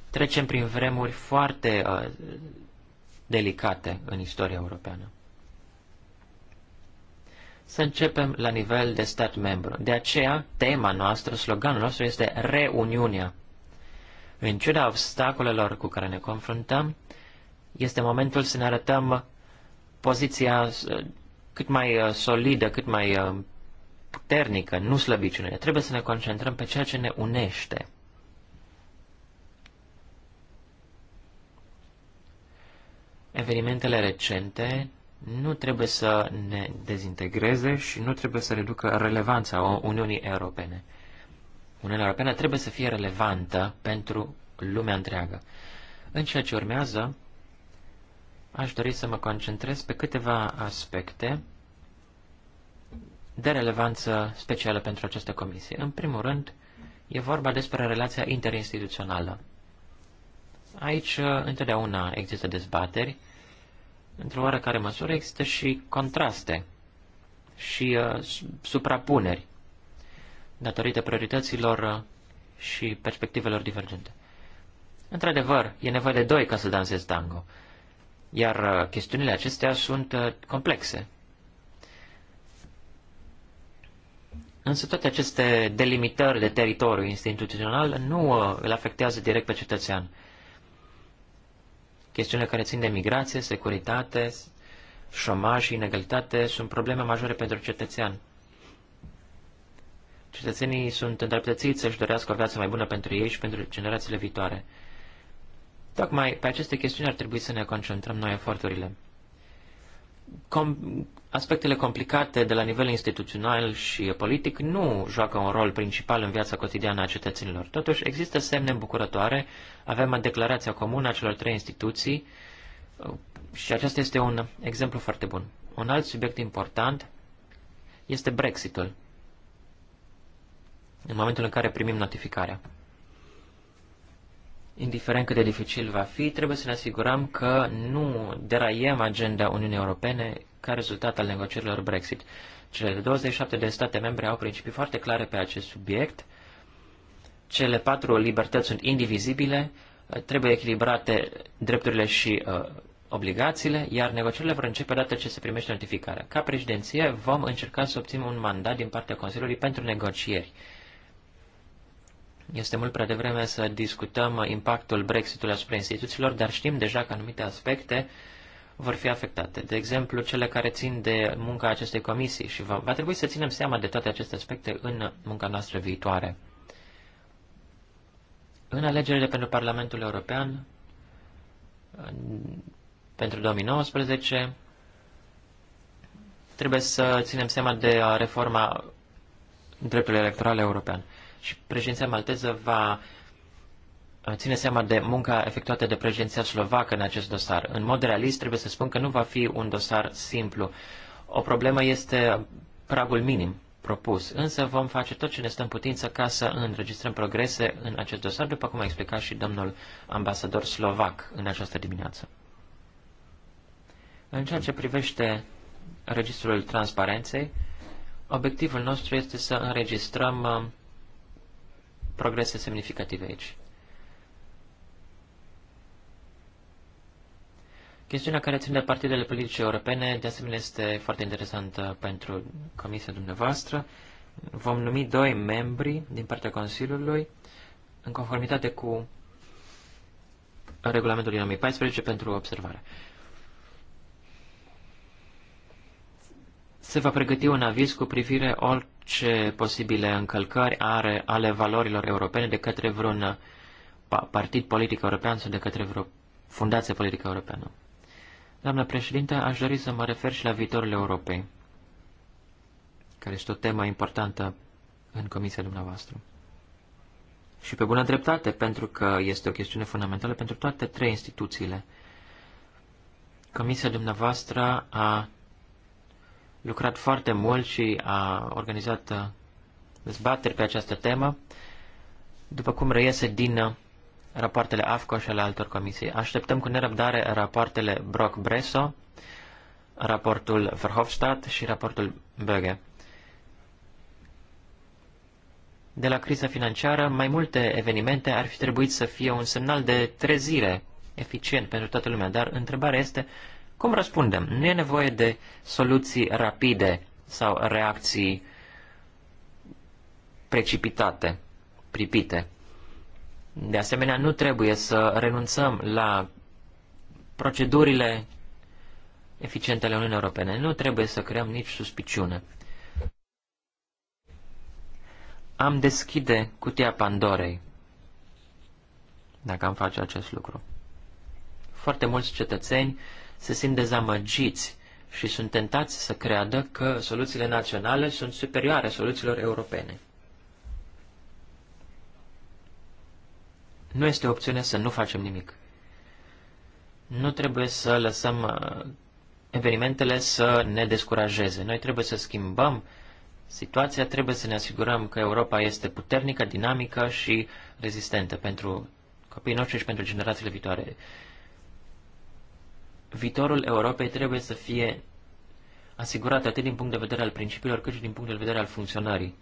B: Trecem prin vremuri foarte uh, delicate în istoria europeană. Să începem la nivel de stat membru. De aceea, tema noastră, sloganul nostru este Reuniunea. În ciuda obstacolelor cu care ne confruntăm, este momentul să ne arătăm poziția uh, cât mai uh, solidă, cât mai uh, puternică, nu slăbiciune. Trebuie să ne concentrăm pe ceea ce ne unește. Evenimentele recente nu trebuie să ne dezintegreze și nu trebuie să reducă relevanța Uniunii Europene. Uniunea Europeană trebuie să fie relevantă pentru lumea întreagă. În ceea ce urmează, aș dori să mă concentrez pe câteva aspecte de relevanță specială pentru această comisie. În primul rând, e vorba despre relația interinstituțională. Aici, uh, întotdeauna există dezbateri, într-o oarecare măsură există și contraste și uh, suprapuneri datorită priorităților uh, și perspectivelor divergente. Într-adevăr, e nevoie de doi ca să dansezi tango, iar uh, chestiunile acestea sunt uh, complexe. Însă toate aceste delimitări de teritoriu instituțional nu uh, îl afectează direct pe cetățean. Chestiunile care țin de migrație, securitate, șomaj și inegalitate sunt probleme majore pentru cetățean. Cetățenii sunt îndreptățiți să-și dorească o viață mai bună pentru ei și pentru generațiile viitoare. Tocmai pe aceste chestiuni ar trebui să ne concentrăm noi eforturile. Com- Aspectele complicate de la nivel instituțional și politic nu joacă un rol principal în viața cotidiană a cetățenilor. Totuși, există semne îmbucurătoare. Avem declarația comună a celor trei instituții uh, și acesta este un exemplu foarte bun. Un alt subiect important este Brexitul, în momentul în care primim notificarea. Indiferent cât de dificil va fi, trebuie să ne asigurăm că nu deraiem agenda Uniunii Europene ca rezultat al negocierilor Brexit. Cele 27 de state membre au principii foarte clare pe acest subiect. Cele patru libertăți sunt indivizibile, trebuie echilibrate drepturile și uh, obligațiile, iar negocierile vor începe odată ce se primește notificarea. Ca președinție vom încerca să obținem un mandat din partea Consiliului pentru negocieri. Este mult prea devreme să discutăm impactul Brexitului asupra instituțiilor, dar știm deja că anumite aspecte uh, vor fi afectate. De exemplu, cele care țin de munca acestei comisii și va, va trebui să ținem seama de toate aceste aspecte în munca noastră viitoare. În alegerile pentru Parlamentul European, pentru 2019, trebuie să ținem seama de uh, reforma dreptului electoral european. Și președinția malteză va Uh, ține seama de munca efectuată de președinția slovacă în acest dosar. În mod realist, trebuie să spun că nu va fi un dosar simplu. O problemă este pragul minim propus, însă vom face tot ce ne stă în putință ca să înregistrăm progrese în acest dosar, după cum a explicat și domnul ambasador slovac în această dimineață. În ceea ce privește registrul transparenței, obiectivul nostru este să înregistrăm uh, progrese semnificative aici. Chestiunea care ține de partidele politice europene, de asemenea, este foarte interesantă pentru comisia dumneavoastră. Vom numi doi membri din partea Consiliului, în conformitate cu regulamentul din 2014 pentru observare. Se va pregăti un aviz cu privire orice posibile încălcări are ale valorilor europene de către vreun uh, partid politic european sau de către vreo fundație politică europeană. Doamna președinte, aș dori să mă refer și la viitorul Europei, care este o temă importantă în comisia dumneavoastră. Și pe bună dreptate, pentru că este o chestiune fundamentală pentru toate trei instituțiile. Comisia dumneavoastră a lucrat foarte mult și a organizat dezbateri pe această temă, după cum reiese din rapoartele AFCO și ale altor comisii. Așteptăm cu nerăbdare rapoartele Brock-Bresso, raportul Verhofstadt și raportul Böge. De la criza financiară, mai multe evenimente ar fi trebuit să fie un semnal de trezire eficient pentru toată lumea, dar întrebarea este cum răspundem? Nu e nevoie de soluții rapide sau reacții precipitate, pripite. De asemenea, nu trebuie să renunțăm la procedurile eficiente ale Uniunii Europene. Nu trebuie să creăm nici suspiciune. Am deschide cutia Pandorei dacă am face acest lucru. Foarte mulți cetățeni se simt dezamăgiți și sunt tentați să creadă că soluțiile naționale sunt superioare soluțiilor europene. Nu este opțiune să nu facem nimic. Nu trebuie să lăsăm uh, evenimentele să ne descurajeze. Noi trebuie să schimbăm situația, trebuie să ne asigurăm că Europa este puternică, dinamică și rezistentă pentru copiii noștri și pentru generațiile viitoare. Viitorul Europei trebuie să fie asigurat atât din punct de vedere al principiilor, cât și din punct de vedere al funcționării.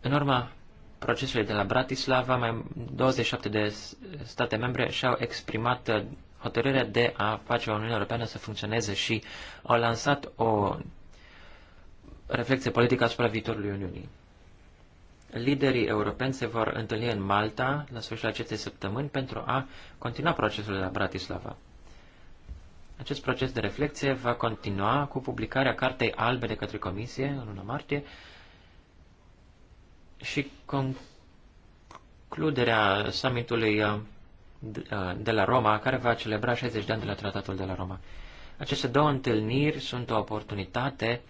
B: În urma procesului de la Bratislava, mai 27 de state membre și-au exprimat uh, hotărârea de a face Uniunea Europeană să funcționeze și au lansat o reflexie politică asupra viitorului Uniunii. Liderii europeni se vor întâlni în Malta la sfârșitul acestei săptămâni pentru a continua procesul de la Bratislava. Acest proces de reflexie va continua cu publicarea Cartei Albe de către Comisie în luna martie și concluderea summitului uh, uh, de la Roma, care va celebra 60 de ani de la Tratatul de la Roma. Aceste două întâlniri sunt o oportunitate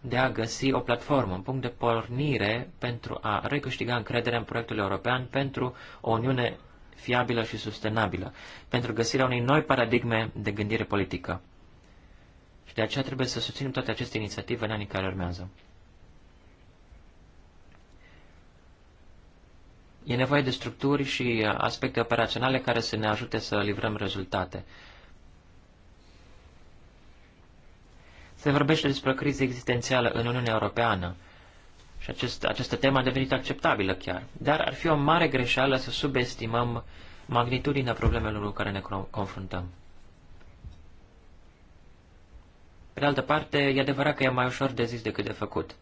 B: de a găsi o platformă, un punct de pornire pentru a recâștiga încrederea în proiectul european pentru o Uniune fiabilă și sustenabilă, pentru găsirea unei noi paradigme de gândire politică. Și de aceea trebuie să susținem toate aceste inițiative în anii care urmează. E nevoie de structuri și uh, aspecte operaționale care să ne ajute să livrăm rezultate. Se vorbește despre o criză existențială în Uniunea Europeană și acest, această temă a devenit acceptabilă chiar. Dar ar fi o mare greșeală să subestimăm magnitudinea problemelor cu care ne confruntăm. Pe de altă parte, e adevărat că e mai ușor de zis decât de făcut.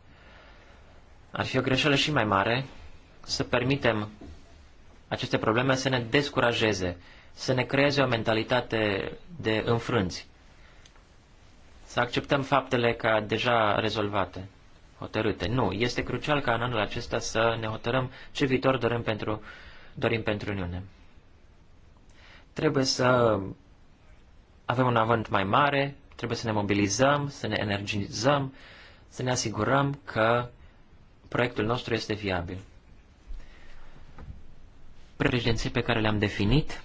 B: Ar fi o greșeală și mai mare să permitem aceste probleme să ne descurajeze, să ne creeze o mentalitate de înfrânți, să acceptăm faptele ca deja rezolvate, hotărâte. Nu, este crucial ca în anul acesta să ne hotărăm ce viitor dorim pentru, dorim pentru Uniune. Trebuie să avem un avânt mai mare, trebuie să ne mobilizăm, să ne energizăm, să ne asigurăm că proiectul nostru este viabil președinții pe care le-am definit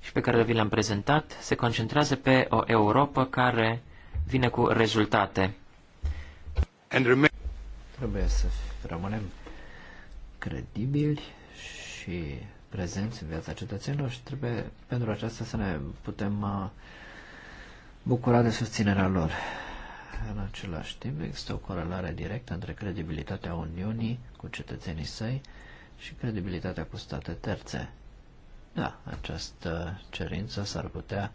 B: și pe care vi le-am prezentat se concentrează pe o Europa care vine cu rezultate.
C: Trebuie să rămânem credibili și prezenți în viața cetățenilor și trebuie pentru aceasta să ne putem uh, bucura de susținerea lor. În același timp există o corelare directă între credibilitatea Uniunii cu cetățenii săi și credibilitatea cu state terțe. Da, această cerință s-ar putea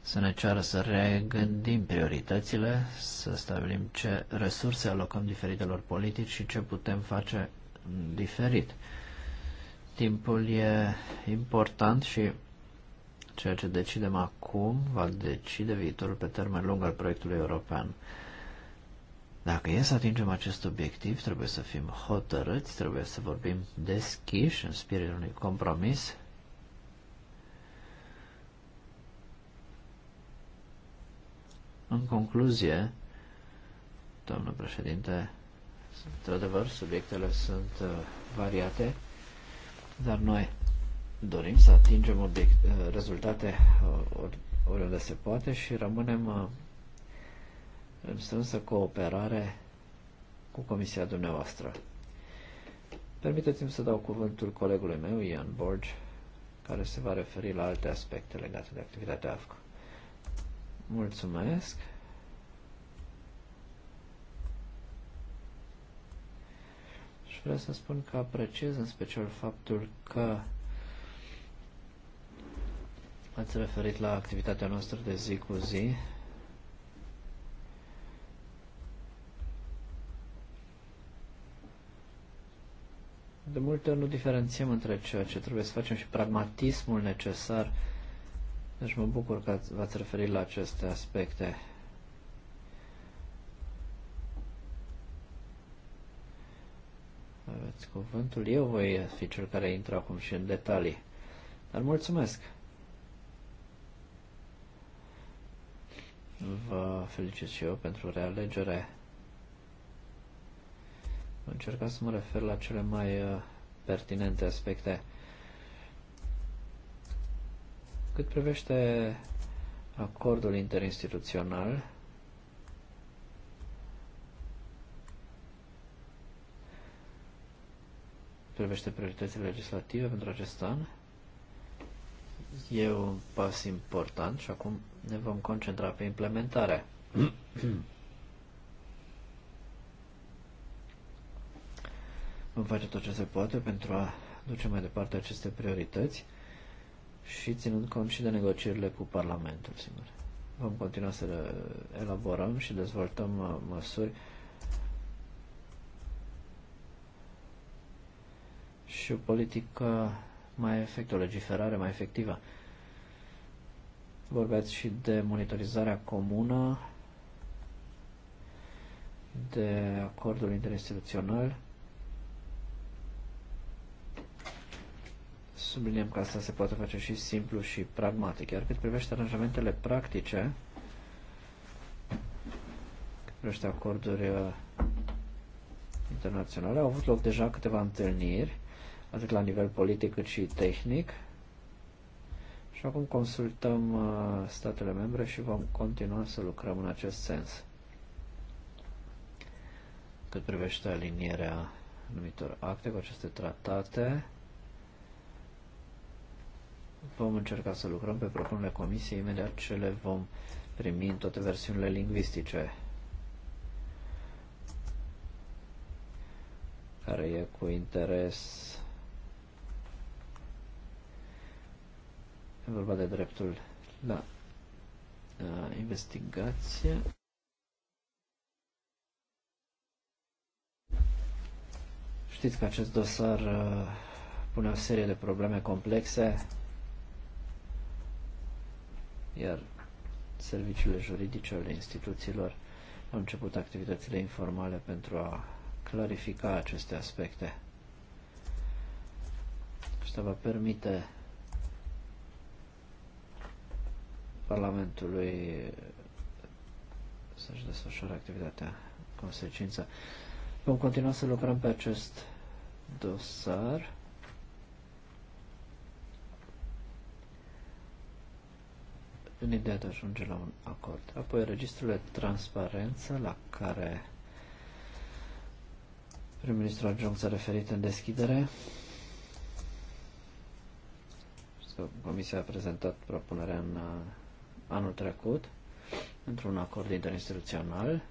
C: să ne ceară să regândim prioritățile, să stabilim ce resurse alocăm diferitelor politici și ce putem face diferit. Timpul e important și ceea ce decidem acum va decide viitorul pe termen lung al proiectului european. Dacă e să atingem acest obiectiv, trebuie să fim hotărâți, trebuie să vorbim deschiși în spiritul unui compromis. În concluzie, domnul președinte, într-adevăr, subiectele sunt uh, variate, dar noi dorim să atingem obiect, uh, rezultate uh, oriunde se poate și rămânem strânsă cooperare cu comisia dumneavoastră. Permiteți-mi să dau cuvântul colegului meu, Ian Borge, care se va referi la alte aspecte legate de activitatea AFCO. Mulțumesc! Și vreau să spun că apreciez în special faptul că ați referit la activitatea noastră de zi cu zi de multe ori nu diferențiem între ceea ce trebuie să facem și pragmatismul necesar. Deci mă bucur că v-ați referit la aceste aspecte. Aveți cuvântul. Eu voi fi cel care intră acum și în detalii. Dar mulțumesc! Vă felicit și eu pentru realegere încerca să mă refer la cele mai uh, pertinente aspecte. Cât privește acordul interinstituțional, privește prioritățile legislative pentru acest an, e un pas important și acum ne vom concentra pe implementare. Vom face tot ce se poate pentru a duce mai departe aceste priorități și ținând cont și de negocierile cu Parlamentul, sigur. Vom continua să elaborăm și dezvoltăm uh, măsuri și o politică mai efectă, o legiferare mai efectivă. Vorbeați și de monitorizarea comună, de acordul interinstituțional. subliniem că asta se poate face și simplu și pragmatic. Iar cât privește aranjamentele practice, cât privește acorduri uh, internaționale, au avut loc deja câteva întâlniri, atât la nivel politic cât și tehnic. Și acum consultăm uh, statele membre și vom continua să lucrăm în acest sens. Cât privește alinierea anumitor acte cu aceste tratate, Vom încerca să lucrăm pe propunerile comisiei imediat ce le vom primi în toate versiunile lingvistice care e cu interes e vorba de dreptul la uh, investigație știți că acest dosar uh, pune o serie de probleme complexe iar serviciile juridice ale instituțiilor au început activitățile informale pentru a clarifica aceste aspecte. Asta va permite Parlamentului să-și desfășoare activitatea consecință. Vom continua să lucrăm pe acest dosar. în ideea de a ajunge la un acord. Apoi registrul de transparență la care prim-ministrul Ajung s-a referit în deschidere. Comisia a prezentat propunerea în uh, anul trecut într-un acord interinstituțional.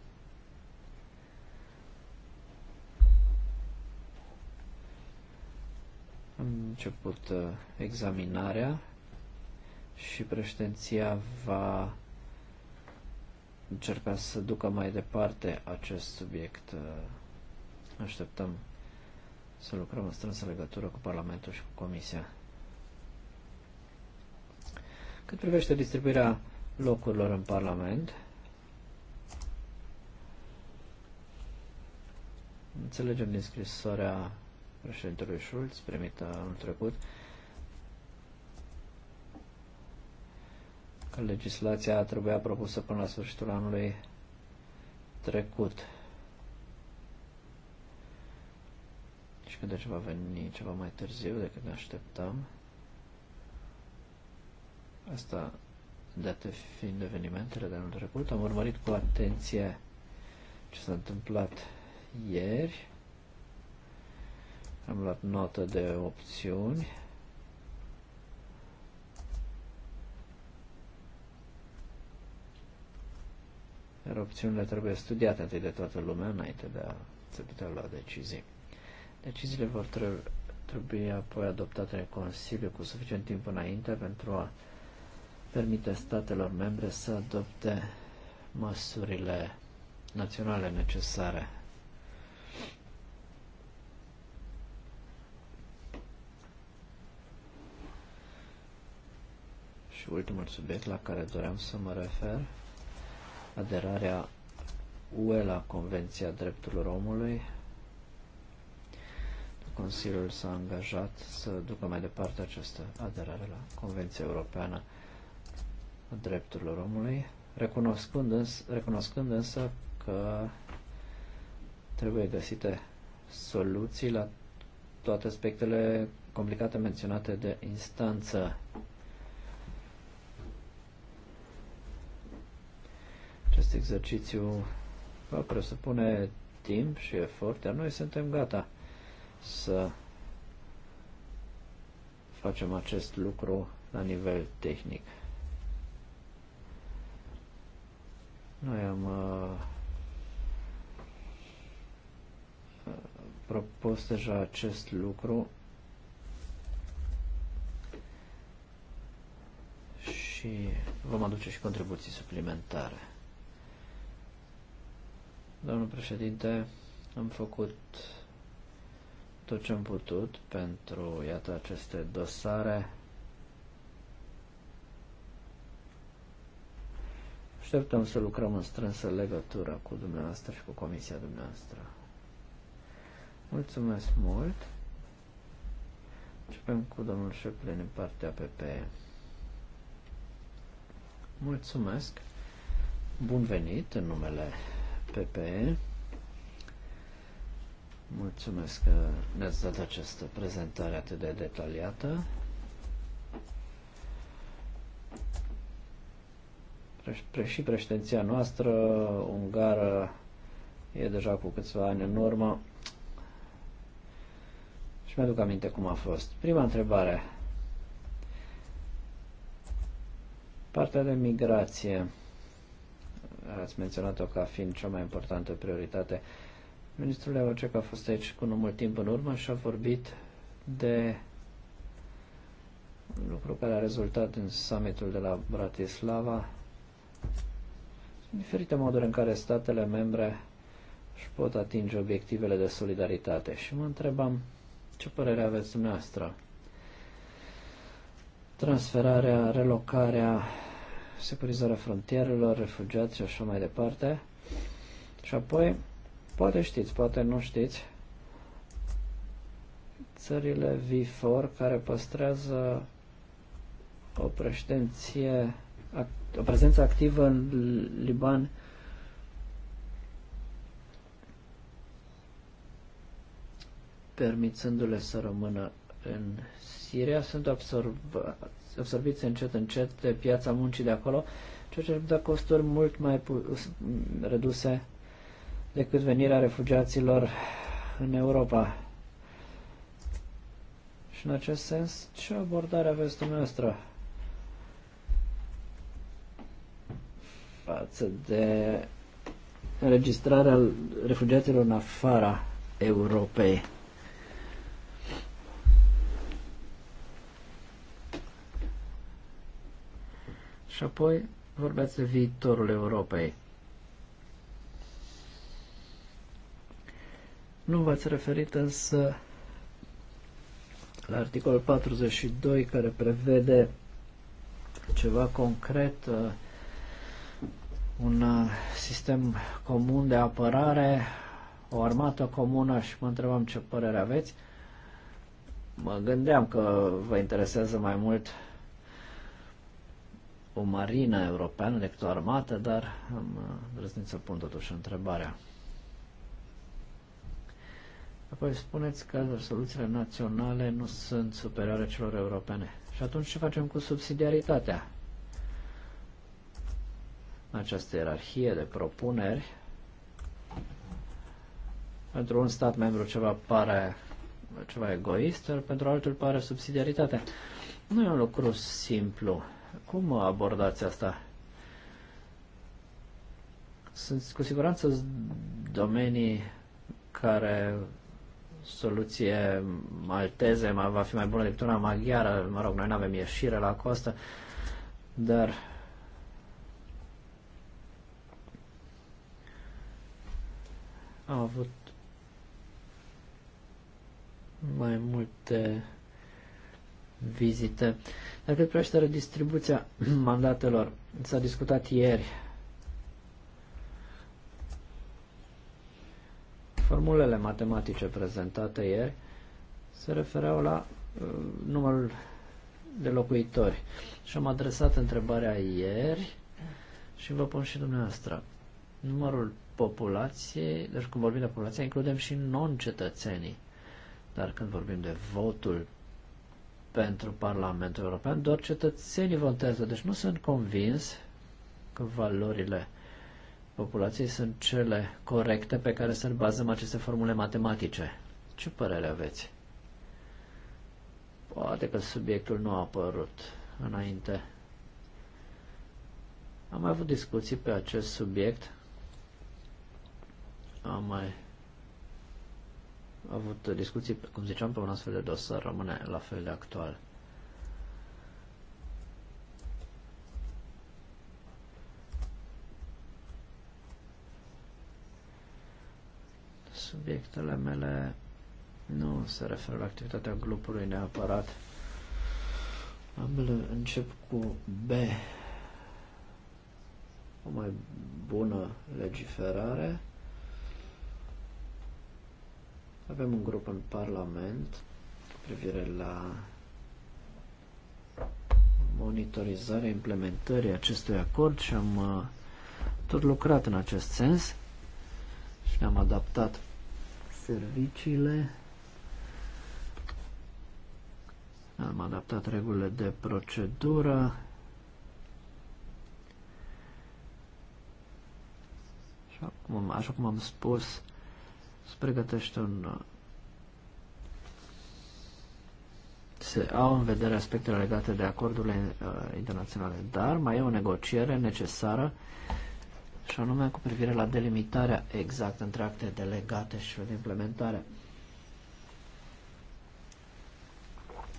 C: Am început uh, examinarea și președinția va încerca să ducă mai departe acest subiect. Așteptăm să lucrăm în strânsă legătură cu Parlamentul și cu Comisia. Cât privește distribuirea locurilor în Parlament, înțelegem din scrisoarea președintelui Schulz primită anul trecut legislația trebuia propusă până la sfârșitul anului trecut. Și deci că deci va veni ceva mai târziu decât ne așteptam. Asta date fiind evenimentele de anul trecut, am urmărit cu atenție ce s-a întâmplat ieri. Am luat notă de opțiuni Dar opțiunile trebuie studiate atât de toată lumea înainte de a se putea lua decizii. Deciziile vor trebui apoi adoptate în Consiliu cu suficient timp înainte pentru a permite statelor membre să adopte măsurile naționale necesare. Și ultimul subiect la care doream să mă refer aderarea UE la Convenția Drepturilor Omului. Consiliul s-a angajat să ducă mai departe această aderare la Convenția Europeană a Drepturilor Omului, recunoscând însă, recunoscând însă că trebuie găsite soluții la toate aspectele complicate menționate de instanță. exercițiu va presupune timp și efort, dar noi suntem gata să facem acest lucru la nivel tehnic. Noi am uh, propus deja acest lucru și vom aduce și contribuții suplimentare. Domnul președinte, am făcut tot ce am putut pentru, iată, aceste dosare. Așteptăm să lucrăm în strânsă legătură cu dumneavoastră și cu comisia dumneavoastră. Mulțumesc mult! Începem cu domnul Șeplin în partea PPE. Mulțumesc! Bun venit în numele PPE. Mulțumesc că ne-ați dat această prezentare atât de detaliată. Și președinția noastră ungară e deja cu câțiva ani în urmă și mi-aduc aminte cum a fost. Prima întrebare. Partea de migrație ați menționat-o ca fiind cea mai importantă prioritate. Ministrul Leocec a fost aici cu nu mult timp în urmă și a vorbit de lucru care a rezultat în summitul de la Bratislava. diferite moduri în care statele membre își pot atinge obiectivele de solidaritate și mă întrebam ce părere aveți dumneavoastră transferarea, relocarea securizarea frontierelor, refugiați și așa mai departe. Și apoi, poate știți, poate nu știți, țările V4 care păstrează o președinție, o prezență activă în Liban permițându-le să rămână în Siria, sunt absorbați absorbiți încet, încet de piața muncii de acolo, ceea ce ar da costuri mult mai reduse decât venirea refugiaților în Europa. Și în acest sens, ce abordare aveți dumneavoastră față de înregistrarea refugiaților în afara Europei? Și apoi vorbeați de viitorul Europei. Nu v-ați referit însă la articolul 42 care prevede ceva concret, un sistem comun de apărare, o armată comună și mă întrebam ce părere aveți. Mă gândeam că vă interesează mai mult o marină europeană decât o armată, dar am uh, răznit să pun totuși întrebarea. Apoi spuneți că soluțiile naționale nu sunt superioare celor europene. Și atunci ce facem cu subsidiaritatea? Această ierarhie de propuneri pentru un stat membru ceva pare ceva egoist, pentru altul pare subsidiaritatea. Nu e un lucru simplu. Cum abordați asta? Sunt cu siguranță domenii care soluție malteze va fi mai bună decât una maghiară. Mă rog, noi nu avem ieșire la costă, dar am avut mai multe vizite. Dacă privește redistribuția mandatelor, s-a discutat ieri. Formulele matematice prezentate ieri se refereau la uh, numărul de locuitori. Și am adresat întrebarea ieri și vă pun și dumneavoastră. Numărul populației, deci când vorbim de populație, includem și non-cetățenii. Dar când vorbim de votul pentru Parlamentul European, doar cetățenii votează. Deci nu sunt convins că valorile populației sunt cele corecte pe care să bazăm aceste formule matematice. Ce părere aveți? Poate că subiectul nu a apărut înainte. Am mai avut discuții pe acest subiect. Am mai avut discuții, cum ziceam, pe un astfel de dosar, rămâne la fel de actual. Subiectele mele nu se referă la activitatea grupului neapărat. Ambele încep cu B. O mai bună legiferare avem un grup în Parlament cu privire la monitorizarea implementării acestui acord și am uh, tot lucrat în acest sens și ne-am adaptat serviciile, am adaptat regulile de procedură și acum, așa cum am spus, se pregătește un uh, se au în vedere aspectele legate de acordurile uh, internaționale, dar mai e o negociere necesară și anume cu privire la delimitarea exactă între acte delegate și de implementare.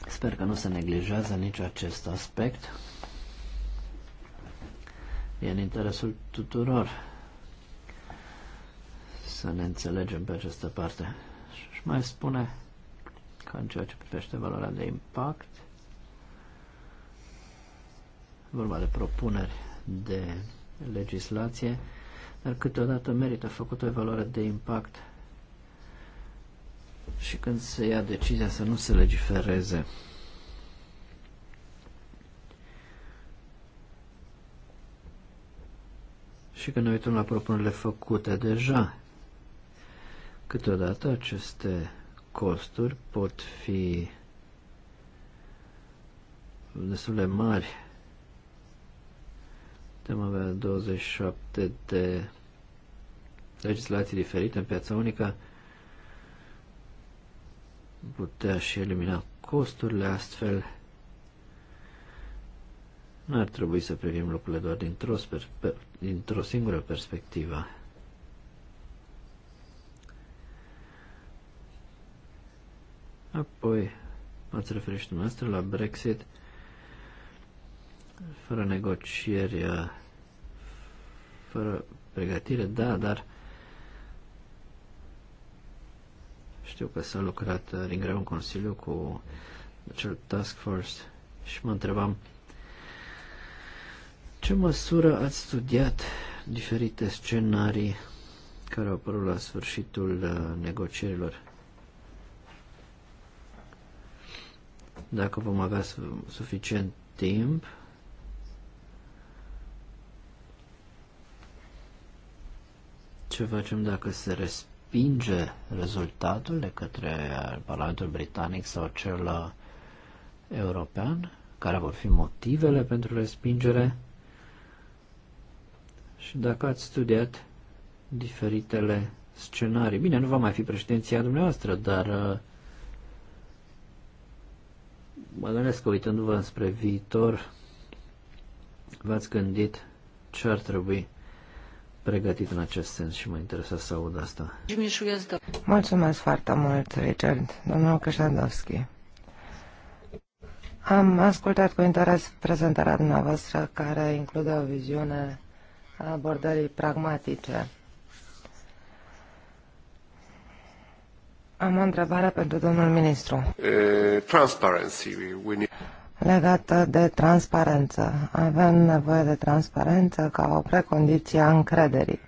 C: Sper că nu se neglijează nici acest aspect. E în interesul tuturor să ne înțelegem pe această parte. Și mai spune că în ceea ce privește valoarea de impact, vorba de propuneri de legislație, dar câteodată merită făcut o valoare de impact și când se ia decizia să nu se legifereze. Și când ne uităm la propunerile făcute deja, Câteodată aceste costuri pot fi destul de mari. Putem avea 27 de legislații diferite în piața unică. Putea și elimina costurile astfel. Nu ar trebui să privim lucrurile doar dintr-o, dintr-o singură perspectivă. Apoi ați referit și dumneavoastră la Brexit fără negocieri, uh, fără pregătire, da, dar știu că s-a lucrat uh, din greu în Consiliu cu acel task force și mă întrebam ce măsură ați studiat diferite scenarii care au apărut la sfârșitul uh, negocierilor dacă vom avea suficient timp. Ce facem dacă se respinge rezultatul de către Parlamentul Britanic sau cel uh, european? Care vor fi motivele pentru respingere? Și dacă ați studiat diferitele scenarii. Bine, nu va mai fi președinția dumneavoastră, dar uh, mă gândesc că uitându-vă înspre viitor, v-ați gândit ce ar trebui pregătit în acest sens și mă interesa să aud asta. Mulțumesc
D: foarte mult, Richard, domnul Cășadovski. Am ascultat cu interes prezentarea dumneavoastră care include o viziune a abordării pragmatice Am o întrebare pentru domnul ministru.
C: Uh,
D: Legată de transparență. Avem nevoie de transparență ca o precondiție a încrederii.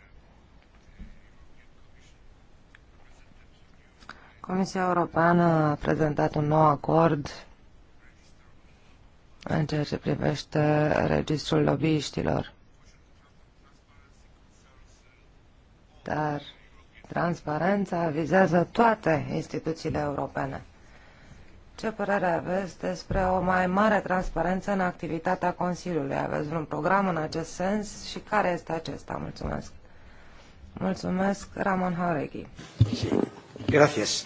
D: Comisia Europeană a prezentat un nou acord în ceea ce privește registrul lobbyiștilor. Dar Transparența vizează toate instituțiile europene. Ce părere aveți despre o mai mare transparență în activitatea Consiliului? Aveți vreun program în acest sens și care este acesta? Mulțumesc. Mulțumesc, Ramon Haureghi.
B: Gracias.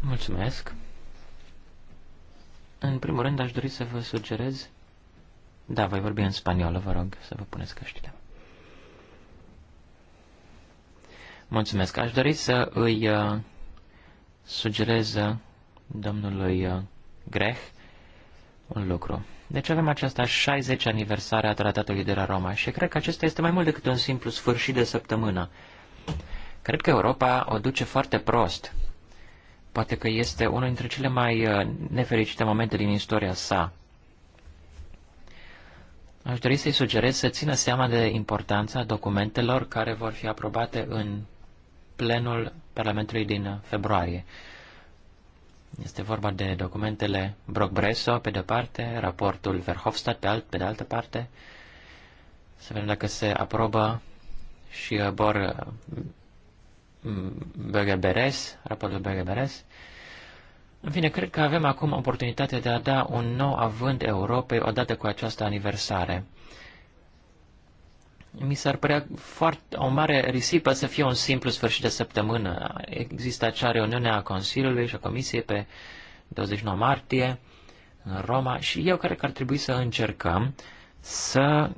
B: Mulțumesc. În primul rând aș dori să vă sugerez... Da, voi vorbi în spaniolă, vă rog să vă puneți căștile. Mulțumesc. Aș dori să îi uh, sugerez domnului uh, Greh un lucru. Deci avem această 60 aniversare a Tratatului de la Roma și cred că acesta este mai mult decât un simplu sfârșit de săptămână. Cred că Europa o duce foarte prost. Poate că este unul dintre cele mai uh, nefericite momente din istoria sa. Aș dori să-i sugerez să țină seama de importanța documentelor care vor fi aprobate în plenul Parlamentului din februarie. Este vorba de documentele Brock-Bresso, pe de-o parte, raportul Verhofstadt, pe, alt, pe de altă parte. Să vedem dacă se aprobă și Bor mm, Bergeberes, raportul Bergeberes. În fine, cred că avem acum oportunitatea de a da un nou avânt Europei odată cu această aniversare mi s-ar părea foarte, o mare risipă să fie un simplu sfârșit de săptămână. Există acea reuniune a Consiliului și a Comisiei pe 29 martie în Roma și eu cred că ar trebui să încercăm să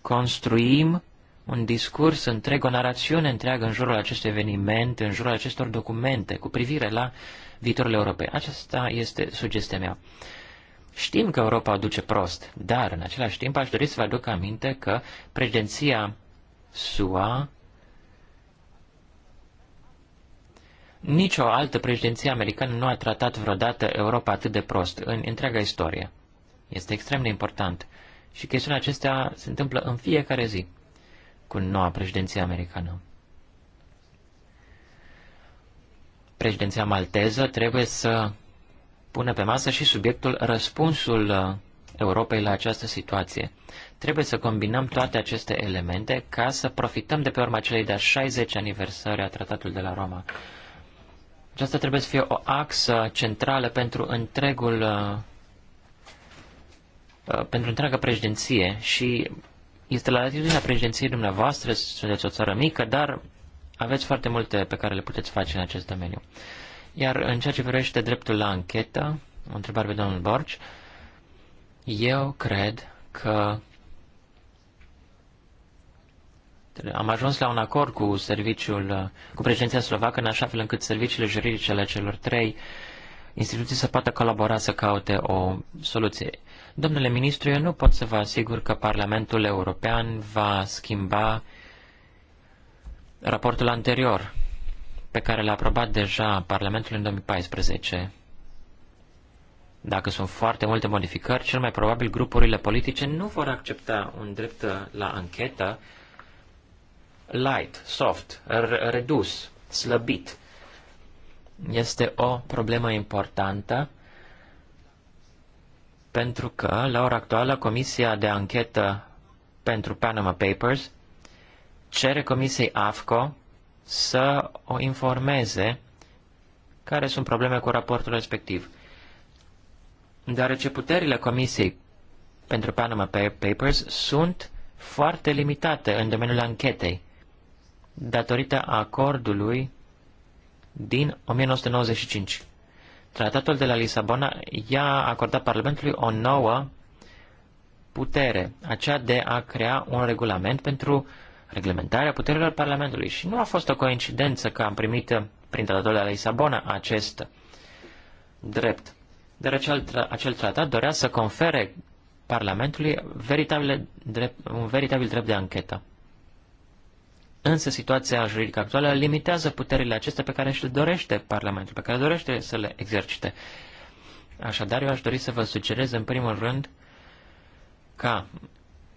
B: construim un discurs întreg, o narațiune întreagă în jurul acestui eveniment, în jurul acestor documente cu privire la viitorul europei. Aceasta este sugestia mea. Știm că Europa o duce prost, dar în același timp aș dori să vă aduc aminte că președinția SUA, nicio altă președinție americană nu a tratat vreodată Europa atât de prost în întreaga istorie. Este extrem de important și chestiunea acestea se întâmplă în fiecare zi cu noua președinție americană. Președinția malteză trebuie să pune pe masă și subiectul răspunsul uh, Europei la această situație. Trebuie să combinăm toate aceste elemente ca să profităm de pe urma celei de-a 60 aniversări a Tratatului de la Roma. Aceasta trebuie să fie o axă centrală pentru întregul uh, uh, pentru întreaga președinție și este la latitudinea președinției dumneavoastră, sunteți o țară mică, dar aveți foarte multe pe care le puteți face în acest domeniu. Iar în ceea ce privește dreptul la anchetă, o întrebare pe domnul Borci, eu cred că am ajuns la un acord cu serviciul, cu președinția slovacă, în așa fel încât serviciile juridice ale celor trei instituții să poată colabora să caute o soluție. Domnule ministru, eu nu pot să vă asigur că Parlamentul European va schimba raportul anterior pe care l-a aprobat deja Parlamentul în 2014. Dacă sunt foarte multe modificări, cel mai probabil grupurile politice nu vor accepta un drept la anchetă light, soft, redus, slăbit. Este o problemă importantă pentru că, la ora actuală, Comisia de Anchetă pentru Panama Papers cere Comisiei AFCO să o informeze care sunt probleme cu raportul respectiv. Deoarece puterile Comisiei pentru Panama Papers sunt foarte limitate în domeniul anchetei, datorită acordului din 1995. Tratatul de la Lisabona i-a acordat Parlamentului o nouă putere, aceea de a crea un regulament pentru reglementarea puterilor Parlamentului. Și nu a fost o coincidență că am primit prin tratatul de la Lisabona acest drept. Dar acel, acel tratat dorea să confere Parlamentului drept, un veritabil drept de anchetă. Însă situația juridică actuală limitează puterile acestea pe care și le dorește Parlamentul, pe care dorește să le exercite. Așadar, eu aș dori să vă sugerez, în primul rând, ca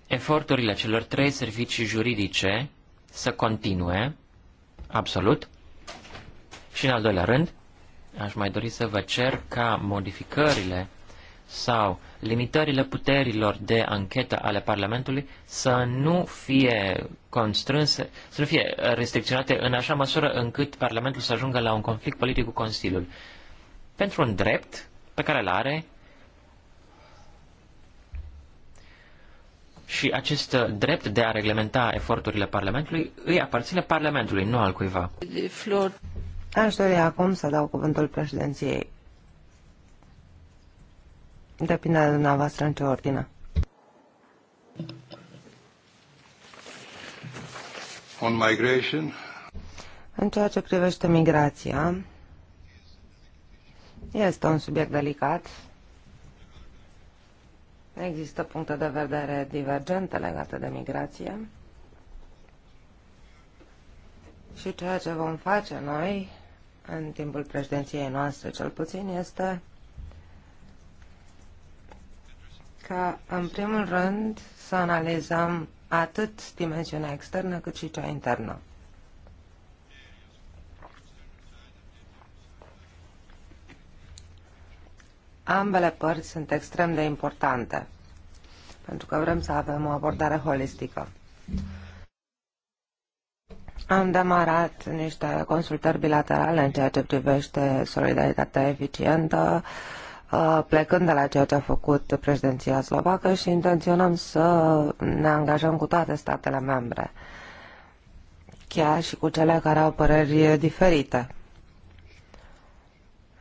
B: eforturile celor trei servicii juridice să continue, absolut, și în al doilea rând, aș mai dori să vă cer ca modificările sau limitările puterilor de anchetă ale Parlamentului să nu fie constrânse, să nu fie restricționate în așa măsură încât Parlamentul să ajungă la un conflict politic cu Consiliul. Pentru un drept pe care îl are și acest drept de a reglementa eforturile Parlamentului îi aparține Parlamentului, nu al cuiva. Flor.
D: Aș dori acum să dau cuvântul președinției. Depinde de dumneavoastră în ce ordine.
A: On migration.
D: În ceea ce privește migrația, este un subiect delicat Există puncte de vedere divergente legate de migrație și ceea ce vom face noi în timpul președinției noastre cel puțin este ca în primul rând să analizăm atât dimensiunea externă cât și cea internă. ambele părți sunt extrem de importante, pentru că vrem să avem o abordare holistică. Am demarat niște consultări bilaterale în ceea ce privește solidaritatea eficientă, uh, plecând de la ceea ce a făcut președinția slovacă și intenționăm să ne angajăm cu toate statele membre, chiar și cu cele care au păreri diferite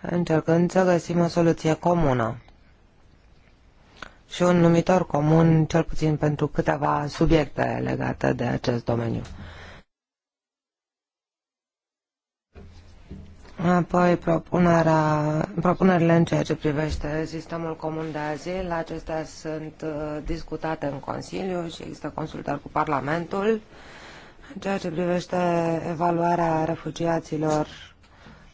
D: încercând să găsim o soluție comună și un numitor comun, cel puțin pentru câteva subiecte legate de acest domeniu. Apoi propunerea, propunerile în ceea ce privește sistemul comun de azil, acestea sunt uh, discutate în Consiliu și există consultări cu Parlamentul. În ceea ce privește evaluarea refugiaților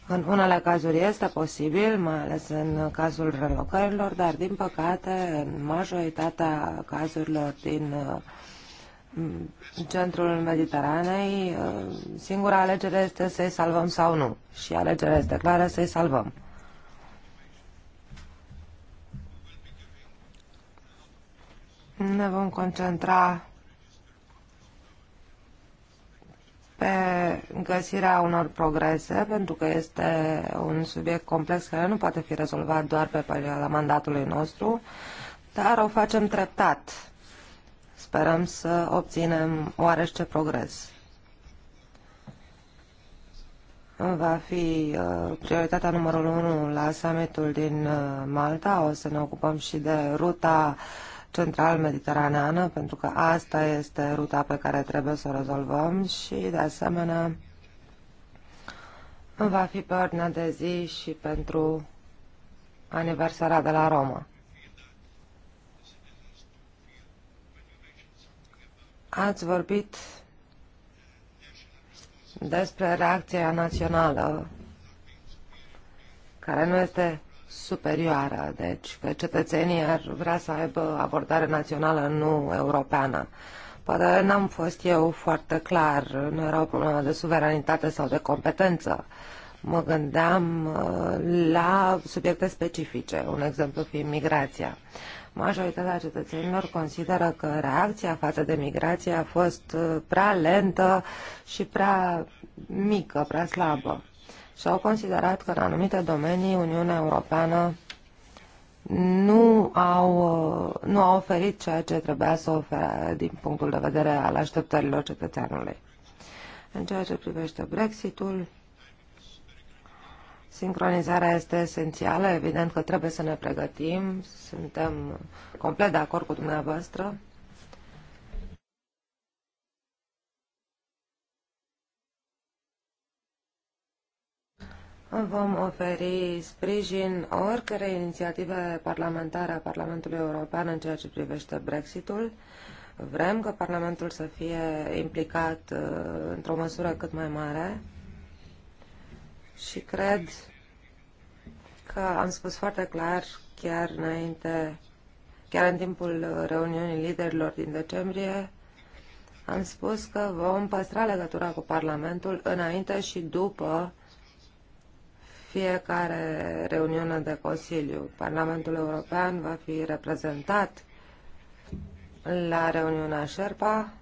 D: în unele cazuri este posibil, mai ales în cazul relocărilor, dar din păcate în majoritatea cazurilor din uh, centrul Mediteranei, uh, singura alegere este să-i salvăm sau nu. Și alegerea este clară să-i salvăm. Ne vom concentra pe găsirea unor progrese, pentru că este un subiect complex care nu poate fi rezolvat doar pe perioada mandatului nostru, dar o facem treptat. Sperăm să obținem oarește progres. Va fi uh, prioritatea numărul 1 la summitul din uh, Malta. O să ne ocupăm și de ruta uh, central-mediteraneană, pentru că asta este ruta pe care trebuie să o rezolvăm și, de asemenea, va fi pe ordinea de zi și pentru aniversarea de la Roma. Ați vorbit despre reacția națională, care nu este superioară, deci că cetățenii ar vrea să aibă abordare națională, nu europeană. Poate n-am fost eu foarte clar, nu era o problemă de suveranitate sau de competență. Mă gândeam uh, la subiecte specifice, un exemplu fiind migrația. Majoritatea cetățenilor consideră că reacția față de migrație a fost uh, prea lentă și prea mică, prea slabă și au considerat că în anumite domenii Uniunea Europeană nu au, nu au oferit ceea ce trebuia să ofere din punctul de vedere al așteptărilor cetățeanului. În ceea ce privește Brexitul, sincronizarea este esențială, evident că trebuie să ne pregătim, suntem complet de acord cu dumneavoastră vom oferi sprijin oricărei inițiative parlamentare a Parlamentului European în ceea ce privește Brexitul. Vrem ca Parlamentul să fie implicat uh, într-o măsură cât mai mare și cred că am spus foarte clar chiar înainte, chiar în timpul reuniunii liderilor din decembrie, am spus că vom păstra legătura cu Parlamentul înainte și după fiecare reuniune de Consiliu. Parlamentul European va fi reprezentat la reuniunea Șerpa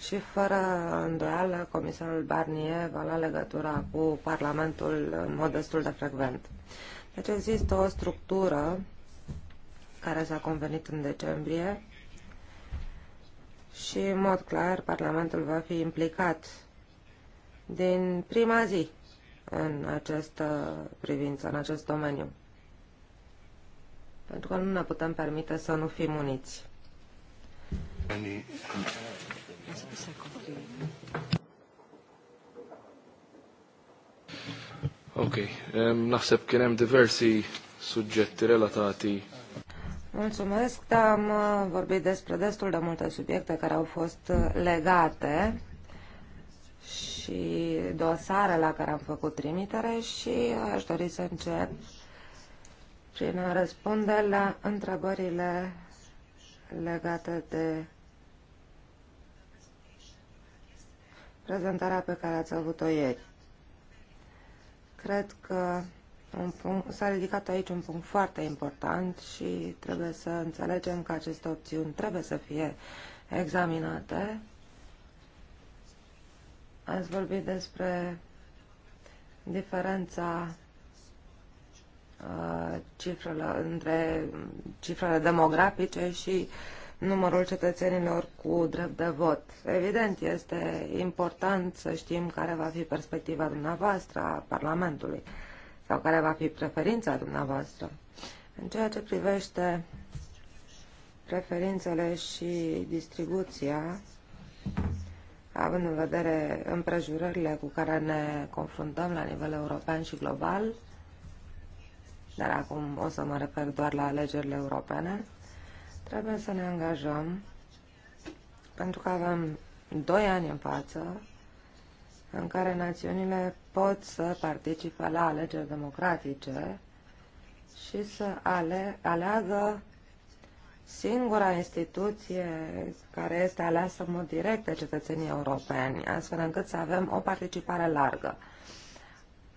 D: și fără îndoială comisarul Barnier va lua legătura cu Parlamentul în mod destul de frecvent. Deci există o structură care s-a convenit în decembrie și, în mod clar, Parlamentul va fi implicat din prima zi în această privință, în acest domeniu. Pentru că nu ne putem permite să nu fim uniți.
A: Ok, um, naħseb kien am diversi subiecte relatati.
D: Mulțumesc, am uh, vorbit despre destul de multe subiecte care au fost uh, legate și dosare la care am făcut trimitere și aș dori să încep prin a răspunde la întrebările legate de prezentarea pe care ați avut-o ieri. Cred că s-a ridicat aici un punct foarte important și trebuie să înțelegem că aceste opțiuni trebuie să fie examinate Ați vorbit despre diferența uh, cifrele, între cifrele demografice și numărul cetățenilor cu drept de vot. Evident, este important să știm care va fi perspectiva dumneavoastră a Parlamentului sau care va fi preferința dumneavoastră. În ceea ce privește preferințele și distribuția, având în vedere împrejurările cu care ne confruntăm la nivel european și global, dar acum o să mă refer doar la alegerile europene, trebuie să ne angajăm pentru că avem doi ani în față în care națiunile pot să participe la alegeri democratice și să ale, aleagă singura instituție care este aleasă în mod direct de cetățenii europeni, astfel încât să avem o participare largă.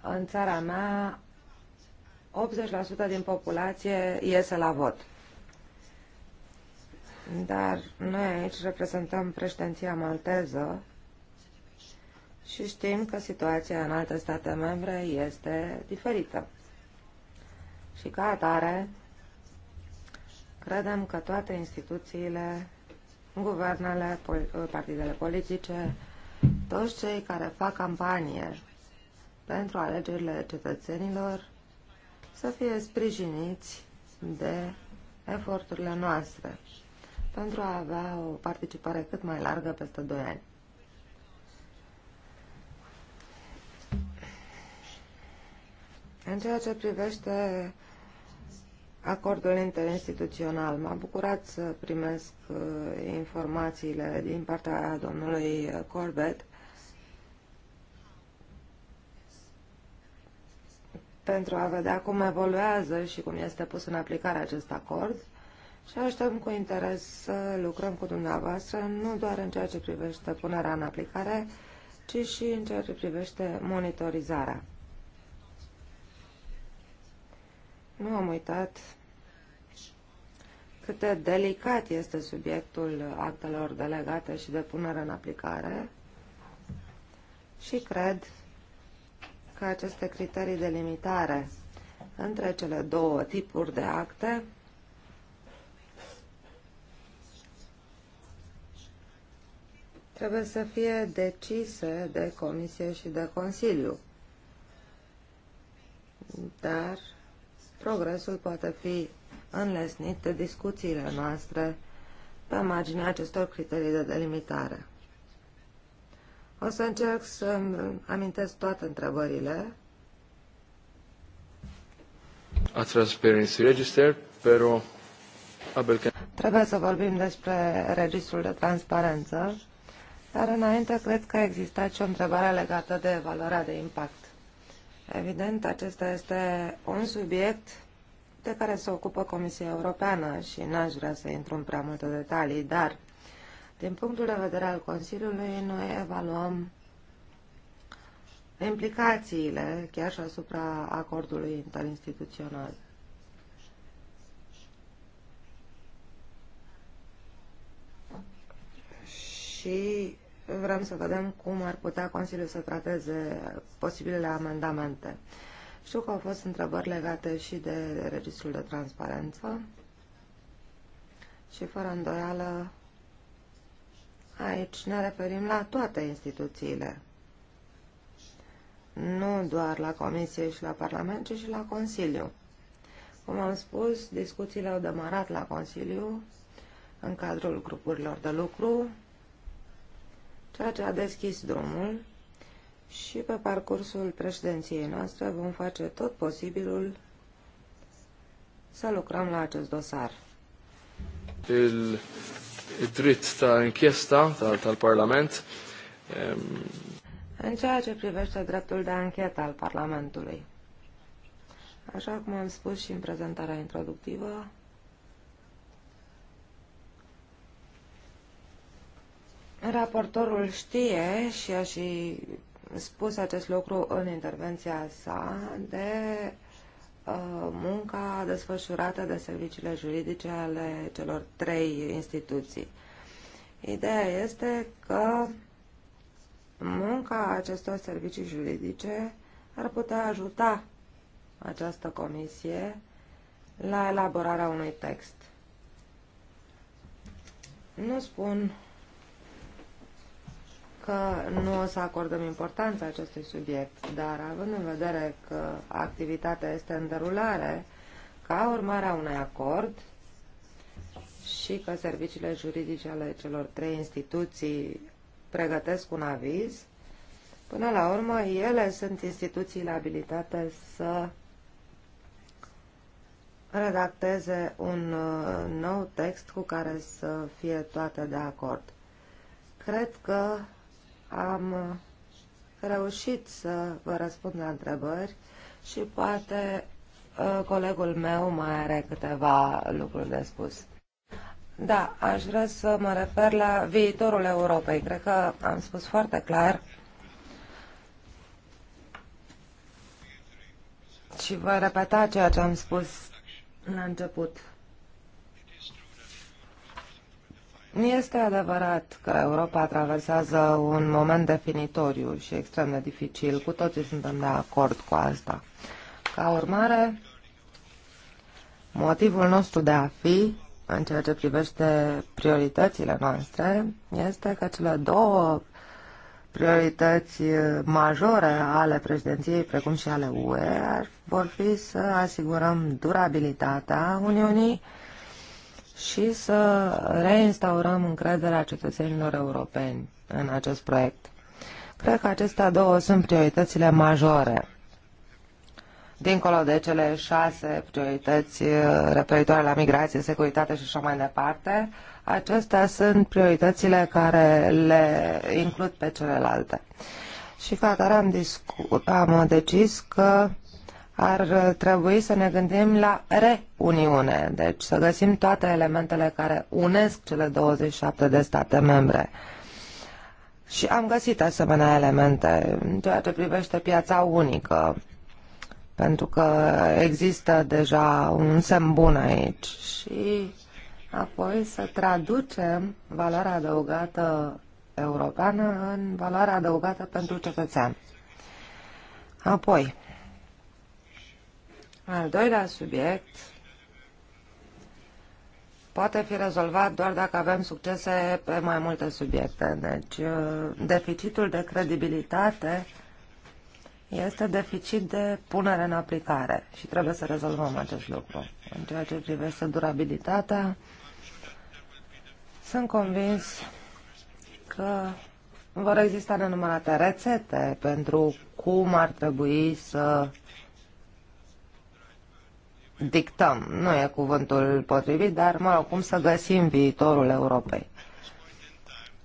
D: În țara mea, 80% din populație iese la vot. Dar noi aici reprezentăm președinția malteză și știm că situația în alte state membre este diferită. Și ca atare, Credem că toate instituțiile, guvernele, uh, partidele politice, toți cei care fac campanie pentru alegerile cetățenilor să fie sprijiniți de eforturile noastre pentru a avea o participare cât mai largă peste 2 ani. În ceea ce privește acordul interinstituțional. M-a bucurat să primesc uh, informațiile din partea domnului uh, Corbett pentru a vedea cum evoluează și cum este pus în aplicare acest acord și așteptăm cu interes să lucrăm cu dumneavoastră, nu doar în ceea ce privește punerea în aplicare, ci și în ceea ce privește monitorizarea. Nu am uitat cât de delicat este subiectul actelor delegate și de punere în aplicare și cred că aceste criterii de limitare între cele două tipuri de acte trebuie să fie decise de Comisie și de Consiliu. Dar progresul poate fi înlesnit de discuțiile noastre pe marginea acestor criterii de delimitare. O să încerc să amintesc toate întrebările.
A: A Transparency Register, pero...
D: Trebuie să vorbim despre registrul de transparență, dar înainte cred că existat și o întrebare legată de evaluarea de impact. Evident, acesta este un subiect de care se ocupă Comisia Europeană și n-aș vrea să intru în prea multe detalii, dar din punctul de vedere al Consiliului, noi evaluăm implicațiile chiar și asupra acordului interinstituțional. Și vrem să vedem cum ar putea Consiliul să trateze posibilele amendamente. Știu că au fost întrebări legate și de registrul de transparență și fără îndoială aici ne referim la toate instituțiile, nu doar la Comisie și la Parlament, ci și la Consiliu. Cum am spus, discuțiile au demarat la Consiliu în cadrul grupurilor de lucru ceea ce a deschis drumul și pe parcursul președinției noastre vom face tot posibilul să lucrăm la acest dosar.
A: Il dritt ta închesta tal, tal Parlament.
D: În ceea ce privește dreptul de anchetă al Parlamentului. Așa cum am spus și în prezentarea introductivă, Raportorul știe și a și spus acest lucru în intervenția sa de uh, munca desfășurată de serviciile juridice ale celor trei instituții. Ideea este că munca acestor servicii juridice ar putea ajuta această comisie la elaborarea unui text. Nu spun că nu o să acordăm importanța acestui subiect, dar având în vedere că activitatea este în derulare, ca urmare a unui acord și că serviciile juridice ale celor trei instituții pregătesc un aviz, până la urmă ele sunt instituțiile abilitate să redacteze un uh, nou text cu care să fie toate de acord. Cred că am uh, reușit să vă răspund la întrebări și poate uh, colegul meu mai are câteva lucruri de spus. Da, aș vrea să mă refer la viitorul Europei. Cred că am spus foarte clar și voi repeta ceea ce am spus la început. Nu Este adevărat că Europa traversează un moment definitoriu și extrem de dificil. Cu toții suntem de acord cu asta. Ca urmare, motivul nostru de a fi în ceea ce privește prioritățile noastre este că cele două priorități majore ale președinției, precum și ale UE, vor fi să asigurăm durabilitatea Uniunii și să reinstaurăm încrederea cetățenilor europeni în acest proiect. Cred că acestea două sunt prioritățile majore, dincolo de cele șase priorități uh, referitoare la migrație, securitate și așa mai departe, acestea sunt prioritățile care le includ pe celelalte. Și ca am, am decis că ar trebui să ne gândim la reuniune, deci să găsim toate elementele care unesc cele 27 de state membre. Și am găsit asemenea elemente în ceea ce privește piața unică, pentru că există deja un semn bun aici și apoi să traducem valoarea adăugată europeană în valoarea adăugată pentru cetățean. Apoi, al doilea subiect poate fi rezolvat doar dacă avem succese pe mai multe subiecte. Deci, uh, deficitul de credibilitate este deficit de punere în aplicare și trebuie să rezolvăm acest lucru. În ceea ce privește durabilitatea, sunt convins că vor exista nenumărate rețete pentru cum ar trebui să dictăm. Nu e cuvântul potrivit, dar, mă rog, cum să găsim viitorul Europei.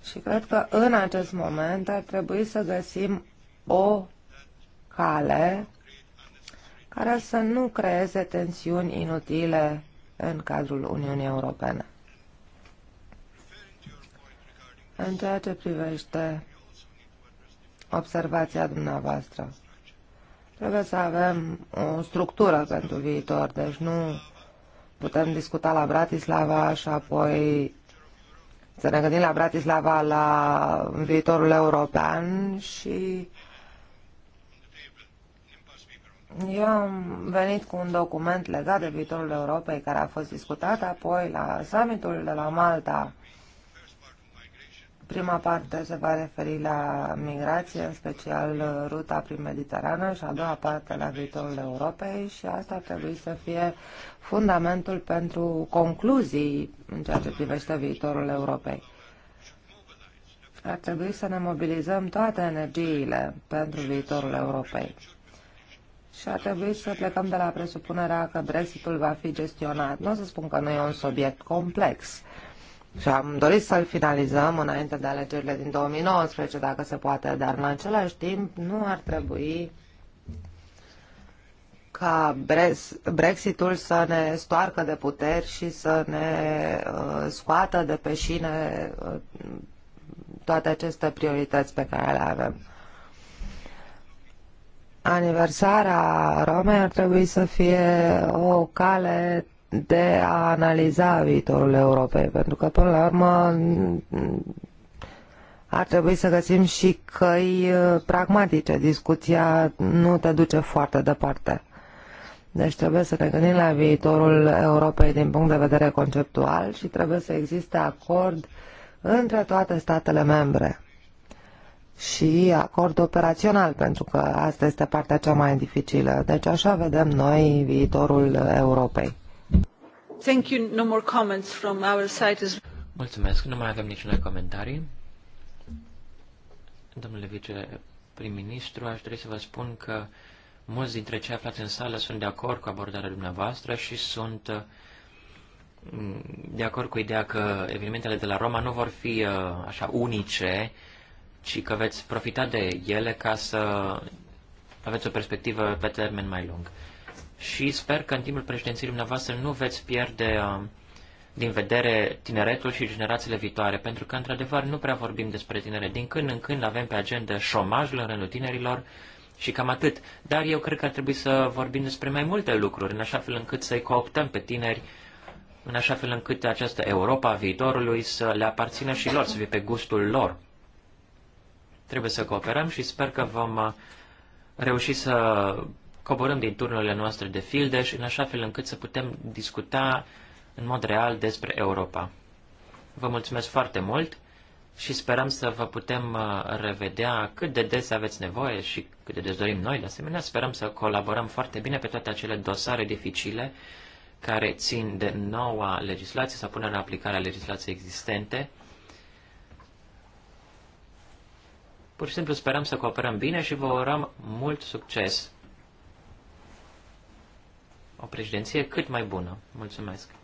D: Și cred că în acest moment ar trebui să găsim o cale care să nu creeze tensiuni inutile în cadrul Uniunii Europene. În ceea ce privește observația dumneavoastră, Trebuie să avem o structură pentru viitor, deci nu putem discuta la Bratislava și apoi să ne gândim la Bratislava, la viitorul european și eu am venit cu un document legat de viitorul Europei care a fost discutat apoi la summitul de la Malta Prima parte se va referi la migrație, în special ruta prin Mediterană și a doua parte la viitorul Europei și asta ar trebui să fie fundamentul pentru concluzii în ceea ce privește viitorul Europei. Ar trebui să ne mobilizăm toate energiile pentru viitorul Europei. Și ar trebui să plecăm de la presupunerea că Brexitul va fi gestionat. Nu o să spun că nu e un subiect complex, și am dorit să-l finalizăm înainte de alegerile din 2019, dacă se poate, dar în același timp nu ar trebui ca Brexitul să ne stoarcă de puteri și să ne uh, scoată de pe șine uh, toate aceste priorități pe care le avem. Aniversarea Romei ar trebui să fie o cale de a analiza viitorul Europei, pentru că, până la urmă, ar trebui să găsim și căi uh, pragmatice. Discuția nu te duce foarte departe. Deci trebuie să ne gândim la viitorul Europei din punct de vedere conceptual și trebuie să existe acord între toate statele membre și acord operațional, pentru că asta este partea cea mai dificilă. Deci așa vedem noi viitorul Europei.
A: Thank you. No more comments from our side
B: Mulțumesc. Nu mai avem niciun comentarii. Domnule prim ministru aș dori să vă spun că mulți dintre cei aflați în sală sunt de acord cu abordarea dumneavoastră și sunt uh, de acord cu ideea că evenimentele de la Roma nu vor fi uh, așa unice, ci că veți profita de ele ca să aveți o perspectivă pe termen mai lung și sper că în timpul președinției dumneavoastră nu veți pierde um, din vedere tineretul și generațiile viitoare, pentru că, într-adevăr, nu prea vorbim despre tinere. Din când în când avem pe agenda șomajul în rândul tinerilor și cam atât. Dar eu cred că ar trebui să vorbim despre mai multe lucruri, în așa fel încât să-i cooptăm pe tineri, în așa fel încât această Europa a viitorului să le aparțină și lor, să fie pe gustul lor. Trebuie să cooperăm și sper că vom uh, reuși să coborâm din turnurile noastre de fildeș în așa fel încât să putem discuta în mod real despre Europa. Vă mulțumesc foarte mult și sperăm să vă putem uh, revedea cât de des aveți nevoie și cât de des dorim noi, de asemenea. Sperăm să colaborăm foarte bine pe toate acele dosare dificile care țin de noua legislație sau punerea în aplicare a legislației existente. Pur și simplu sperăm să cooperăm bine și vă urăm mult succes! o președinție cât mai bună. Mulțumesc!